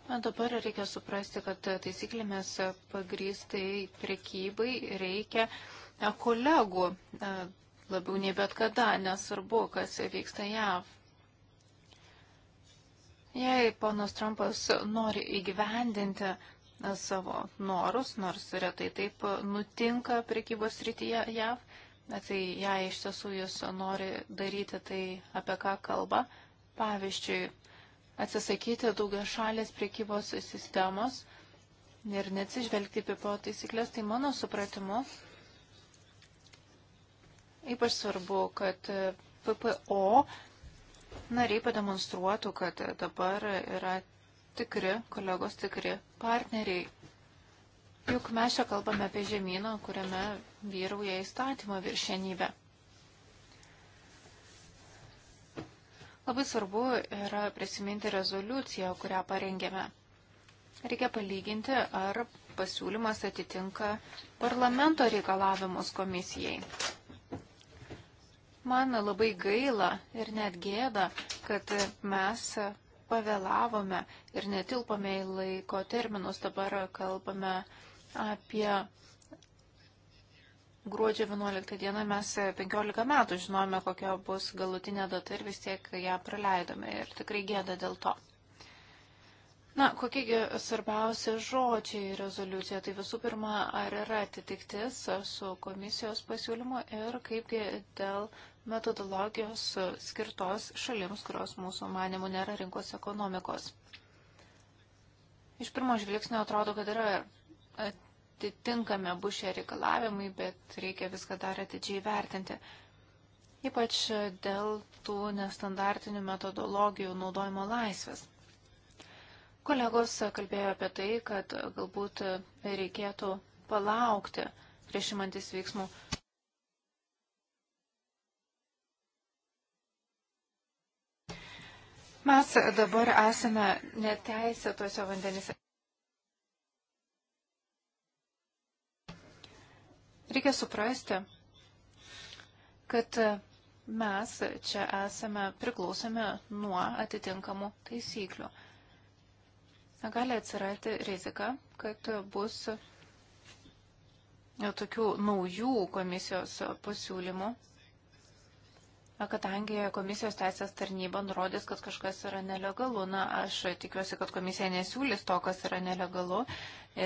Dabar reikia suprasti, kad taisyklėmis pagrįstai prekybai reikia e, kolegų e, labiau nei bet kada, nesvarbu, kas vyksta JAV. Jei ponas Trumpas nori įgyvendinti e, savo norus, nors retai taip nutinka prekybos rytyje JAV, tai jei iš tiesų jis nori daryti tai, apie ką kalba, pavyzdžiui, atsisakyti daugia šalės priekybos sistemos ir neatsižvelgti PPO taisyklės, tai mano supratimu ypač svarbu, kad PPO nariai pademonstruotų, kad dabar yra tikri kolegos, tikri partneriai. Juk mes čia kalbame apie žemyną, kuriame vyrauja įstatymo viršenybė. Labai svarbu yra prisiminti rezoliuciją, kurią parengėme. Reikia palyginti, ar pasiūlymas atitinka parlamento reikalavimus komisijai. Man labai gaila ir net gėda, kad mes pavėlavome ir netilpame į laiko terminus. Dabar kalbame apie Gruodžio 11 dieną mes 15 e, metų žinome, kokia bus galutinė data ir vis tiek ją praleidome ir tikrai gėda dėl to. Na, kokiegi svarbiausia žodžiai rezoliucija, tai visų pirma, ar yra atitiktis su komisijos pasiūlymu ir kaipgi dėl metodologijos skirtos šalims, kurios mūsų manimų nėra rinkos ekonomikos. Iš pirmo žvilgsnio atrodo, kad yra atitinkame bus šie reikalavimai, bet reikia viską dar atidžiai vertinti. Ypač dėl tų nestandartinių metodologijų naudojimo laisvės. Kolegos kalbėjo apie tai, kad galbūt reikėtų palaukti prieš imantis veiksmų. Mes dabar esame neteisėtose vandenyse. Reikia suprasti, kad mes čia esame priklausomi nuo atitinkamų taisyklių. Gali atsirasti rizika, kad bus tokių naujų komisijos pasiūlymų, Kadangi komisijos teisės tarnyba nurodys, kad kažkas yra nelegalu, na, aš tikiuosi, kad komisija nesiūlys to, kas yra nelegalu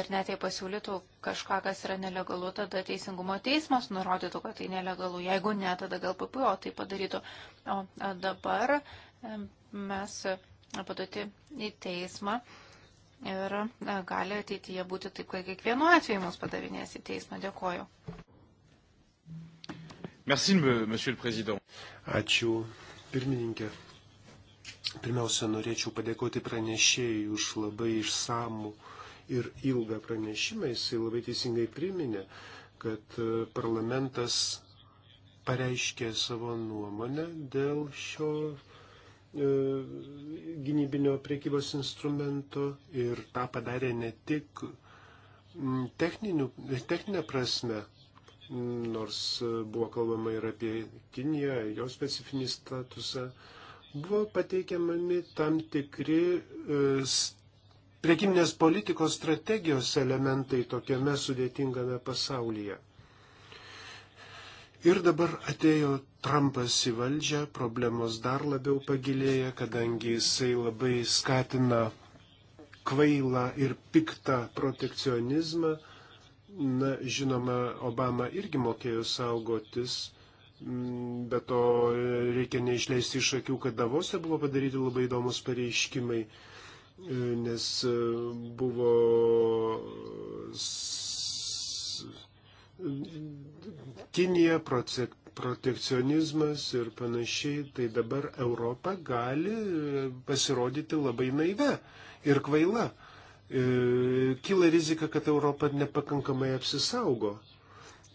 ir net jei pasiūlytų kažką, kas yra nelegalu, tada teisingumo teismas nurodytų, kad tai nelegalu. Jeigu ne, tada gal PPO tai padarytų. O dabar e, mes paduoti į teismą ir e, gali ateityje būti taip, kad kiekvienu atveju mus padavinės į teismą. Dėkoju. Merci, monsieur le président. Ačiū, pirmininkė. Pirmiausia, norėčiau padėkoti pranešėjai už labai išsamų ir ilgą pranešimą. Jisai labai teisingai priminė, kad e, parlamentas pareiškė savo nuomonę dėl šio e, gynybinio priekybos instrumento ir tą padarė ne tik techninių, techninę prasme, nors e, buvo kalbama ir apie Kiniją, jos specifinį statusą, buvo pateikiamami tam tikri e, prekiminės politikos strategijos elementai tokiame sudėtingame pasaulyje. Ir dabar atėjo Trumpas į valdžią, problemos dar labiau pagilėja, kadangi jisai labai skatina kvailą ir piktą protekcionizmą, Na, žinoma, Obama irgi mokėjo saugotis, bet to e, reikia neišleisti iš akių, kad Davose buvo padaryti labai įdomus pareiškimai, e, nes e, buvo Kinija, protekcionizmas ir panašiai, tai dabar Europa gali pasirodyti labai naive ir kvaila. E, kyla rizika, kad Europa nepakankamai apsisaugo.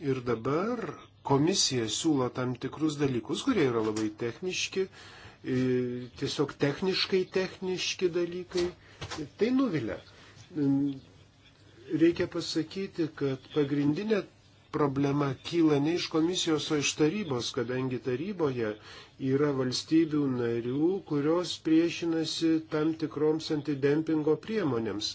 Ir dabar komisija siūlo tam tikrus dalykus, kurie yra labai techniški, e, tiesiog techniškai techniški dalykai. Tai nuvilia. Mm, reikia pasakyti, kad pagrindinė problema kyla ne iš komisijos, o iš tarybos, kadangi taryboje yra valstybių narių, kurios priešinasi tam tikroms antidempingo priemonėms.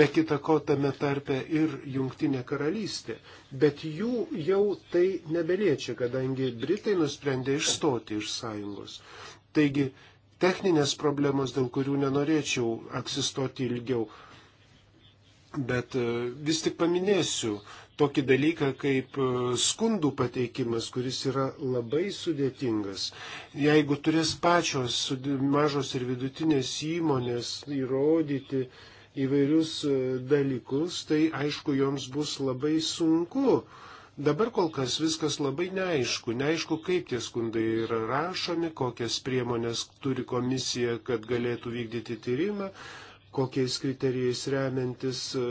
Be kita ko tame tarpe ir Junktinė karalystė. Bet jų jau tai nebeliečia, kadangi Britai nusprendė išstoti iš sąjungos. Taigi techninės problemos, dėl kurių nenorėčiau aksistoti ilgiau. Bet e, vis tik paminėsiu tokį dalyką kaip e, skundų pateikimas, kuris yra labai sudėtingas. Jeigu turės pačios mažos ir vidutinės įmonės įrodyti įvairius e, dalykus, tai aišku, joms bus labai sunku. Dabar kol kas viskas labai neaišku. Neaišku, kaip tie skundai yra rašomi, kokias priemonės turi komisija, kad galėtų vykdyti tyrimą kokiais kriterijais remiantis e,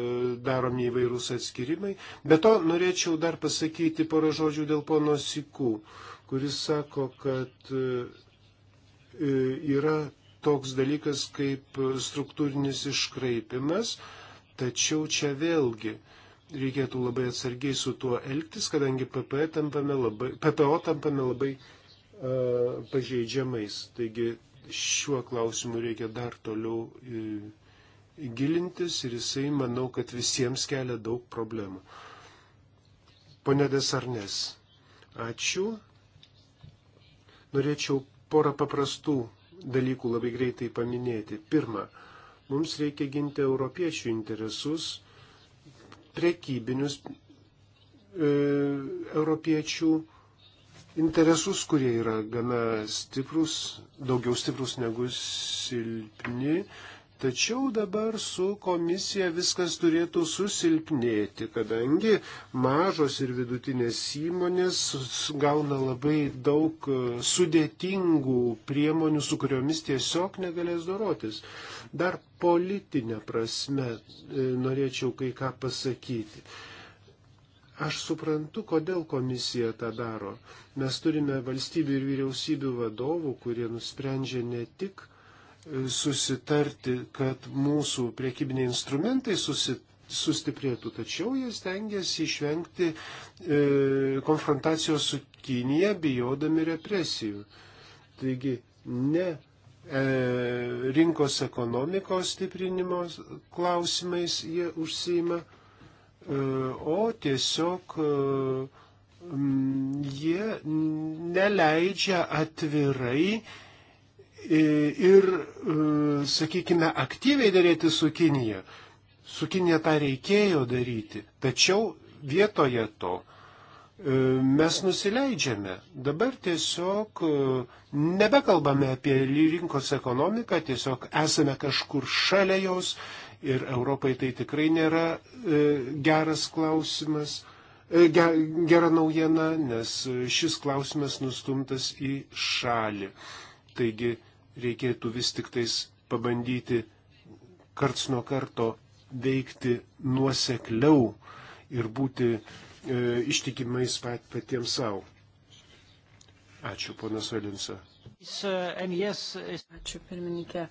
daromi įvairūs atskirimai. Be to norėčiau dar pasakyti porą žodžių dėl pono Sikų, kuris sako, kad e, e, yra toks dalykas kaip struktūrinis iškraipimas, tačiau čia vėlgi reikėtų labai atsargiai su tuo elgtis, kadangi PPO tampame labai, PPO tampame labai uh, pažeidžiamais. Taigi šiuo klausimu reikia dar toliau. Uh, gilintis ir jisai, manau, kad visiems kelia daug problemų. Pone Desarnes, ačiū. Norėčiau porą paprastų dalykų labai greitai paminėti. Pirma, mums reikia ginti europiečių interesus, prekybinius e, europiečių interesus, kurie yra gana stiprus, daugiau stiprus negu silpni. E, Tačiau dabar su komisija viskas turėtų susilpnėti, kadangi mažos ir vidutinės įmonės gauna labai daug e, sudėtingų priemonių, su kuriomis tiesiog negalės dorotis. Dar politinė prasme e, norėčiau kai ką pasakyti. Aš suprantu, kodėl komisija tą daro. Mes turime valstybių ir vyriausybių vadovų, kurie nusprendžia ne tik susitarti, kad mūsų priekybiniai instrumentai susitarti sustiprėtų, tačiau jie stengiasi išvengti e, konfrontacijos su Kinija, bijodami represijų. Taigi ne e, rinkos ekonomikos stiprinimo klausimais jie užsima, e, o tiesiog e, jie neleidžia atvirai E, ir, e, sakykime, aktyviai dėrėti su Kinija. Su Kinija tą reikėjo daryti, tačiau vietoje to e, mes nusileidžiame. Dabar tiesiog nebekalbame apie rinkos ekonomiką, tiesiog esame kažkur šalia jos ir Europai tai tikrai nėra geras klausimas, gera naujiena, nes šis klausimas nustumtas į šalį. Taigi reikėtų vis tik tais pabandyti karts nuo karto veikti nuosekliau ir būti e, ištikimais pat, patiems savo. Ačiū, ponas Valinsa. E, Ačiū, pirmininkė.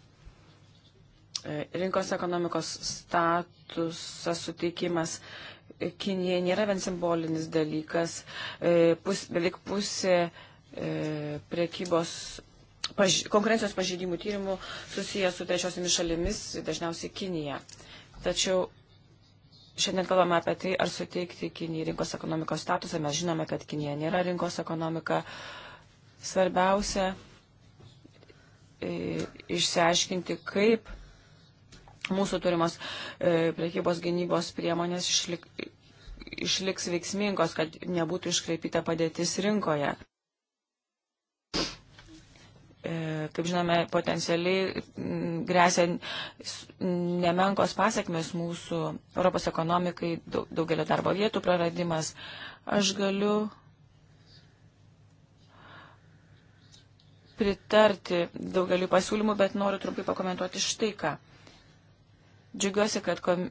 E, rinkos ekonomikos statusas suteikimas Kinijai nėra vien simbolinis dalykas. E, pus, beveik pusė e, priekybos paž konkurencijos pažeidimų tyrimų susijęs su trečiosiomis šalimis, dažniausiai Kinija. Tačiau šiandien kalbame apie tai, ar suteikti Kinijai rinkos ekonomikos statusą. Mes žinome, kad Kinija nėra rinkos ekonomika. Svarbiausia e, išsiaiškinti, kaip mūsų turimos e, priekybos gynybos priemonės išlik, išliks veiksmingos, kad nebūtų iškreipyta padėtis rinkoje. E, kaip žinome, potencialiai grėsia nemenkos pasiekmes mūsų Europos ekonomikai, daugelio darbo vietų praradimas. Aš galiu pritarti daugeliu pasiūlymų, bet noriu trumpai pakomentuoti štai ką. Džiugiuosi, kad, kom,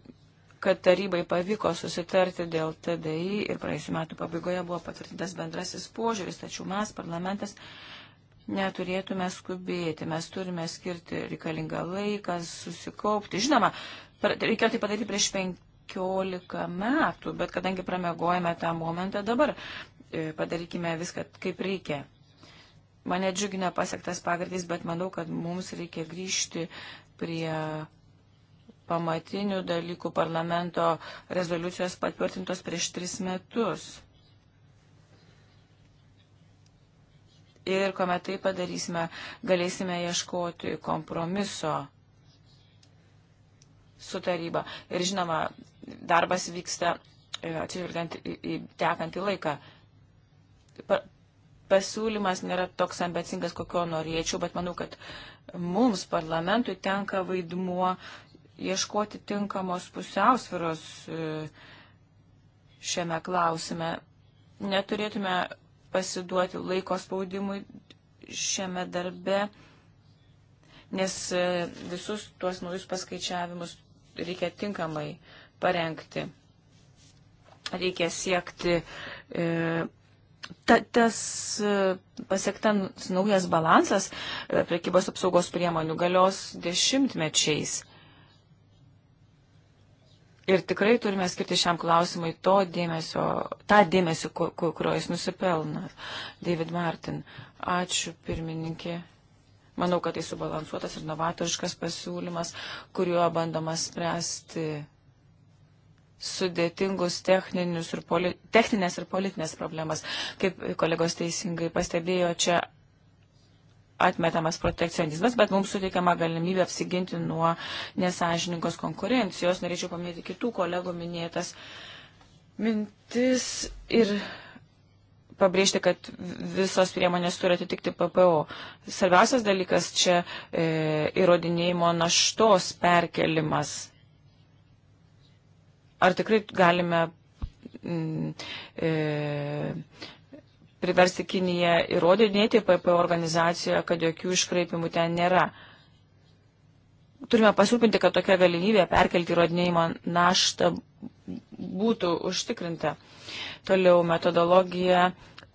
kad tarybai pavyko susitarti dėl TDI ir praėjusiu metu pabaigoje buvo patvirtintas bendrasis požiūris, tačiau mes, parlamentas, uh, neturėtume skubėti, mes turime skirti reikalingą laiką, susikaupti. Žinoma, reikėjo tai padaryti prieš 15 metų, bet kadangi pramegojame tą momentą dabar, e, padarykime viską kaip reikia. Mane džiugina pasiektas pagardys, bet manau, kad mums reikia grįžti prie pamatinių dalykų parlamento rezoliucijos patvirtintos prieš tris metus. ir kuomet tai padarysime, galėsime ieškoti kompromiso su taryba. Ir žinoma, darbas vyksta e, atsižvelgiant į tekantį laiką. Pa, pasiūlymas nėra toks ambicingas, kokio norėčiau, bet manau, kad mums, parlamentui, tenka vaidmuo ieškoti tinkamos pusiausviros e, šiame klausime. Neturėtume pasiduoti laiko spaudimui šiame darbe, nes e, visus tuos naujus paskaičiavimus reikia tinkamai parengti. Reikia siekti e, ta, tas e, pasiektas naujas balansas e, prekybos apsaugos priemonių galios dešimtmečiais. Ir tikrai turime skirti šiam klausimui to dėmesio, tą dėmesį, kurio jis nusipelna. David Martin, ačiū pirmininkė. Manau, kad tai subalansuotas ir novatoriškas pasiūlymas, kuriuo bandoma spręsti sudėtingus ir poli, techninės ir politinės problemas. Kaip kolegos teisingai pastebėjo, čia atmetamas protekcionizmas, bet mums suteikiama galimybė apsiginti nuo nesažininkos konkurencijos. Norėčiau paminėti kitų kolegų minėtas mintis ir pabrėžti, kad visos priemonės turi atitikti PPO. Svarbiausias dalykas čia e, įrodinėjimo naštos perkelimas. Ar tikrai galime mm, e, priversti Kiniją įrodinėti PP organizacijoje, kad jokių iškraipimų ten nėra. Turime pasirūpinti, kad tokia galimybė perkelti įrodinėjimo naštą būtų užtikrinta. Toliau metodologija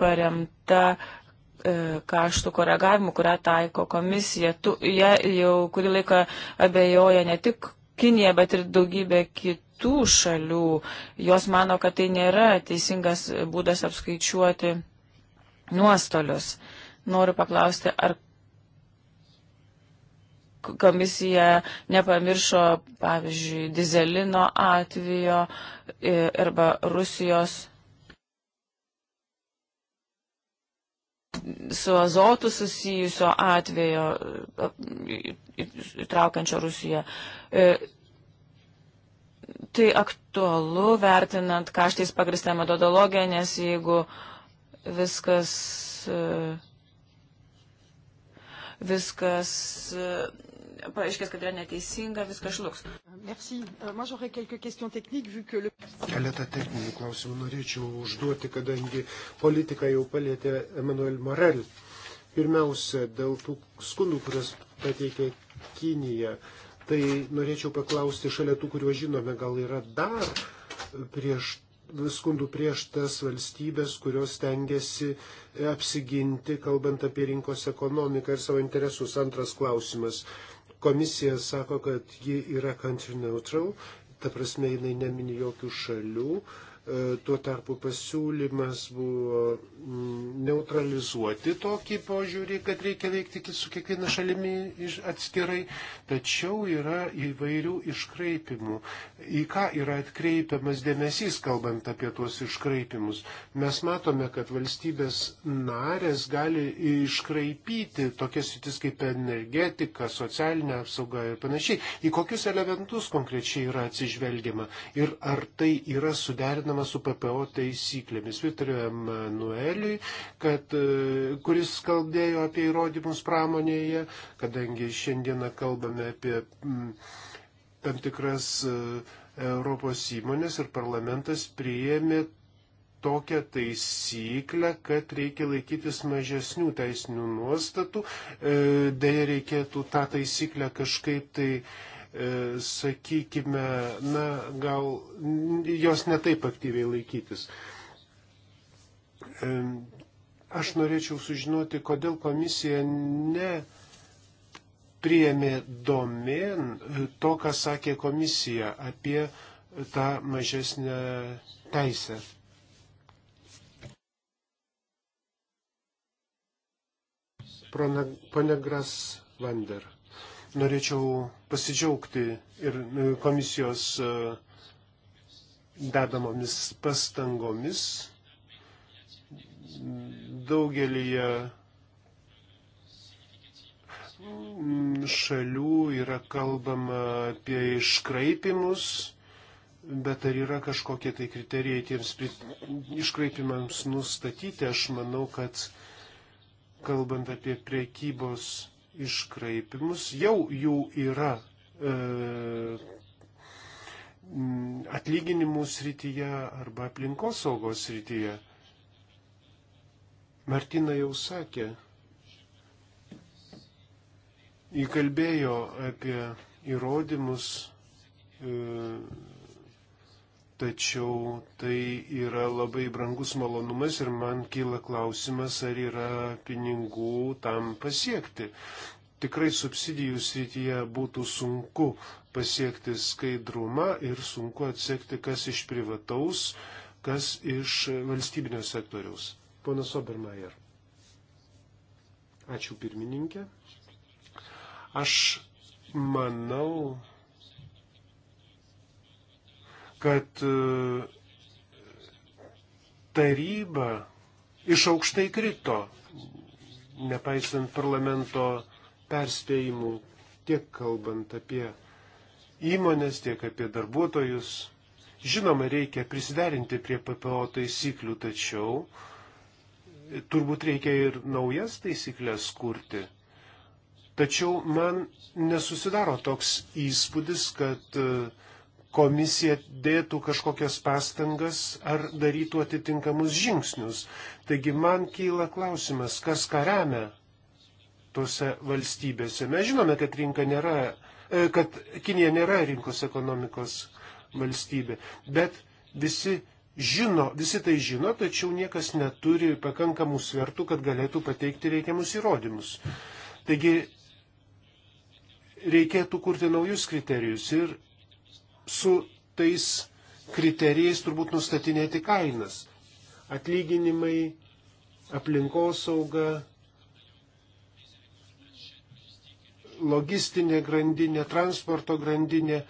paremta e, kaštų koregavimu, kurią taiko komisija. Tu, jie jau kurį laiką abejoja ne tik Kinija, bet ir daugybė kitų šalių. Jos mano, kad tai nėra teisingas būdas apskaičiuoti nuostolius. Noriu paklausti, ar komisija nepamiršo, pavyzdžiui, dizelino atvejo arba Rusijos su azotu susijusio atvejo, įtraukiančio Rusiją. E, tai aktualu vertinant kaštais pagristą metodologiją, nes jeigu uh, viskas, e, viskas e, paaiškės, kad yra neteisinga, viskas šluks. Euh, Keletą techninių klausimų norėčiau užduoti, kadangi politiką jau palėtė Emanuel Morel. Pirmiausia, dėl tų skundų, kurias pateikė Kinija, tai norėčiau paklausti šalia tų, kuriuos žinome, gal yra dar prieš skundų prieš tas valstybės, kurios tengiasi apsiginti, kalbant apie rinkos ekonomiką ir savo interesus. Antras klausimas. Komisija sako, kad ji yra country neutral, ta prasme jinai nemini jokių šalių. Uh, Tuo tarpu pasiūlymas buvo mm, neutralizuoti tokį požiūrį, kad reikia veikti su kiekviena šalimi atskirai, tačiau yra įvairių iškraipimų. Į ką yra atkreipiamas dėmesys, kalbant apie tuos iškraipimus? Mes matome, kad valstybės narės gali iškraipyti tokias sitis kaip energetika, socialinė apsauga ir panašiai. Į kokius elementus konkrečiai yra atsižvelgiama ir ar tai yra suderinama suderinama su PPO taisyklėmis. Vitoriu Manueliui, kad, e, kuris kalbėjo apie įrodymus pramonėje, kadangi šiandieną kalbame apie tam tikras e, Europos įmonės ir parlamentas priėmė tokią taisyklę, kad reikia laikytis mažesnių teisinių nuostatų. E, deja, reikėtų tą taisyklę kažkaip tai E, sakykime, na, gal jos netaip aktyviai laikytis. E, aš norėčiau sužinoti, kodėl komisija ne priėmė domen to, ką sakė komisija apie tą mažesnę teisę. Pone Gras Vander. Norėčiau pasidžiaugti ir e, komisijos e, dedamomis pastangomis daugelį mm, šalių yra kalbama apie iškraipimus, bet ar yra kažkokie tai kriterijai tiems iškraipimams nustatyti, aš manau, kad kalbant apie priekybos iškraipimus, jau jų yra e, atlyginimų srityje arba aplinkosaugos srityje. Martina jau sakė, įkalbėjo apie įrodymus, e, tačiau tai yra labai brangus malonumas ir man kyla klausimas, ar yra pinigų tam pasiekti. Tikrai subsidijų srityje būtų sunku pasiekti skaidrumą ir sunku atsekti, kas iš privataus, kas iš valstybinio sektoriaus. Ponas Obermeier. Ačiū pirmininkė. Aš manau, kad e, taryba iš aukštai krito, nepaisant parlamento perspėjimų, tiek kalbant apie įmonės, tiek apie darbuotojus. Žinoma, reikia prisiderinti prie PPO taisyklių, tačiau turbūt reikia ir naujas taisyklės kurti. Tačiau man nesusidaro toks įspūdis, kad uh, komisija dėtų kažkokias pastangas ar darytų atitinkamus žingsnius. Taigi man kyla klausimas, kas karame tose valstybėse. Mes žinome, kad, nėra, e, kad Kinija nėra rinkos ekonomikos valstybė, bet visi žino, visi tai žino, tačiau niekas neturi pakankamų svertų, kad galėtų pateikti reikiamus įrodymus. Taigi reikėtų kurti naujus kriterijus ir su tais kriterijais turbūt nustatinėti kainas. Atlyginimai, aplinkosauga, logistinė grandinė, transporto grandinė,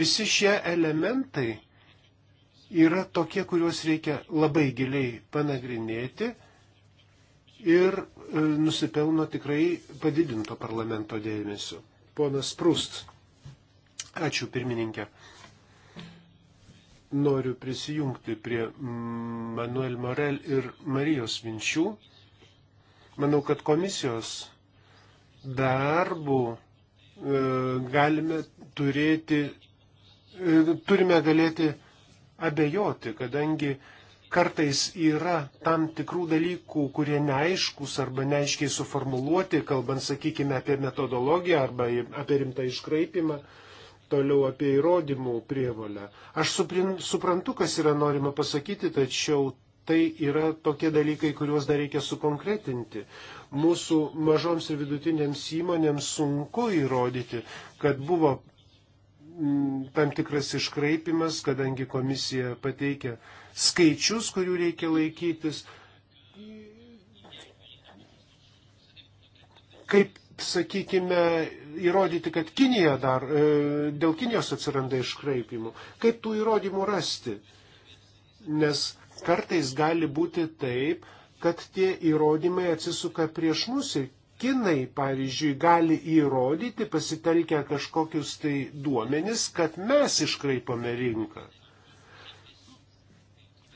visi šie elementai yra tokie, kuriuos reikia labai giliai panagrinėti ir e, nusipelno tikrai padidinto parlamento dėmesio. Ponas Prust. Ačiū pirmininkė noriu prisijungti prie Manuel Morel ir Marijos minčių. Manau, kad komisijos darbų e, galime turėti, e, turime galėti abejoti, kadangi kartais yra tam tikrų dalykų, kurie neaiškus arba neaiškiai suformuluoti, kalbant, sakykime, apie metodologiją arba apie rimtą iškraipimą. E, toliau apie įrodymų prievalę. Aš suprin, suprantu, kas yra norima pasakyti, tačiau tai yra tokie dalykai, kuriuos dar reikia sukonkretinti. Mūsų mažoms ir vidutinėms įmonėms sunku įrodyti, kad buvo mm, tam tikras iškraipimas, kadangi komisija pateikia skaičius, kurių reikia laikytis. Kaip sakykime, įrodyti, kad Kinija dar, e, dėl Kinijos atsiranda iškraipimų. Kaip tų įrodymų rasti? Nes kartais gali būti taip, kad tie įrodymai atsisuka prieš mus ir kinai, pavyzdžiui, gali įrodyti, pasitelkę kažkokius tai duomenis, kad mes iškraipame rinką.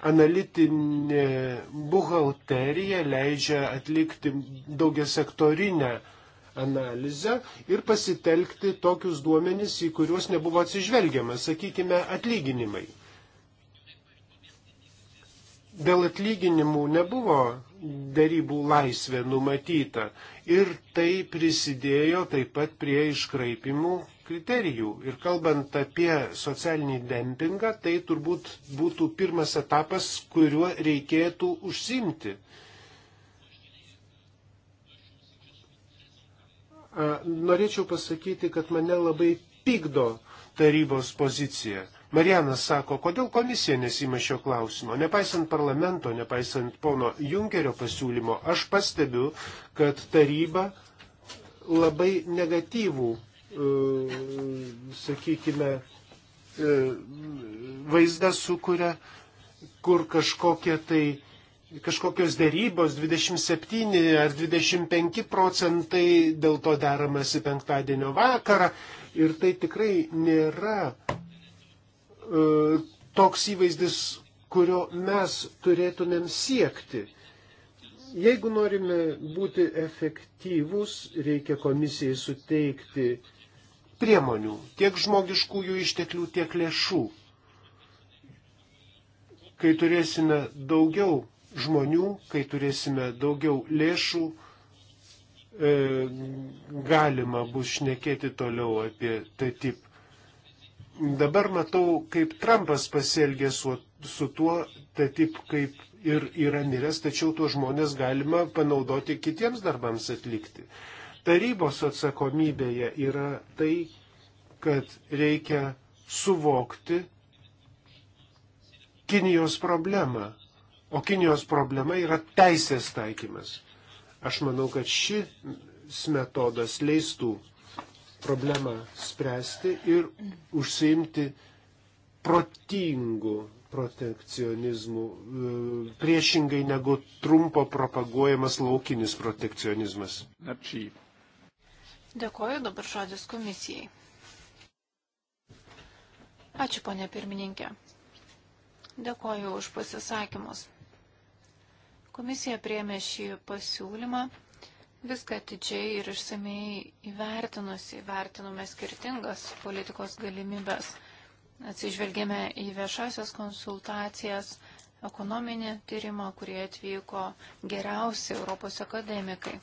Analitinė buhalterija leidžia atlikti daugiasektorinę sektorinę analizę ir pasitelkti tokius duomenys, į kuriuos nebuvo atsižvelgiama, sakykime, atlyginimai. Dėl atlyginimų nebuvo darybų laisvė numatyta ir tai prisidėjo taip pat prie iškraipimų kriterijų. Ir kalbant apie socialinį dempingą, tai turbūt būtų pirmas etapas, kuriuo reikėtų užsimti. Norėčiau pasakyti, kad mane labai pykdo tarybos pozicija. Marijanas sako, kodėl komisija nesima šio klausimo. Nepaisant parlamento, nepaisant pono Junkerio pasiūlymo, aš pastebiu, kad taryba labai negatyvų, e, sakykime, e, vaizdą sukuria, kur kažkokie tai kažkokios dėrybos 27 ar 25 procentai dėl to deramasi penktadienio vakarą ir tai tikrai nėra e, toks įvaizdis, kurio mes turėtumėm siekti. Jeigu norime būti efektyvus, reikia komisijai suteikti priemonių, tiek žmogiškųjų išteklių, tiek lėšų. Kai turėsime daugiau žmonių, kai turėsime daugiau lėšų, e, galima bus šnekėti toliau apie TTIP. Dabar matau, kaip Trumpas pasielgė su, su tuo TTIP, kaip ir yra miręs, tačiau tuos žmonės galima panaudoti kitiems darbams atlikti. Tarybos atsakomybėje yra tai, kad reikia suvokti Kinijos problemą. O Kinijos problema yra teisės taikymas. Aš manau, kad šis metodas leistų problemą spręsti ir užsiimti protingų protekcionizmų, e, priešingai negu trumpo propaguojamas laukinis protekcionizmas. Dėkoju dabar žodis komisijai. Ačiū, ponė pirmininkė. Dėkoju už pasisakymus. Komisija priemė šį pasiūlymą, viską atidžiai ir išsamei įvertinusi, įvertinome skirtingas politikos galimybės, atsižvelgėme į viešasias konsultacijas, ekonominį tyrimą, kurį atvyko geriausi Europos akademikai.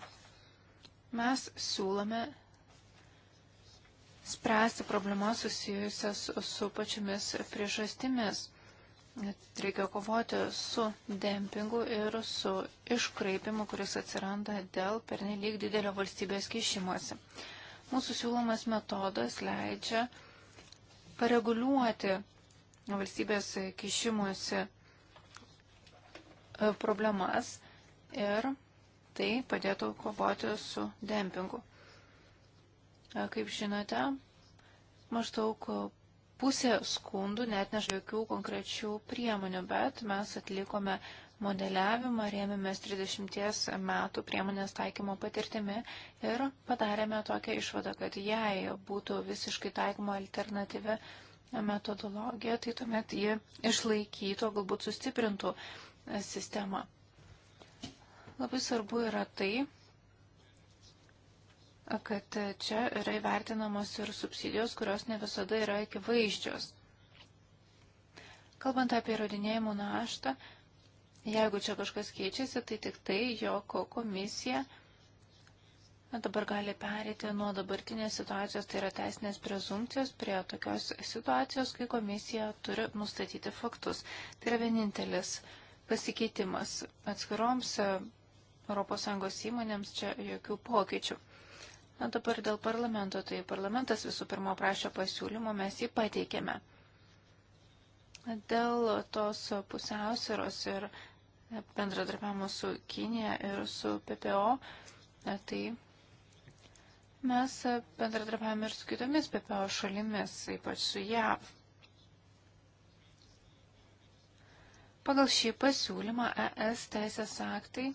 Mes siūlome spręsti problemas susijusias su pačiomis priežastimis. Reikia kovoti su dempingu ir su iškraipimu, kuris atsiranda dėl pernelyg didelio valstybės kišimuose. Mūsų siūlomas metodas leidžia pareguliuoti valstybės kišimuose problemas ir tai padėtų kovoti su dempingu. E, kaip žinote, maždaug pusė skundų net než jokių konkrečių priemonių, bet mes atlikome modeliavimą, rėmėmės 30 metų priemonės taikymo patirtimi ir padarėme tokią išvadą, kad jei būtų visiškai taikoma alternatyvi metodologija, tai tuomet ji išlaikytų, galbūt sustiprintų sistemą. Labai svarbu yra tai, kad čia yra įvertinamos ir subsidijos, kurios ne visada yra akivaizdžios. Kalbant apie įrodinėjimų naštą, jeigu čia kažkas keičiasi, tai tik tai, jog komisija dabar gali perėti nuo dabartinės situacijos, tai yra teisinės prezumcijos, prie tokios situacijos, kai komisija turi nustatyti faktus. Tai yra vienintelis pasikeitimas atskiroms ES įmonėms čia jokių pokyčių. O dabar dėl parlamento. Tai parlamentas visų pirma prašė pasiūlymų, mes jį pateikėme. Dėl tos pusiausvėros ir bendradarbiavimo su Kinija ir su PPO, tai mes bendradarbiavame ir su kitomis PPO šalimis, ypač su JAV. Pagal šį pasiūlymą ES teisės aktai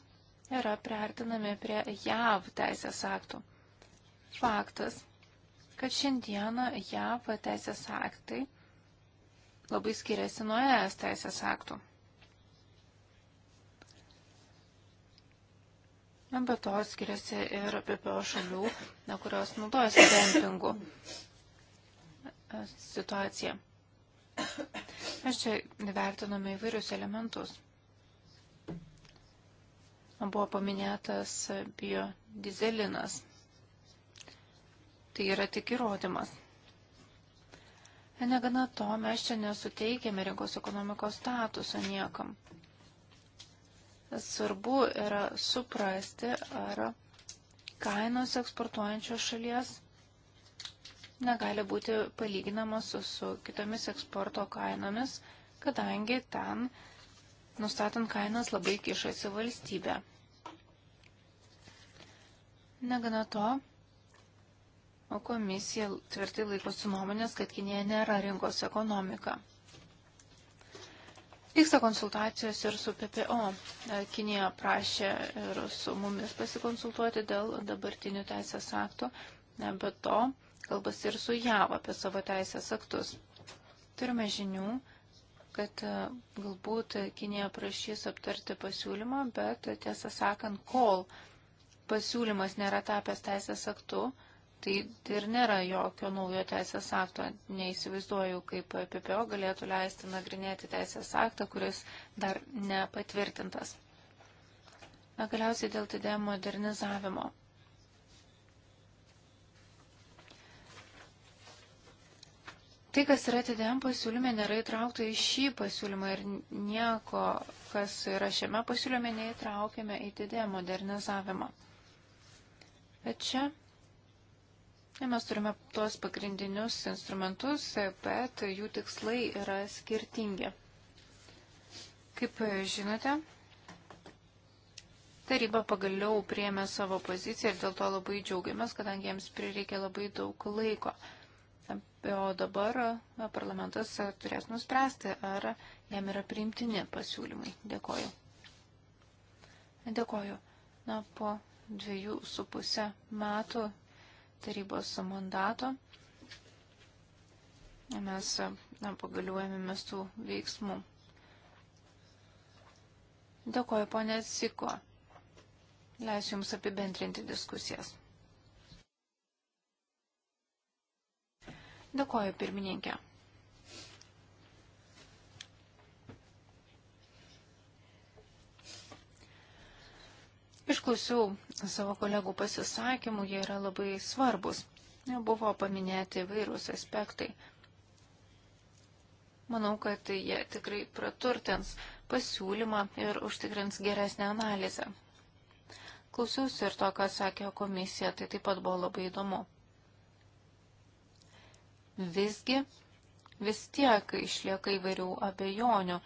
yra priartinami prie JAV teisės aktų faktas, kad šiandieną JAV teisės aktai labai skiriasi nuo ES teisės aktų. Be to skiriasi ir PPO šalių, na, kurios naudojasi dempingų situacija. Mes čia vertiname įvairius elementus. Buvo paminėtas biodizelinas tai yra tik įrodymas. Negana to, mes čia nesuteikėme rinkos ekonomikos statuso niekam. Svarbu yra suprasti, ar kainos eksportuojančios šalies negali būti palyginamas su, su kitomis eksporto kainomis, kadangi ten, nustatant kainas, labai kišasi valstybė. Negana to, o komisija tvirtai laikosi nuomonės, kad Kinėje nėra rinkos ekonomika. Vyksta konsultacijos ir su PPO. E, Kinėje prašė ir su mumis pasikonsultuoti dėl dabartinių teisės aktų, e, be to kalbas ir su JAV apie savo teisės aktus. Turime žinių, kad e, galbūt Kinėje prašys aptarti pasiūlymą, bet tiesą sakant, kol pasiūlymas nėra tapęs teisės aktu, Tai, tai ir nėra jokio naujo teisės akto. Neįsivaizduoju, kaip PPO galėtų leisti nagrinėti teisės aktą, kuris dar nepatvirtintas. Na, galiausiai dėl TD modernizavimo. Tai, kas yra TDM pasiūlyme, nėra įtraukta į šį pasiūlymą ir nieko, kas yra šiame pasiūlyme, neįtraukėme į TDM modernizavimą. Bet čia Mes turime tuos pagrindinius instrumentus, bet jų tikslai yra skirtingi. Kaip žinote, taryba pagaliau priėmė savo poziciją ir dėl to labai džiaugiamės, kadangi jiems prireikė labai daug laiko. O dabar parlamentas turės nuspręsti, ar jam yra priimtini pasiūlymai. Dėkoju. Dėkoju. Na, po dviejų su pusę metų tarybos mandato. Mes na, pagaliau ėmėmės tų veiksmų. Dėkoju, ponė Siko. Leisiu Jums apibendrinti diskusijas. Dėkoju, pirmininkė. Išklausiau savo kolegų pasisakymų, jie yra labai svarbus. Buvo paminėti vairūs aspektai. Manau, kad jie tikrai praturtins pasiūlymą ir užtikrins geresnę analizę. Klausiausi ir to, ką sakė komisija, tai taip pat buvo labai įdomu. Visgi vis tiek išlieka įvairių abejonių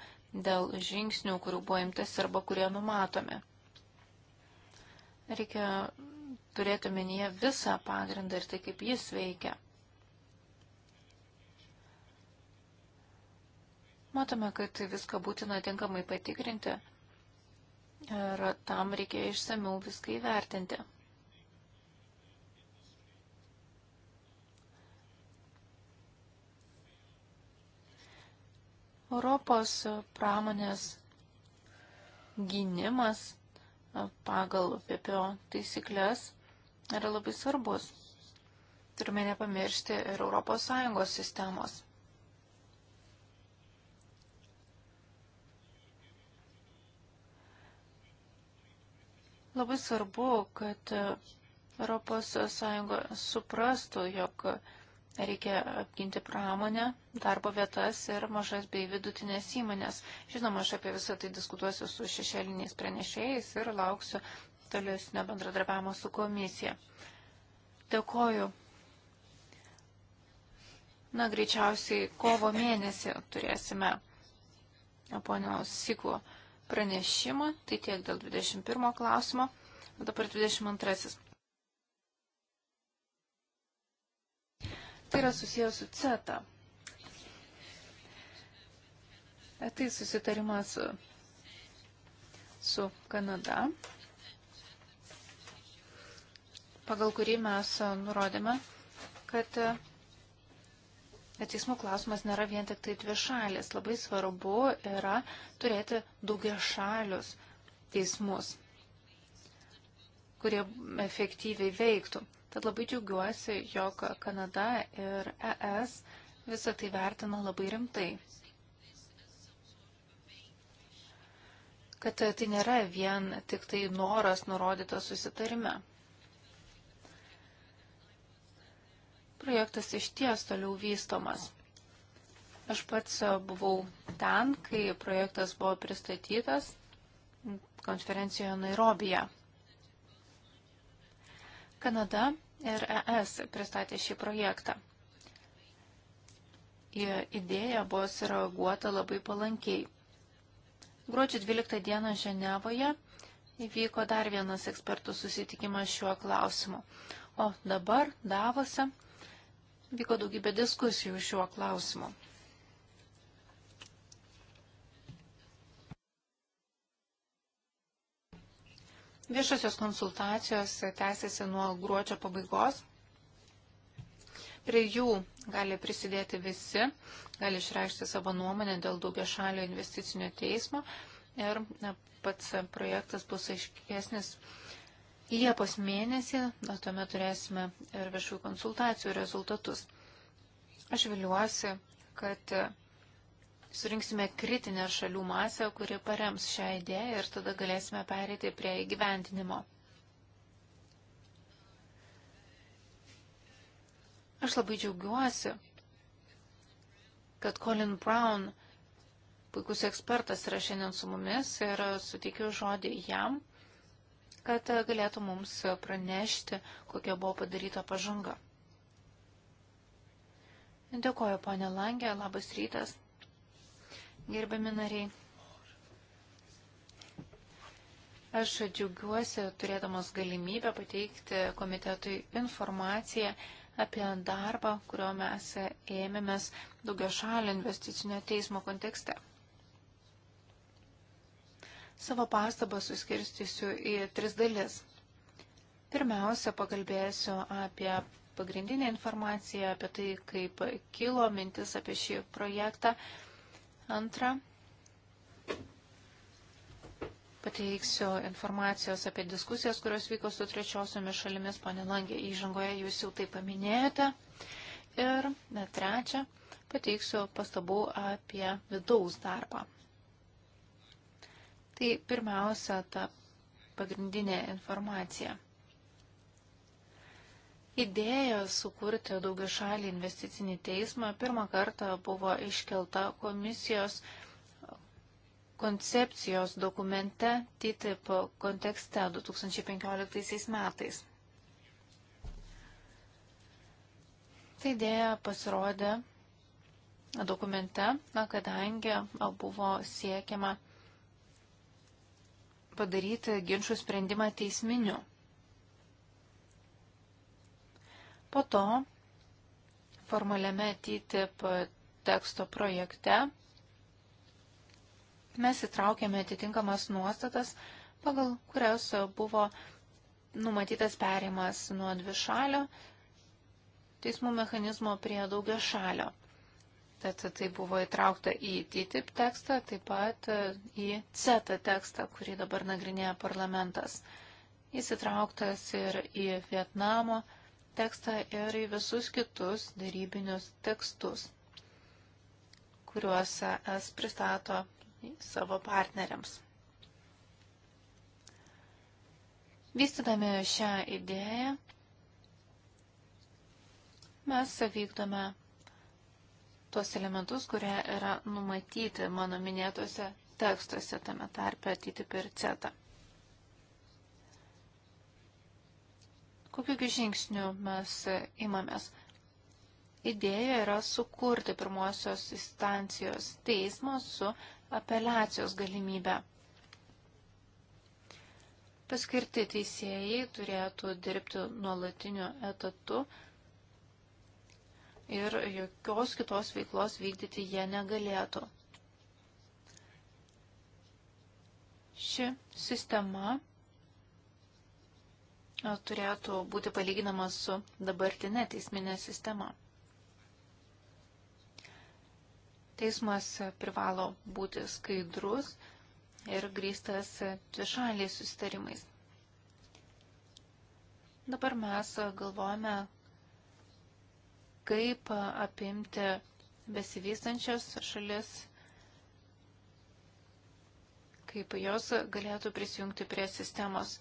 dėl žingsnių, kurių buvo imtas arba kurie numatomi. Reikia turėti omenyje visą pagrindą ir tai, kaip jis veikia. Matome, kad viską būtina tinkamai patikrinti ir tam reikia išsamiau viską įvertinti. Europos pramonės gynimas pagal PPO taisyklės yra labai svarbus. Turime nepamiršti ir ES sistemos. Labai svarbu, kad ES suprastų, jog Reikia apginti pramonę, darbo vietas ir mažas bei vidutinės įmonės. Žinoma, aš apie visą tai diskutuosiu su šešėliniais pranešėjais ir lauksiu tolesnio bendradarbiavimo su komisija. Dėkoju. Na, greičiausiai kovo mėnesį turėsime ponios Siklo pranešimą, tai tiek dėl 21 klausimo, dabar 22. Tai yra susijęs su CETA. E, tai susitarimas su Kanada, pagal kurį mes nurodėme, kad e, teismų klausimas nėra vien tik tai dvi šalis. Labai svarbu yra turėti daugia šalius teismus, kurie efektyviai veiktų. Tad labai džiaugiuosi, jog Kanada ir ES visą tai vertina labai rimtai. Kad tai nėra vien tik tai noras nurodytas susitarime. Projektas iš ties toliau vystomas. Aš pats buvau ten, kai projektas buvo pristatytas konferencijoje Nairobija. Kanada ir ES pristatė šį projektą. Į idėją buvo sureaguota labai palankiai. Gruodžio 12 dieną Ženevoje įvyko dar vienas ekspertų susitikimas šiuo klausimu. O dabar Davose vyko daugybė diskusijų šiuo klausimu. Viešosios konsultacijos tęsiasi nuo gruodžio pabaigos. Prie jų gali prisidėti visi, gali išreikšti savo nuomonę dėl daugia šalio investicinio teismo ir na, pats projektas bus aiškesnis Liepos mėnesį, o tuomet turėsime ir viešų konsultacijų rezultatus. Aš viliuosi, kad surinksime kritinę šalių masę, kuri parems šią idėją ir tada galėsime pereiti prie įgyventinimo. Aš labai džiaugiuosi, kad Colin Brown, puikus ekspertas, yra šiandien su mumis ir suteikiu žodį jam, kad galėtų mums pranešti, kokia buvo padaryta pažanga. Dėkoju, ponė Langė, labas rytas gerbiami nariai. Aš džiaugiuosi turėdamas galimybę pateikti komitetui informaciją apie darbą, kurio mes ėmėmės daugio šalio investicinio teismo kontekste. Savo pastabą suskirstysiu į tris dalis. Pirmiausia, pakalbėsiu apie pagrindinę informaciją, apie tai, kaip kilo mintis apie šį projektą Antra, pateiksiu informacijos apie diskusijas, kurios vyko su trečiosiomis šalimis. Pane Langė, įžangoje jūs jau tai paminėjote. Ir ne, trečia, pateiksiu pastabų apie vidaus darbą. Tai pirmiausia, ta pagrindinė informacija. Idėja sukurti daugia šalį investicinį teismą pirmą kartą buvo iškelta komisijos koncepcijos dokumente TTIP kontekste 2015 metais. Ta idėja pasirodė dokumente, na, kadangi buvo siekiama padaryti ginčių sprendimą teisminiu. Po to formaliame TTIP teksto projekte mes įtraukėme atitinkamas nuostatas, pagal kurias buvo numatytas perėjimas nuo dvišalio teismų mechanizmo prie daugia šalio. Tad tai buvo įtraukta į TTIP tekstą, taip pat į CETA tekstą, kurį dabar nagrinėja parlamentas. Jis įtrauktas ir į Vietnamo tekstą ir į visus kitus darybinius tekstus, kuriuos es pristato savo partneriams. Vystydami šią idėją, mes vykdome tuos elementus, kurie yra numatyti mano minėtose tekstuose, tame tarpe atitip ir cetą. Kokiu žingsniu mes imamės? Idėja yra sukurti pirmosios instancijos teismą su apeliacijos galimybę. Paskirti teisėjai turėtų dirbti nuolatiniu etatu ir jokios kitos veiklos vykdyti jie negalėtų. Ši sistema turėtų būti palyginamas su dabartinė teisminė sistema. Teismas privalo būti skaidrus ir grįstas dvišaliais susitarimais. Dabar mes galvojame, kaip apimti besivystančias šalis, kaip jos galėtų prisijungti prie sistemos.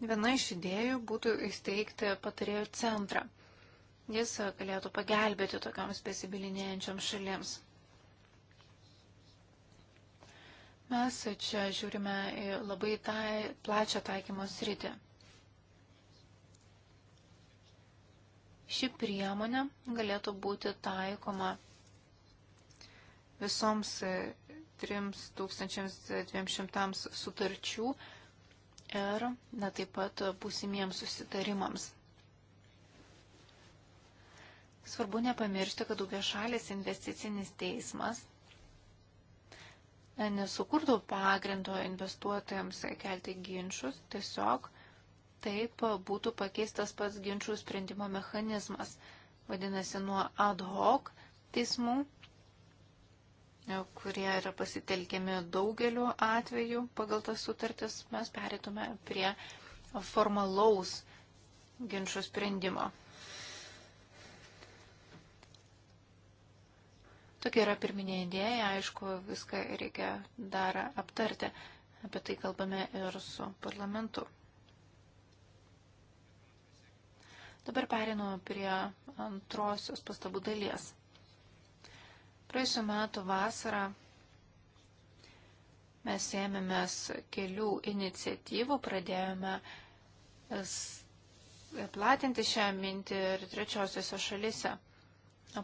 Viena iš idėjų būtų įsteigti patarėjų centrą. Jis galėtų pagelbėti tokiams besibilinėjančioms šalims. Mes čia žiūrime į labai tai, plačią taikymo sritį. Ši priemonė galėtų būti taikoma visoms 3200 sutarčių, ir na, taip pat būsimiems susitarimams. Svarbu nepamiršti, kad daugia šalis investicinis teismas nesukurtų pagrindo investuotojams kelti ginčius, tiesiog taip būtų pakeistas pats ginčių sprendimo mechanizmas. Vadinasi, nuo ad hoc teismų kurie yra pasitelkiami daugeliu atveju pagal tas sutartis, mes perėtume prie formalaus ginčio sprendimo. Tokia yra pirminė idėja, aišku, viską reikia dar aptarti. Apie tai kalbame ir su parlamentu. Dabar perinu prie antrosios pastabų dalies. Praėjusiu metu vasarą mes ėmėmės kelių iniciatyvų, pradėjome platinti šią mintį ir trečiosiuose šalise.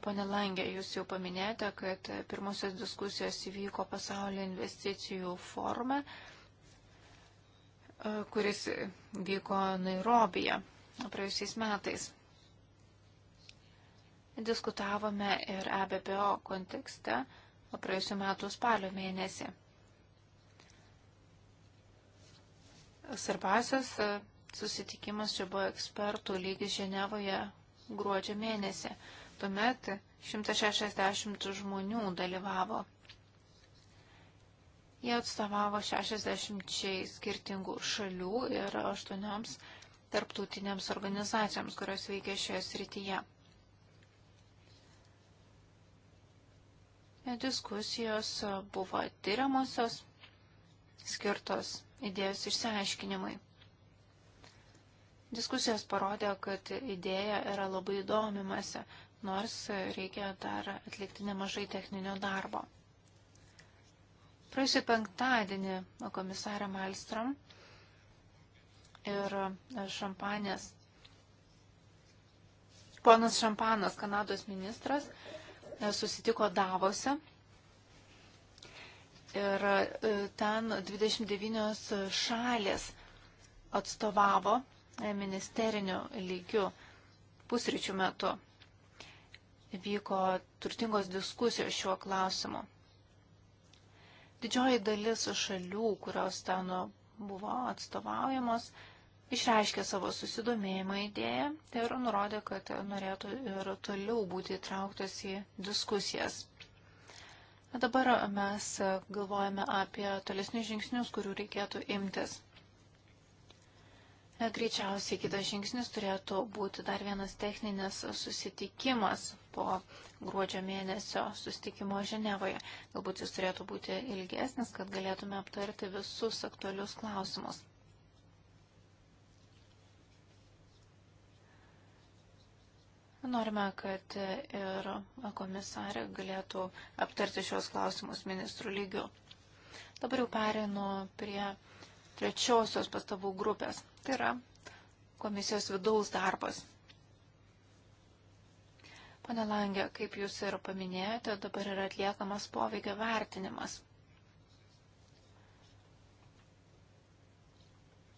Pane Langė, jūs jau paminėjote, kad pirmosios diskusijos įvyko pasaulio investicijų forume, kuris vyko Nairobija praėjusiais metais diskutavome ir EBPO kontekste praėjusiu metu spalio mėnesį. Svarbiausias e, susitikimas čia buvo ekspertų lygis Ženevoje gruodžio mėnesį. Tuomet 160 žmonių dalyvavo. Jie atstovavo 60 skirtingų šalių ir 8 tarptautinėms organizacijoms, kurios veikia šioje srityje. diskusijos buvo tyriamosios, skirtos idėjos išsiaiškinimai. Diskusijos parodė, kad idėja yra labai įdomimasi, nors reikia dar atlikti nemažai techninio darbo. Praėjusį penktadienį komisarė Malstrom ir šampanės, ponas Šampanas, Kanados ministras, E, susitiko Davose. Ir e, ten 29 šalės atstovavo e, ministeriniu lygiu pusryčių metu. Vyko turtingos diskusijos šiuo klausimu. Didžioji dalis šalių, kurios ten buvo atstovaujamos, išreiškė savo susidomėjimą idėją ir nurodė, kad norėtų ir toliau būti įtrauktas į diskusijas. Dabar mes galvojame apie tolesnius žingsnius, kurių reikėtų imtis. Greičiausiai kitas žingsnis turėtų būti dar vienas techninis susitikimas po gruodžio mėnesio susitikimo Ženevoje. Galbūt jis turėtų būti ilgesnis, kad galėtume aptarti visus aktualius klausimus. Norime, kad ir komisarė galėtų aptarti šios klausimus ministrų lygių. Dabar jau perinu prie trečiosios pastabų grupės. Tai yra komisijos vidaus darbas. Pane Langė, kaip jūs ir paminėjote, dabar yra atliekamas poveikio vertinimas.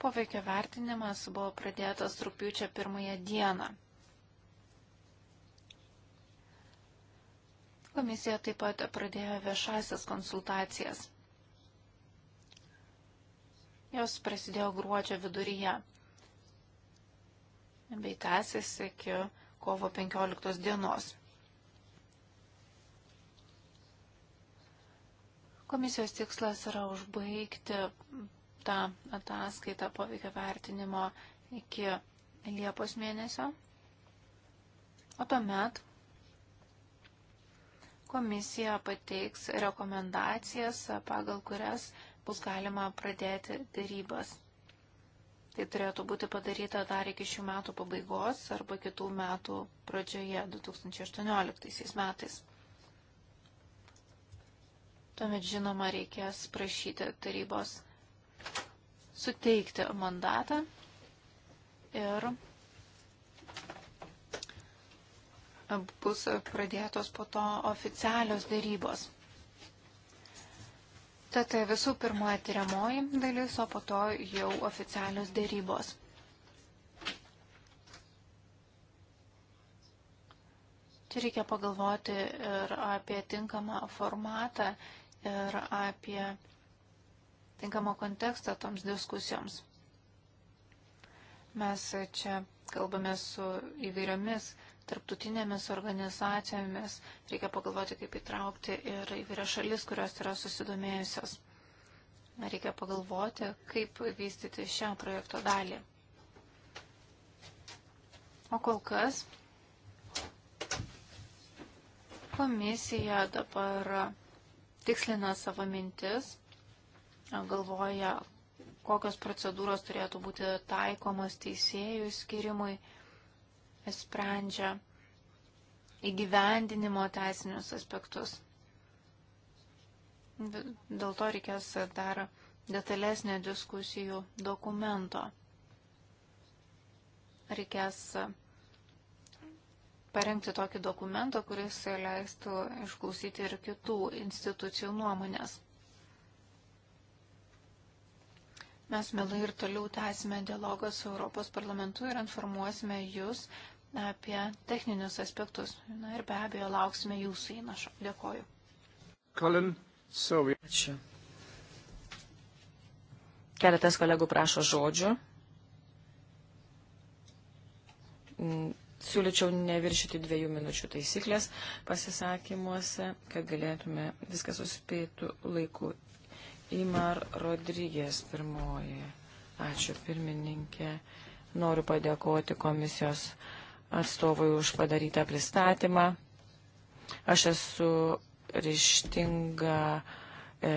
Poveikio vertinimas buvo pradėtas rūpiučio pirmąją dieną. Komisija taip pat pradėjo viešasias konsultacijas. Jos prasidėjo gruodžio viduryje bei tęsis iki kovo 15 dienos. Komisijos tikslas yra užbaigti tą ataskaitą poveikio vertinimo iki Liepos mėnesio, o tuomet komisija pateiks rekomendacijas, pagal kurias bus galima pradėti darybas. Tai turėtų būti padaryta dar iki šių metų pabaigos arba kitų metų pradžioje 2018 metais. Tuomet, žinoma, reikės prašyti tarybos suteikti mandatą ir bus pradėtos po to oficialios darybos. Tad visų pirma tyriamoji dalis, o po to jau oficialios darybos. Čia reikia pagalvoti ir apie tinkamą formatą, ir apie tinkamą kontekstą toms diskusijoms. Mes čia kalbame su įvairiomis tarptautinėmis organizacijomis. Reikia pagalvoti, kaip įtraukti ir įvairias šalis, kurios yra susidomėjusios. Reikia pagalvoti, kaip vystyti šią projekto dalį. O kol kas komisija dabar tikslina savo mintis, galvoja, kokios procedūros turėtų būti taikomos teisėjų skirimui sprendžia įgyvendinimo teisinius aspektus. Dėl to reikės dar detalesnio diskusijų dokumento. Reikės parengti tokį dokumentą, kuris leistų išklausyti ir kitų institucijų nuomonės. Mes mielai ir toliau tęsime dialogą su Europos parlamentu ir informuosime jūs apie techninius aspektus. Na ir be abejo, lauksime jūsų įnašo. Dėkoju. Colin, so we... Ačiū. Keletas kolegų prašo žodžių. Mm, siūlyčiau neviršyti dviejų minučių taisyklės pasisakymuose, kad galėtume viską suspėtų laiku. Imar Rodrygės pirmoji. Ačiū pirmininkė. Noriu padėkoti komisijos uh, atstovui už padarytą pristatymą. Aš esu ryštinga e,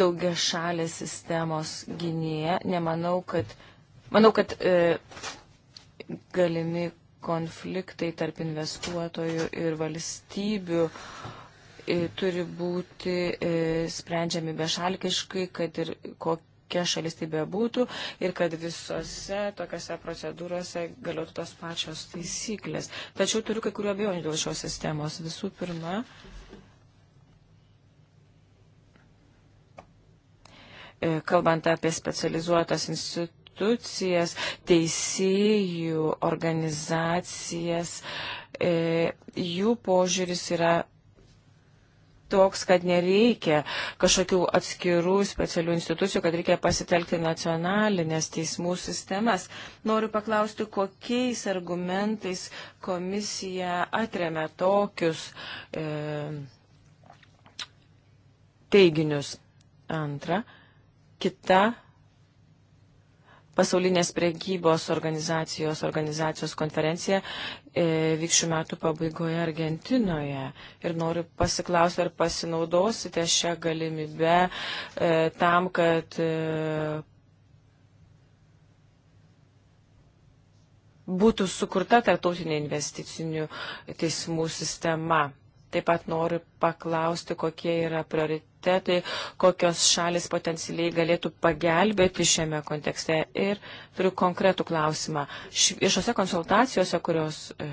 daugia šalės sistemos gynėja. Nemanau, kad, manau, kad e, galimi konfliktai tarp investuotojų ir valstybių e, turi būti e, sprendžiami bešalkiškai, kad ir kokie kokia šalis tai bebūtų ir kad visose tokiose procedūrose galėtų tos pačios taisyklės. Tačiau turiu kai kurių abejonių dėl šios sistemos. Visų pirma, e, kalbant apie specializuotas institucijas, teisėjų organizacijas, e, jų požiūris yra toks, kad nereikia kažkokių atskirų specialių institucijų, kad reikia pasitelkti nacionalinės teismų sistemas. Noriu paklausti, kokiais argumentais komisija atremia tokius e, teiginius. Antra, kita pasaulinės priekybos organizacijos, organizacijos konferencija E, vyks šių metų pabaigoje Argentinoje. Ir noriu pasiklausti, ar pasinaudosite šią galimybę e, tam, kad e, būtų sukurta tarptautinė investicinių teismų sistema. Taip pat noriu paklausti, kokie yra prioritetai, kokios šalis potencialiai galėtų pagelbėti šiame kontekste. Ir turiu konkretų klausimą. Viešose konsultacijose, kurios e,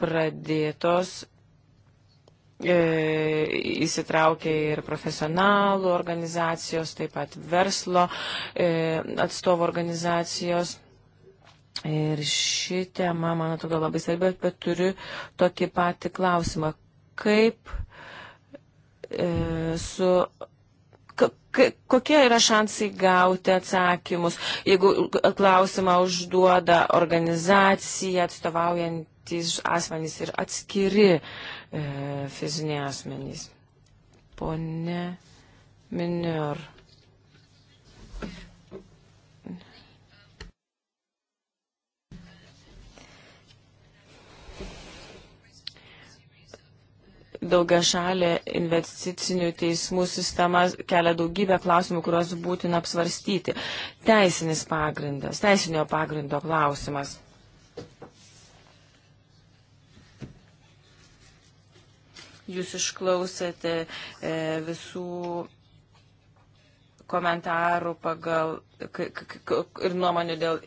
pradėtos, e, įsitraukė ir profesionalų organizacijos, taip pat verslo e, atstovų organizacijos. Ir ši tema, man atrodo, labai svarbi, bet turiu tokį patį klausimą kaip e, su kokie yra šansai gauti atsakymus, jeigu klausimą užduoda organizacija, atstovaujantis asmenys ir atskiri e, fiziniai asmenys. Pone Minior. daugia šalė investicinių teismų sistema kelia daugybę klausimų, kuriuos būtina apsvarstyti. Teisinis pagrindas, teisinio pagrindo klausimas. Jūs išklausėte e, visų komentarų pagal ir nuomonių dėl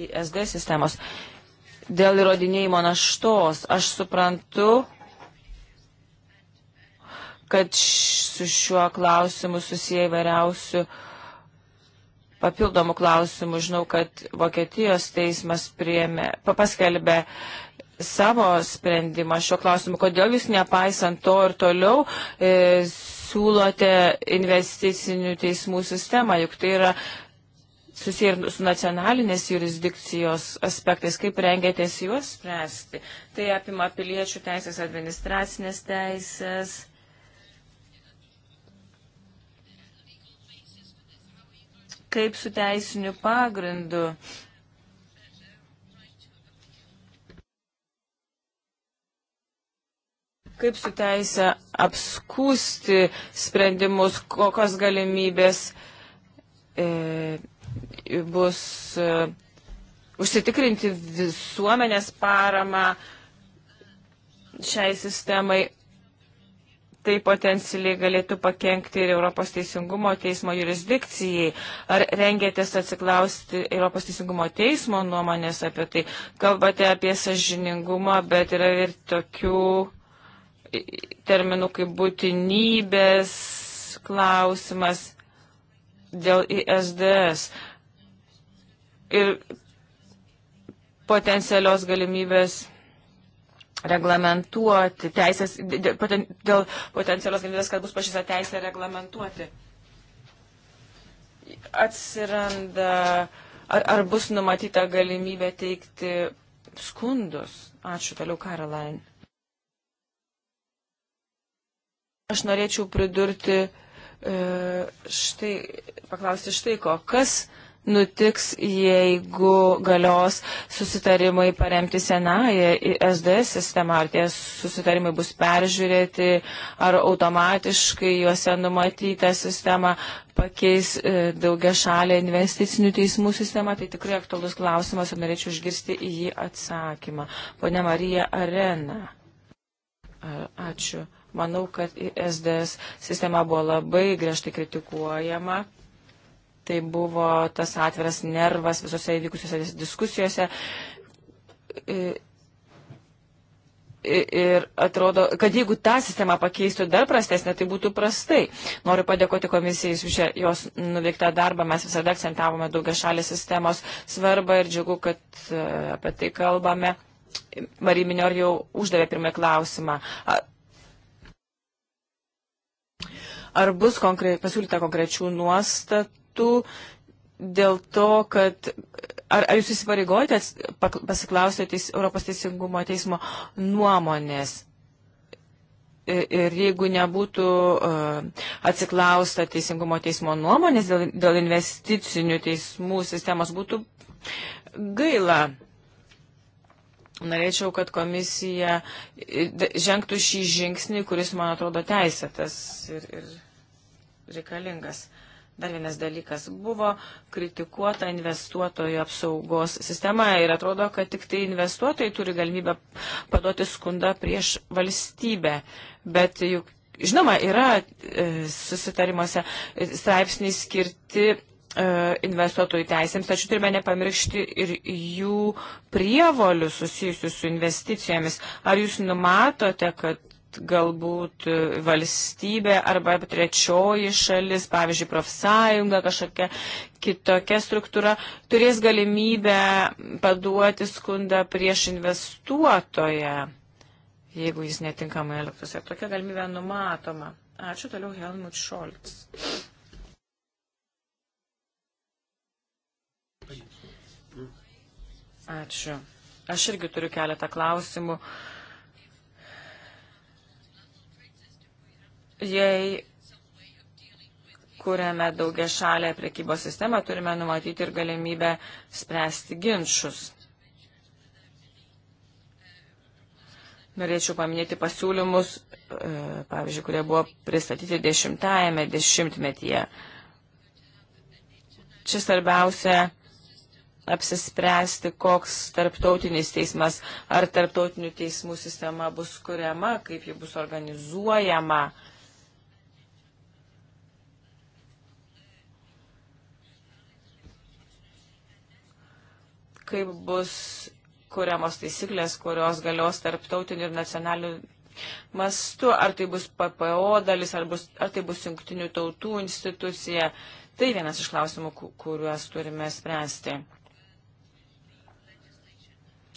ISD sistemos. Dėl įrodinėjimo naštos aš suprantu, kad su šiuo klausimu susiję įvairiausių papildomų klausimų. Žinau, kad Vokietijos teismas priėmė, paskelbė savo sprendimą šiuo klausimu. Kodėl jūs nepaisant to ir toliau e, siūlote investicinių teismų sistemą, juk tai yra susiję ir su nacionalinės jurisdikcijos aspektais, kaip rengėtės juos spręsti. Tai apima piliečių teisės, administracinės teisės, kaip su teisiniu pagrindu. Kaip su teisė apskūsti sprendimus, kokios galimybės e, bus e, užsitikrinti visuomenės paramą šiai sistemai, tai potencialiai galėtų pakengti ir Europos teisingumo teismo jurisdikcijai. Ar rengėtės atsiklausti Europos teisingumo teismo nuomonės apie tai? Kalbate apie sažiningumą, bet yra ir tokių terminų kaip būtinybės klausimas dėl ISDS. Ir potencialios galimybės reglamentuoti teisės, poten, dėl potencialios galimybės, kad bus pašysa teisė reglamentuoti. Atsiranda, ar, ar bus numatyta galimybė teikti skundus. Ačiū toliau, Caroline. Aš norėčiau pridurti, e, štai, paklausti štai ko, kas nutiks, jeigu galios susitarimai paremti senąją SDS sistemą, ar tie susitarimai bus peržiūrėti, ar automatiškai juose numatyta sistema pakeis e, daugia šalį investicinių teismų sistemą, tai tikrai aktualus klausimas ir norėčiau išgirsti į jį atsakymą. Pone Marija Arena. Ačiū. Manau, kad SDS sistema buvo labai griežtai kritikuojama tai buvo tas atviras nervas visose įvykusiose diskusijose. Ir atrodo, kad jeigu tą sistemą pakeistų dar prastesnė, tai būtų prastai. Noriu padėkoti komisijai už jos nuveiktą darbą. Mes visada akcentavome daugia šalės sistemos svarbą ir džiugu, kad e, apie tai kalbame. Marija Minior jau uždavė pirmąjį klausimą. Ar bus konkre... pasiūlyta konkrečių nuostatų? kartų dėl to, kad. Ar, ar jūs įsipareigojate pasiklausyti teis, Europos teisingumo teismo nuomonės? Ir, ir jeigu nebūtų uh, atsiklausta teisingumo teismo nuomonės dėl, dėl investicinių teismų sistemos, būtų gaila norėčiau, kad komisija žengtų šį žingsnį, kuris, man atrodo, teisėtas ir, ir reikalingas. Dar vienas dalykas buvo kritikuota investuotojų apsaugos sistema ir atrodo, kad tik tai investuotojai turi galimybę paduoti skundą prieš valstybę. Bet juk, žinoma, yra e, susitarimuose straipsniai skirti e, investuotojų teisėms, tačiau turime nepamiršti ir jų prievolių susijusių su investicijomis. Ar jūs numatote, kad galbūt e, valstybė arba trečioji šalis, pavyzdžiui, profsąjunga, kažkokia kitokia struktūra, turės galimybę paduoti skundą prieš investuotoją, jeigu jis netinkamai elgtųsi. Tokia galimybė numatoma. Ačiū toliau Helmut Scholz. Ačiū. Aš irgi turiu keletą klausimų. Uh, Jei kuriame daugia šalę prekybos sistemą, turime numatyti ir galimybę spręsti ginčius. Norėčiau paminėti pasiūlymus, e, pavyzdžiui, kurie buvo pristatyti dešimtajame dešimtmetyje. Čia svarbiausia apsispręsti, koks tarptautinis teismas ar tarptautinių teismų sistema bus kuriama, kaip ji bus organizuojama. Uh, kaip bus kuriamos taisyklės, kurios galios tarptautiniu ir nacionaliniu mastu, ar tai bus PPO dalis, ar, bus, ar tai bus jungtinių tautų institucija. Tai vienas iš klausimų, kuriuos turime spręsti.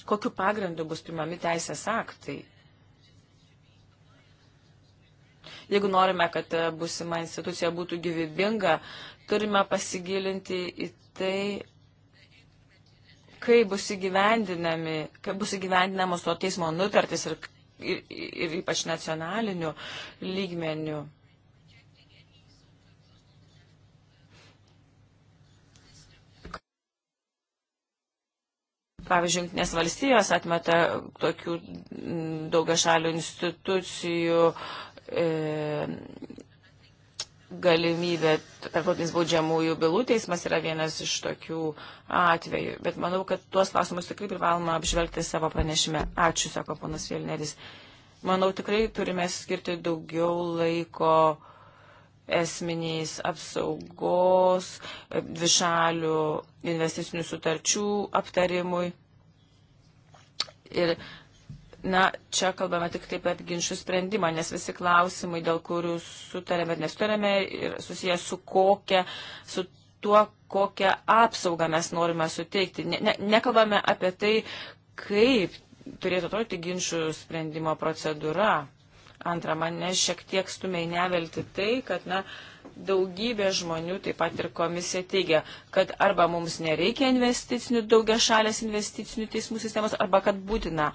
Kokiu pagrindu bus primami teisės aktai? Jeigu norime, kad busima institucija būtų gyvybinga, turime pasigilinti į tai, kaip bus, kaip bus įgyvendinamos to teismo nutartis ir, ir, ir ypač nacionaliniu lygmeniu. Pavyzdžiui, Junktinės valstijos atmeta tokių daugia šalių institucijų e, galimybė, tarptautinis baudžiamųjų bylų teismas yra vienas iš tokių atvejų. Bet manau, kad tuos klausimus tikrai privaloma apžvelgti savo pranešime. Ačiū, sako ponas Vilneris. Manau, tikrai turime skirti daugiau laiko esminiais apsaugos, dvišalių investicinių sutarčių aptarimui. Ir na, čia kalbame tik taip apie ginčių sprendimą, nes visi klausimai, dėl kurių sutarėme ir nesutarėme, susijęs su kokia, su tuo, kokią apsaugą mes norime suteikti. Ne, ne, nekalbame apie tai, kaip turėtų atrodyti ginčių sprendimo procedūra. Antra, mane šiek tiek stumia į nevelti tai, kad, na, uh, daugybė žmonių, taip pat ir komisija teigia, kad arba mums nereikia investicinių, daugia šalės investicinių teismų sistemos, arba kad būtina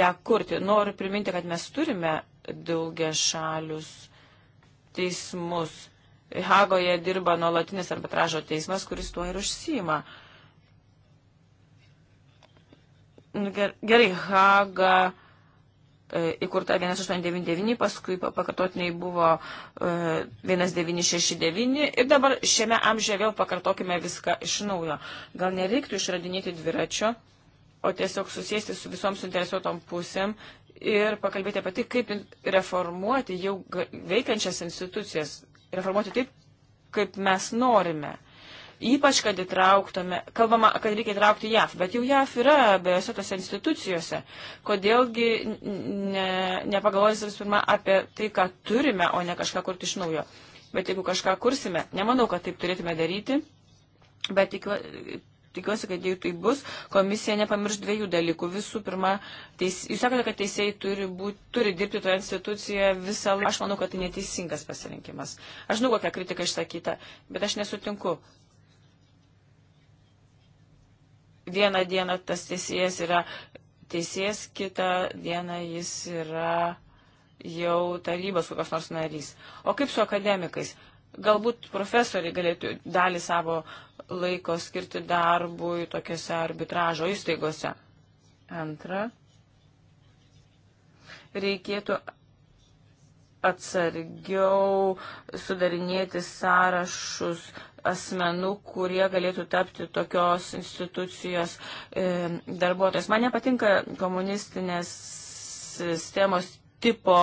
ją kurti. Noriu priminti, kad mes turime daugia šalius teismus. Hagoje dirba nuolatinis arbitražo teismas, kuris tuo ir užsima. Nu, gerai, Haga E, įkurta 1899, paskui pakartotiniai buvo 1969 e, ir dabar šiame amžiuje vėl pakartokime viską iš naujo. Gal nereiktų išradinėti dviračio, o tiesiog susėsti su visom suinteresuotom pusėm ir pakalbėti apie tai, kaip reformuoti jau veikiančias institucijas, reformuoti taip, kaip mes norime. Ypač, kad įtrauktume, kalbama, kad reikia įtraukti JAF, bet jau JAF yra abiejose tose institucijose. Kodėlgi ne, nepagalvojus vis pirma apie tai, ką turime, o ne kažką kurti iš naujo. Bet jeigu kažką kursime, nemanau, kad taip turėtume daryti, bet tikiu, tikiuosi, kad jeigu tai bus, komisija nepamirš dviejų dalykų. Visų pirma, teis, jūs sakote, kad teisėjai turi, būt, turi dirbti toje institucijoje visą laiką. Aš manau, kad tai neteisingas pasirinkimas. Aš žinau, kokia kritika išsakyta, bet aš nesutinku vieną dieną tas teisėjas yra teisėjas, kitą dieną jis yra jau tarybos kokios nors narys. O kaip su akademikais? Galbūt profesoriai galėtų dalį savo laiko skirti darbui tokiuose arbitražo įstaigose. Antra. Reikėtų atsargiau sudarinėti sąrašus asmenų, kurie galėtų tapti tokios institucijos e, darbuotojais. Man nepatinka komunistinės sistemos tipo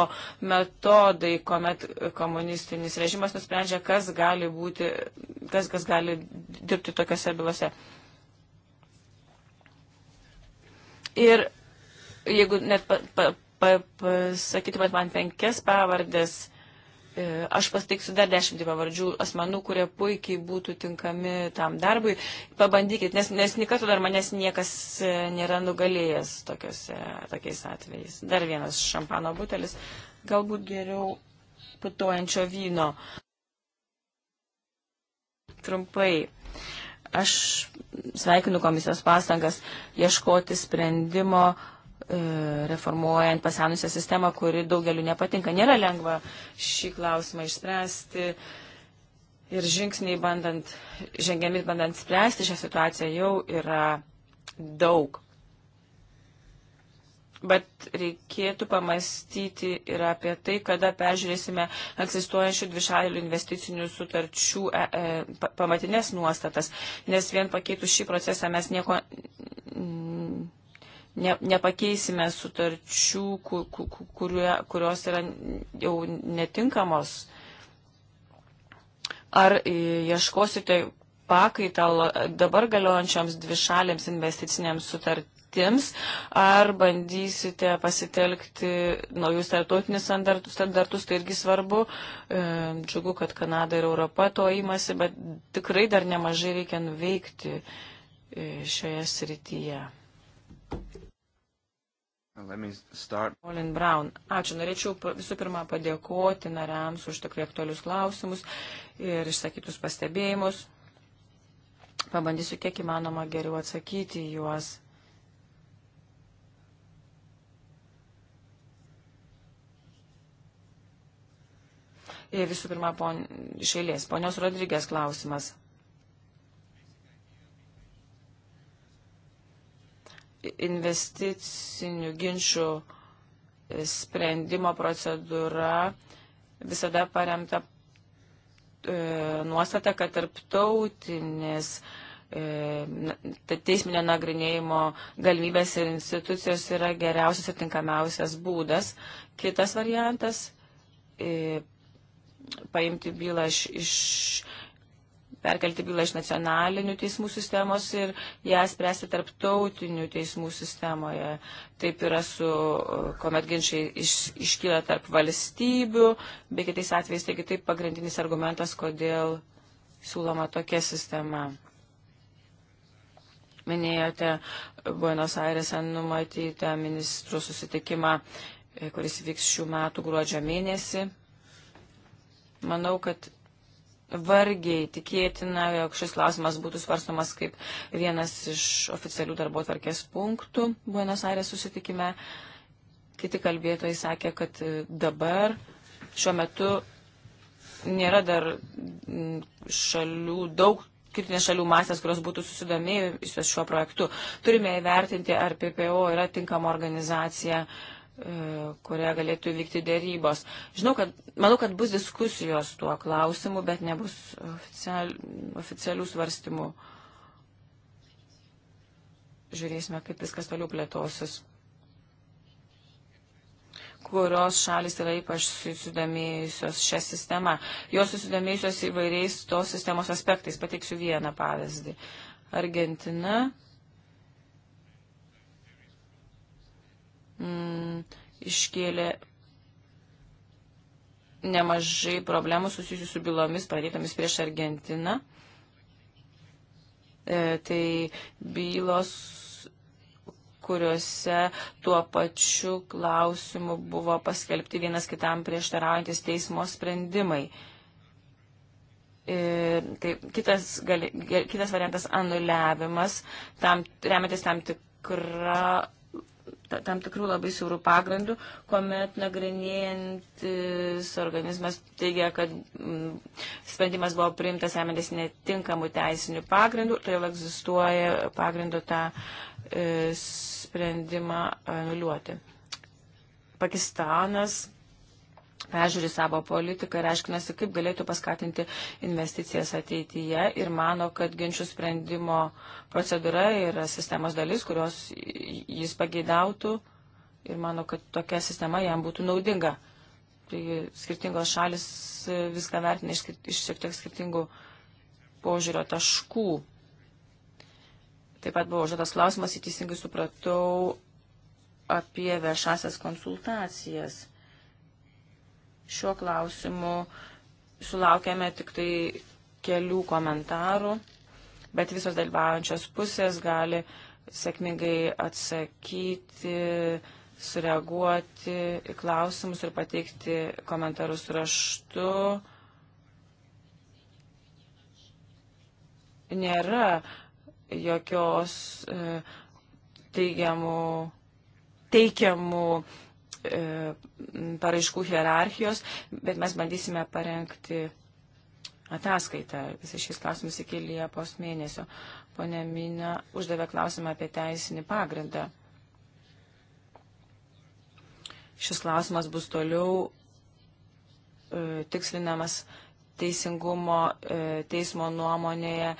metodai, kuomet komunistinis režimas nusprendžia, kas gali būti, kas, kas gali dirbti tokiuose bylose. Ir jeigu net pa, pa, pa, pasakytumėt man penkias pavardės, E, aš pasteiksiu dar dešimtį pavardžių asmenų, kurie puikiai būtų tinkami tam darbui. Pabandykit, nes, nes nikartų dar manęs niekas e, nėra nugalėjęs tokiose, tokiais atvejais. Dar vienas šampano butelis, galbūt geriau putuojančio vyno. Trumpai. Aš sveikinu komisijos pastangas ieškoti sprendimo uh, E, reformuojant pasenusią sistemą, kuri daugeliu nepatinka. Nėra lengva šį klausimą išspręsti ir žingsniai bandant, žengiami bandant spręsti šią situaciją jau yra daug. Bet reikėtų pamastyti ir apie tai, kada peržiūrėsime egzistuojančių dvišalių investicinių sutarčių e, e, pamatinės nuostatas, nes vien pakeitus šį procesą mes nieko ne, nepakeisime sutarčių, kur, kur, kurie, kurios yra jau netinkamos. Ar ieškosite pakaitalą dabar galiojančioms dvišalėms investicinėms sutartims, ar bandysite pasitelkti naujus tarptautinius standartus, standartus, tai irgi svarbu. E, džiugu, kad Kanada ir Europa to įmasi, bet tikrai dar nemažai reikia nuveikti e, šioje srityje. Olin Brown, ačiū. Norėčiau visų pirma padėkoti nariams už tikrai aktualius klausimus ir išsakytus pastebėjimus. Pabandysiu kiek įmanoma geriau atsakyti juos. Ir visų pirma, pon, iš eilės, ponios Rodrygės klausimas. investicinių ginčių e, sprendimo procedūra visada paremta e, nuostata, kad tarptautinės e, teisminio nagrinėjimo galimybės ir institucijos yra geriausias ir tinkamiausias būdas. Kitas variantas e, - paimti bylą iš, iš perkelti bylą iš nacionalinių teismų sistemos ir ją spręsti tarptautinių teismų sistemoje. Taip yra su, kuomet ginčiai iš, iškyla tarp valstybių, bei kitais atvejais, taigi taip pagrindinis argumentas, kodėl siūloma tokia sistema. Minėjote Buenos Airese numatytą ministrų susitikimą, e, kuris vyks šių metų gruodžio mėnesį. Manau, kad vargiai tikėtina, jog šis klausimas būtų svarstomas kaip vienas iš oficialių darbo tvarkės punktų Buenos Aires susitikime. Kiti kalbėtojai sakė, kad dabar šiuo metu nėra dar šalių daug kritinės šalių masės, kurios būtų susidomėjusios šiuo projektu. Turime įvertinti, ar PPO yra tinkama organizacija uh, E, kurioje galėtų vykti dėrybos. Žinau, kad, manau, kad bus diskusijos tuo klausimu, bet nebus oficial, oficialių svarstymų. Žiūrėsime, kaip viskas toliau plėtosis. Kurios šalis yra ypač susidomėjusios šią sistemą. Jos susidomėjusios įvairiais tos sistemos aspektais. Pateiksiu vieną pavyzdį. Argentina mm, iškėlė nemažai problemų susijusių su bylomis pradėtomis prieš Argentiną. E, tai bylos, kuriuose tuo pačiu klausimu buvo paskelbti vienas kitam prieštaraujantis teismo sprendimai. Ir e, tai kitas, gali, kitas variantas anuliavimas, tam, remiantis tam tikrą tam tikrų labai siaurų pagrindų, kuomet nagrinėjantis organizmas teigia, kad m, mm, sprendimas buvo priimtas remiantis netinkamų teisinių pagrindų, tai jau egzistuoja pagrindų tą e, sprendimą e, anuliuoti. Pakistanas peržiūri savo politiką ir aiškinasi, kaip galėtų paskatinti investicijas ateityje ir mano, kad ginčių sprendimo procedūra yra sistemos dalis, kurios jis pageidautų ir mano, kad tokia sistema jam būtų naudinga. Taigi skirtingos šalis viską vertina iš, iš šiek tiek skirtingų požiūrio taškų. Taip pat buvo užduotas klausimas, jei teisingai supratau, apie viešasias konsultacijas Šiuo klausimu sulaukėme tik tai kelių komentarų, bet visos dalyvaujančios pusės gali sėkmingai atsakyti, sureaguoti į klausimus ir pateikti komentarus raštu. Nėra jokios e, teigiamų, teikiamų e, paraiškų hierarchijos, bet mes bandysime parengti ataskaitą visais šiais klausimais iki Liepos mėnesio. Pone Mina uždavė klausimą apie teisinį pagrindą. Šis klausimas bus toliau e, tikslinamas teisingumo e, teismo nuomonėje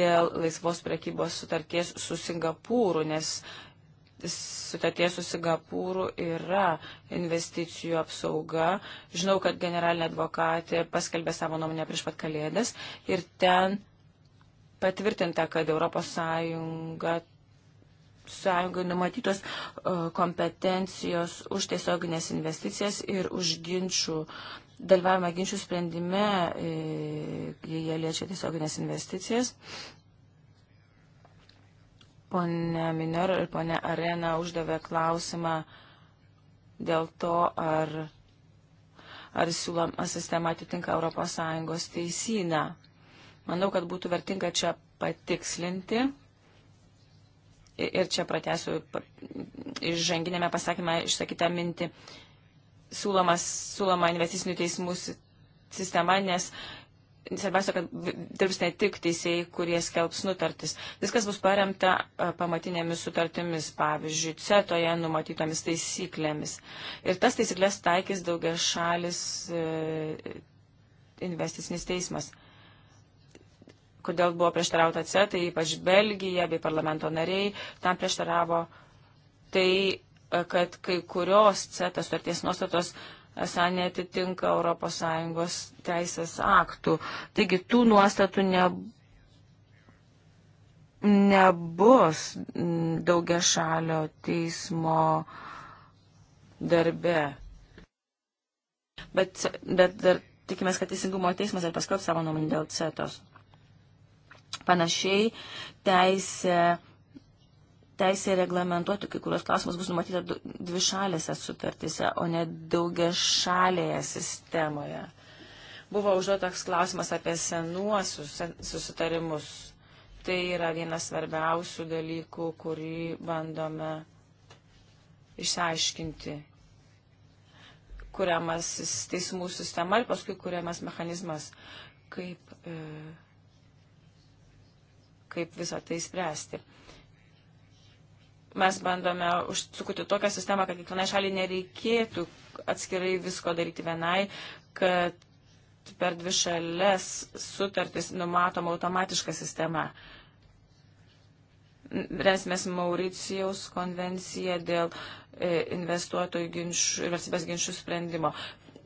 dėl laisvos prekybos sutarties su Singapūru, nes sutarties su Singapūru yra investicijų apsauga. Žinau, kad generalinė advokatė paskelbė savo nuomonę prieš pat kalėdas ir ten patvirtinta, kad ES sąjungai numatytos e, kompetencijos už tiesioginės investicijas ir už ginčių, dalyvavimą ginčių sprendime, jei jie liečia tiesioginės investicijas. Pone Minor ir pone Arena uždavė klausimą dėl to, ar, ar siūloma sistema atitinka ES teisyną. Manau, kad būtų vertinga čia patikslinti. Ir čia pratęsiu išžanginėme pasakymą išsakytą mintį. Siūlomas, siūloma investicinių teismų sistema, nes Svarbiausia, kad dirbs ne tik teisėjai, kurie skelbs nutartis. Viskas bus paremta pamatinėmis sutartimis, pavyzdžiui, CETOje numatytomis taisyklėmis. Ir tas taisyklės taikys daugia šalis e, investicinis teismas. Kodėl buvo prieštarauta CETOje, ypač Belgija bei parlamento nariai, tam prieštaravo tai, kad kai kurios CETO sutarties nuostatos uh, esą netitinka ES teisės aktų. Taigi tų nuostatų ne, nebus daugia šalio teismo darbe. Bet, bet dar tikimės, kad teisingumo teismas ir paskelbs savo nuomonę dėl CETOS. Panašiai teisė teisė reglamentuoti kai kurios klausimus bus numatyta dvi šalėse sutartise, o ne daugia šalėje sistemoje. Buvo užduotas klausimas apie senuosius susitarimus. Tai yra vienas svarbiausių dalykų, kurį bandome išsiaiškinti kuriamas teismų sistema ir paskui kuriamas mechanizmas, kaip, e, kaip visą tai spręsti mes bandome užsukuti tokią sistemą, kad kiekvienai šaliai nereikėtų atskirai visko daryti vienai, kad per dvi šalias sutartis numatoma automatiška sistema. Resmės Mauricijaus konvencija dėl e, investuotojų ginčių ir valstybės ginčių sprendimo.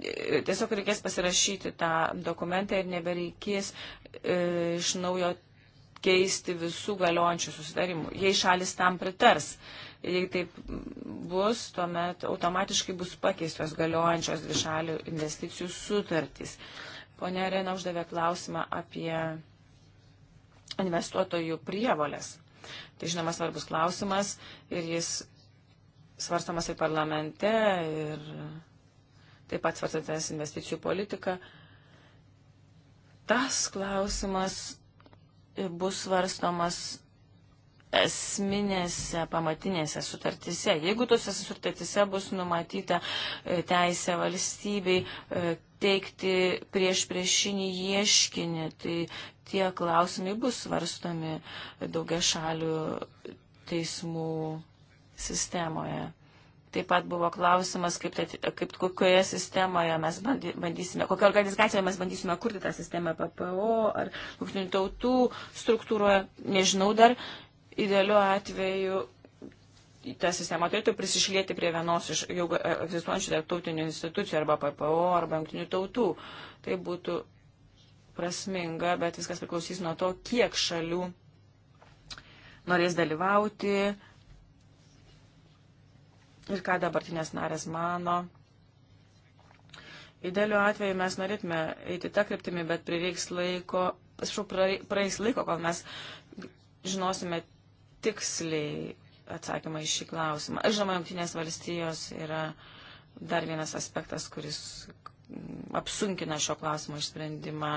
E, tiesiog reikės pasirašyti tą dokumentą ir nebereikės e, iš naujo keisti visų galiojančių susitarimų. Jei šalis tam pritars, jei taip bus, tuomet automatiškai bus pakeistos galiojančios dvišalių investicijų sutartys. Pone Arena uždavė klausimą apie investuotojų prievolės. Tai žinoma svarbus klausimas ir jis svarstamas ir parlamente ir taip pat svarstatas investicijų politika. Tas klausimas ir bus svarstomas esminėse pamatinėse sutartise. Jeigu tose sutartise bus numatyta e, teisė valstybei e, teikti prieš priešinį ieškinį, tai tie klausimai bus svarstomi daugia šalių teismų sistemoje. Taip pat buvo klausimas, kaip, tai, kaip kokioje sistemoje mes bandysime, kokią organizaciją mes bandysime kurti tą sistemą PPO ar jungtinių tautų struktūroje, nežinau dar. Idealiu atveju ta sistema turėtų prisišlėti prie vienos iš jau egzistuojančių tarptautinių institucijų arba PPO arba jungtinių tautų. Tai būtų prasminga, bet viskas priklausys nuo to, kiek šalių norės dalyvauti ir ką dabartinės narės mano. Idealiu atveju mes norėtume eiti tą kryptimį, bet prireiks laiko, atsiprašau, praeis laiko, kol mes žinosime tiksliai atsakymą iš šį klausimą. Aš žinoma, jungtinės valstijos yra dar vienas aspektas, kuris apsunkina šio klausimo išsprendimą.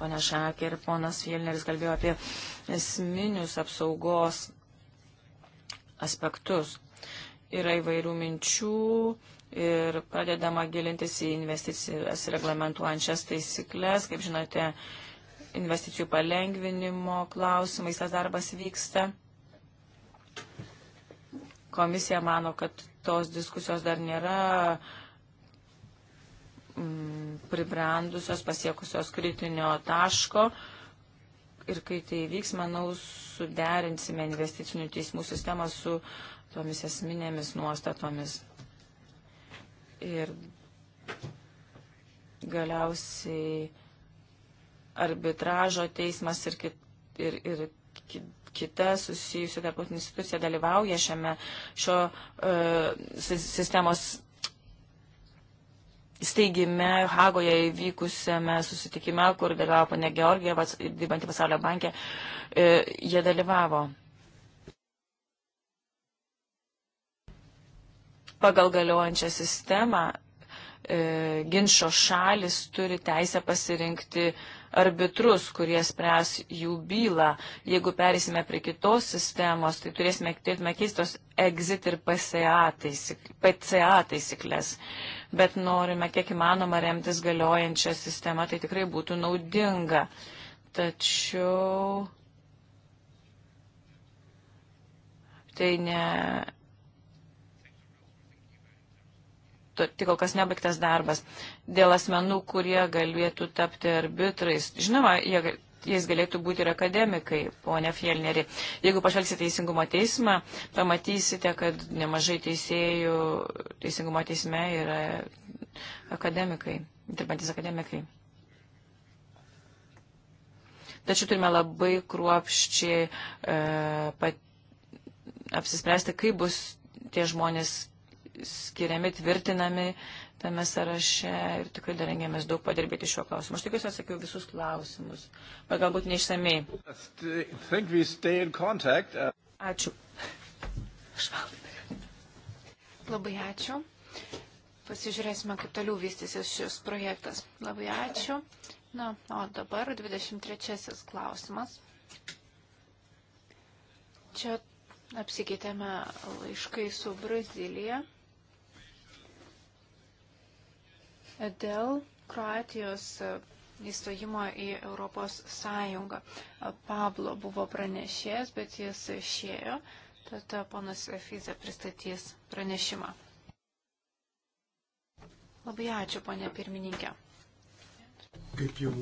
Pone Šakė ir ponas Vilneris kalbėjo apie esminius apsaugos aspektus. Yra įvairių minčių ir pradedama gilintis į investicijas reglamentuojančias taisyklės. Kaip žinote, investicijų palengvinimo klausimais tas darbas vyksta. Komisija mano, kad tos diskusijos dar nėra mm, pribrandusios, pasiekusios kritinio taško ir kai tai vyks, manau, suderinsime investicinių teismų sistemą su tomis esminėmis nuostatomis. Ir galiausiai arbitražo teismas ir, kit, ir, ir kita susijusi tarptautinė institucija dalyvauja šiame šio e, sistemos steigime Hagoje įvykusiame susitikime, kur dalyvavo ponė Georgija, dirbantį pasaulio bankę, e, jie dalyvavo. Pagal galiojančią sistemą E, ginčio šalis turi teisę pasirinkti arbitrus, kurie spręs jų bylą. Jeigu perėsime prie kitos sistemos, tai turėsime, turėtume keistos exit ir PCA, taisykl, PCA taisyklės. Bet norime, kiek įmanoma, remtis galiojančią sistemą, tai tikrai būtų naudinga. Tačiau tai ne tai kol kas nebaigtas darbas. Dėl asmenų, kurie galėtų tapti arbitrais, žinoma, jie, jais galėtų būti ir akademikai, ponia Fielneri. Jeigu pažvelgsite teisingumo teismą, pamatysite, kad nemažai teisėjų teisingumo teisme yra akademikai, dirbantis akademikai. Tačiau turime labai kruopščiai e, pat, apsispręsti, kaip bus tie žmonės skiriami, tvirtinami tame sąraše ir tikrai dar rengėmės daug padirbėti šiuo klausimu. Aš tikiuosi atsakiau visus klausimus, bet galbūt neišsamei. Uh, ačiū. Labai ačiū. Pasižiūrėsime, kaip toliau vystysis šis projektas. Labai ačiū. Na, o dabar 23 klausimas. Čia apsikeitėme laiškai su Brazilija. dėl Kroatijos e, įstojimo į Europos Sąjungą. E, Pablo buvo pranešėjęs, bet jis išėjo, tad e, ponas Fiza pristatys pranešimą. Labai ačiū, ponė pirmininkė. Kaip jau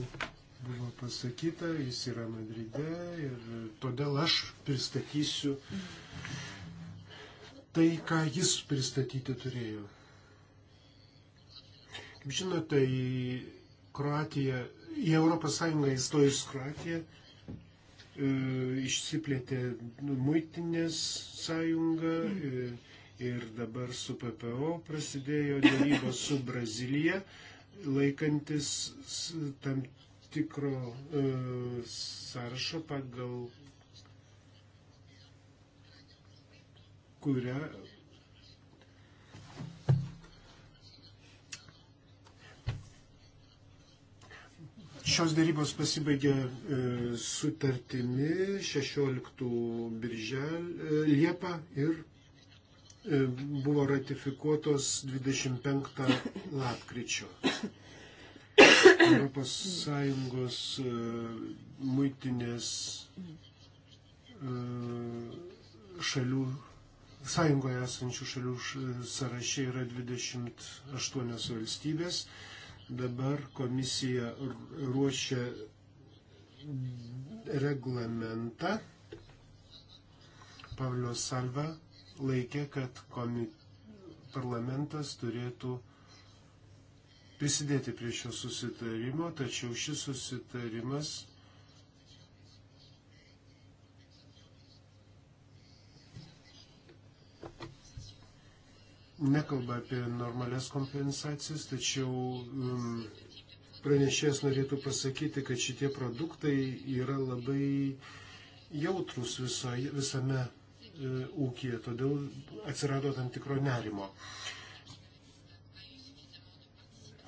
buvo pasakyta, jis yra Madride ir todėl aš pristatysiu mhm. tai, ką jis pristatyti turėjo. Kaip žinote, į Kroatiją, į ES įstojus Kroatiją e, išsiplėtė nu, muitinės sąjunga e, ir dabar su PPO prasidėjo dėrybos su Brazilija, laikantis tam tikro e, sąrašo pagal kurią Šios dėrybos pasibaigė e, sutartimi 16 biržel, e, Liepa ir e, buvo ratifikuotos 25 lapkričio. Europos Sąjungos muitinės šalių, sąjungoje esančių šalių sąraše yra 28 valstybės. Dabar komisija ruošia reglamentą. Pavlio Salva laikė, kad komi... parlamentas turėtų prisidėti prie šio susitarimo, tačiau šis susitarimas nekalba apie normales kompensacijas, tačiau um, pranešėjas norėtų pasakyti, kad šitie produktai yra labai jautrus viso, visame e, ūkija, todėl atsirado tam tikro nerimo.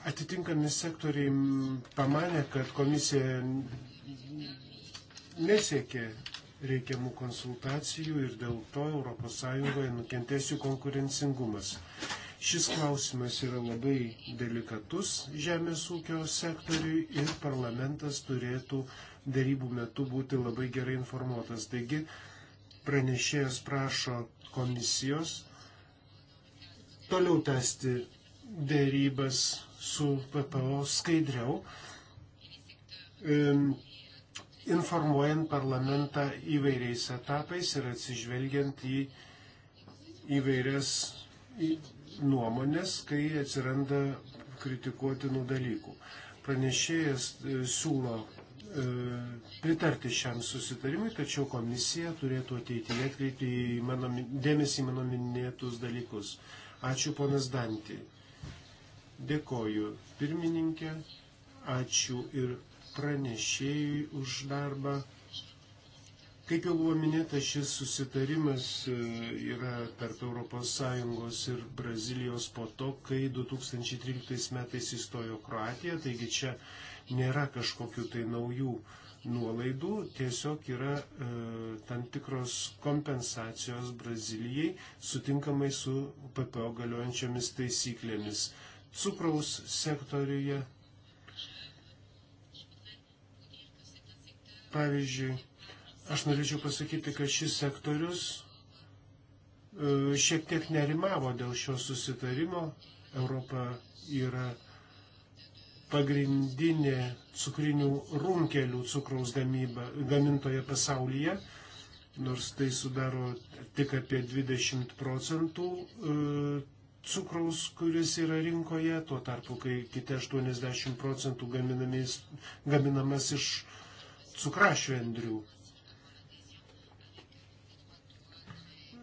Atitinkami sektoriai pamanė, kad komisija nesiekė reikiamų konsultacijų ir dėl to ES nukentės jų konkurencingumas. Šis klausimas yra labai delikatus žemės ūkio sektoriui ir parlamentas turėtų darybų metu būti labai gerai informuotas. Taigi pranešėjas prašo komisijos toliau tęsti dėrybas su PPO skaidriau. Um, informuojant parlamentą įvairiais etapais ir atsižvelgiant į įvairias nuomonės, kai atsiranda kritikuotinų dalykų. Pranešėjas e, siūlo e, pritarti šiam susitarimui, tačiau komisija turėtų ateityje atkreipti mano, dėmesį į mano minėtus dalykus. Ačiū ponas Dantį. Dėkoju pirmininkė, ačiū ir pranešėjui už darbą. Kaip jau buvo minėta, šis susitarimas e, yra tarp ES ir Brazilijos po to, kai 2013 metais įstojo Kroatija, taigi čia nėra kažkokių tai naujų nuolaidų, tiesiog yra e, tam tikros kompensacijos Brazilijai sutinkamai su PPO galiojančiomis taisyklėmis. Cukraus sektoriuje Pavyzdžiui, aš norėčiau pasakyti, kad šis sektorius e, šiek tiek nerimavo dėl šio susitarimo. Europa yra pagrindinė cukrinių runkelių cukraus gamyba, gamintoje pasaulyje, nors tai sudaro tik apie 20 procentų e, cukraus, kuris yra rinkoje, tuo tarpu, kai kiti 80 procentų gaminamas iš cukrašių endrių.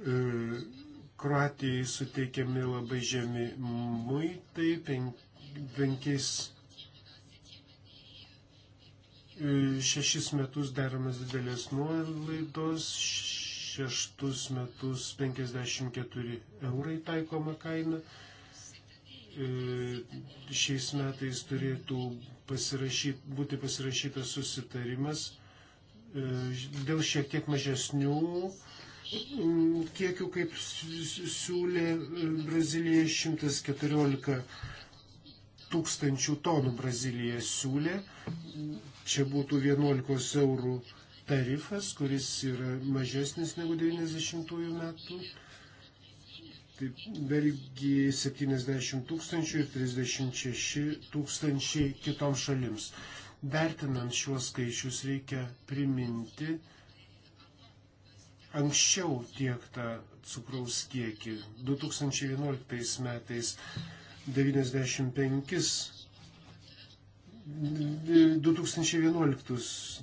E, Kroatijai suteikiami labai žemi muitai, penk, penkiais e, šešis metus daromas didelės nuolaidos, šeštus metus 54 eurai taikoma kaina. E, šiais metais turėtų pasirašyt, būti pasirašytas susitarimas e, dėl šiek tiek mažesnių kiekių, kaip siūlė e, Brazilija 114 tūkstančių tonų Brazilija siūlė. Čia būtų 11 eurų tarifas, kuris yra mažesnis negu 90 metų Tai Belgijai 70 tūkstančių ir 36 tūkstančiai kitoms šalims. Vertinant šiuos skaičius reikia priminti anksčiau tiektą cukraus kiekį. 2011 metais 95 2011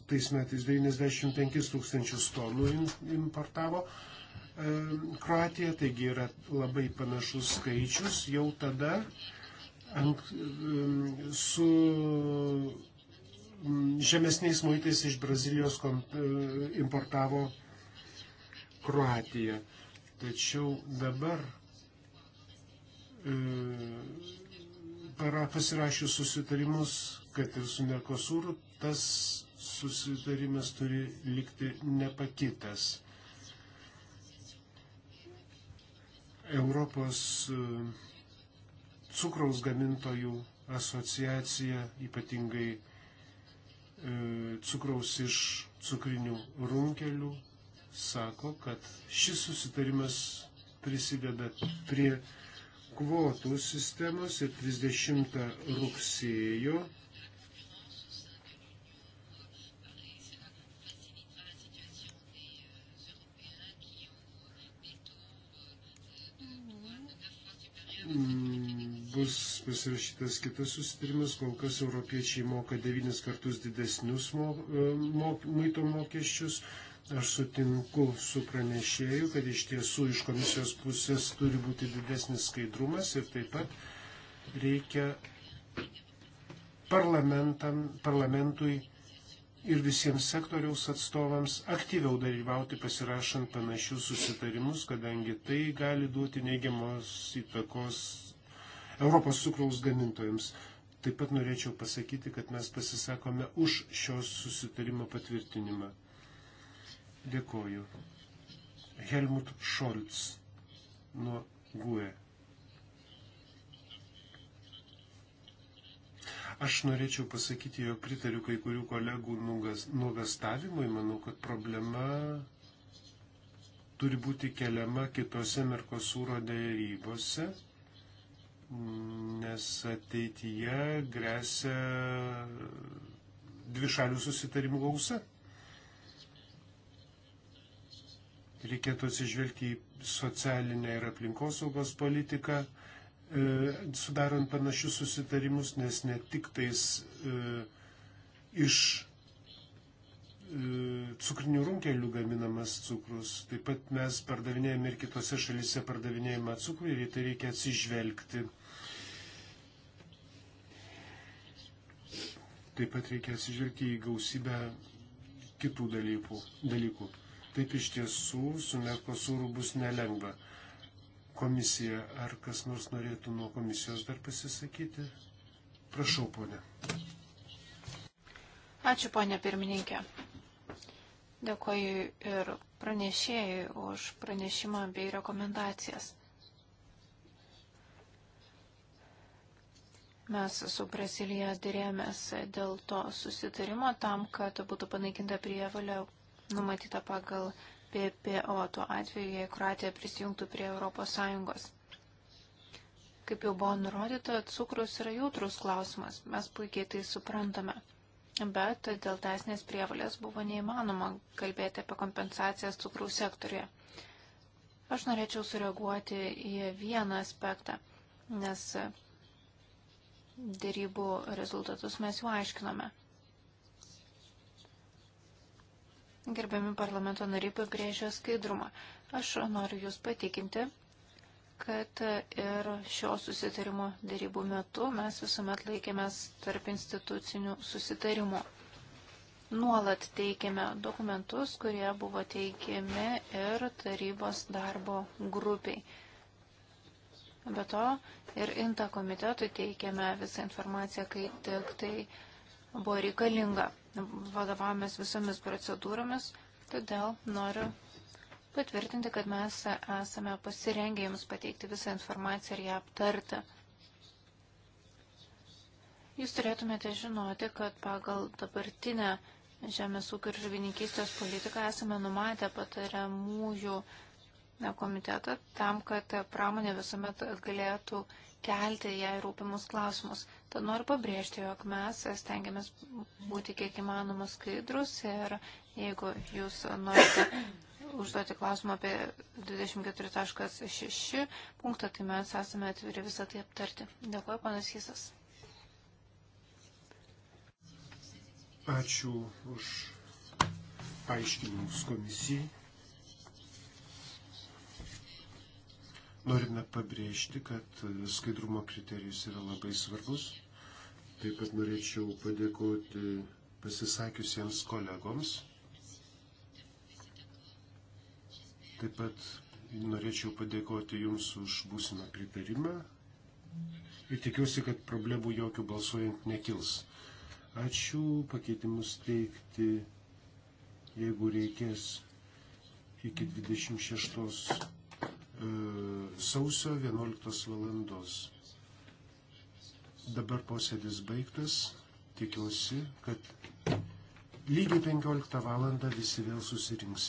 tais metais 95 tūkstančius tonų importavo, E, Kroatija, taigi yra labai panašus skaičius. Jau tada ant, e, su žemesniais muitais iš Brazilijos e, importavo Kroatija. Tačiau dabar para pasirašius susitarimus, kad ir su Merkosūru, tas susitarimas turi likti nepakitas. Europos e, cukraus gamintojų asociacija, ypatingai e, cukraus iš cukrinių runkelių, sako, kad šis susitarimas prisideda prie kvotų sistemos ir 30 rugsėjo bus pasirašytas kitas susitarimas, kol kas europiečiai moka devynis kartus didesnius mo, e, mo, muito mokesčius. Aš sutinku su pranešėju, kad iš tiesų iš komisijos pusės turi būti didesnis skaidrumas ir taip pat reikia parlamentui ir visiems sektoriaus atstovams aktyviau dalyvauti pasirašant panašius susitarimus, kadangi tai gali duoti neigiamos įtakos Europos cukraus gamintojams. Taip pat norėčiau pasakyti, kad mes pasisakome už šios susitarimo patvirtinimą. Dėkoju. Helmut Scholz nuo GUE. Aš norėčiau pasakyti, jog pritariu kai kurių kolegų nuogastavimui. Manau, kad problema turi būti keliama kitose Merkosūro dėrybose, nes ateityje grėsia dvišalių susitarimų gausa. Reikėtų atsižvelgti į socialinę ir aplinkosaugos politiką E, sudarant panašius susitarimus, nes ne tik tais e, iš e, cukrinių runkelių gaminamas cukrus. Taip pat mes pardavinėjame ir kitose šalyse pardavinėjimą cukrų ir į tai reikia atsižvelgti. Taip pat reikia atsižvelgti į gausybę kitų dalykų. dalykų. Taip iš tiesų su Merkosūru bus nelengva komisija. Ar kas nors norėtų nuo komisijos dar pasisakyti? Prašau, ponė. Ačiū, ponė pirmininkė. Dėkoju ir pranešėjai už pranešimą bei rekomendacijas. Mes su Brazilija dėrėmės dėl to susitarimo tam, kad būtų panaikinta prievalė numatyta pagal PPO tuo atveju, jei Kroatija prisijungtų prie ES. Kaip jau buvo nurodyta, cukrus yra jautrus klausimas, mes puikiai tai suprantame. Bet dėl teisinės prievalės buvo neįmanoma kalbėti apie kompensacijas cukrų sektorėje. Aš norėčiau sureaguoti į vieną aspektą, nes dėrybų rezultatus mes jau aiškinome. Gerbiami parlamento nariai pabrėžia skaidrumą. Aš noriu Jūs patikinti, kad ir šio susitarimo dėrybų metu mes visuomet laikėmės tarp institucinių susitarimų. Nuolat teikėme dokumentus, kurie buvo teikiami ir tarybos darbo grupiai. Be to ir INTA komitetui teikėme visą informaciją, kai tik tai buvo reikalinga vadovavomės visomis procedūromis, todėl noriu patvirtinti, kad mes esame pasirengę Jums pateikti visą informaciją ir ją aptarti. Jūs turėtumėte žinoti, kad pagal dabartinę Žemės ūkio ir žuvininkystės politiką esame numatę patariamųjų komitetą tam, kad pramonė visuomet galėtų kelti jai rūpimus klausimus. Tad noriu pabrėžti, jog mes stengiamės būti kiek įmanoma skaidrus ir jeigu jūs norite užduoti klausimą apie 24.6 punktą, tai mes esame atviri visą tai aptarti. Dėkuoju, panas Jisas. Ačiū už paaiškinimus komisijai. Norime pabrėžti, kad skaidrumo kriterijus yra labai svarbus. Taip pat norėčiau padėkoti pasisakiusiems kolegoms. Taip pat norėčiau padėkoti Jums už būsimą pritarimą ir tikiuosi, kad problemų jokių balsuojant nekils. Ačiū, pakeitimus teikti, jeigu reikės, iki 26 E, sausio 11 valandos. Dabar posėdis baigtas. Tikiuosi, kad lygiai 15 valandą visi vėl susirinks.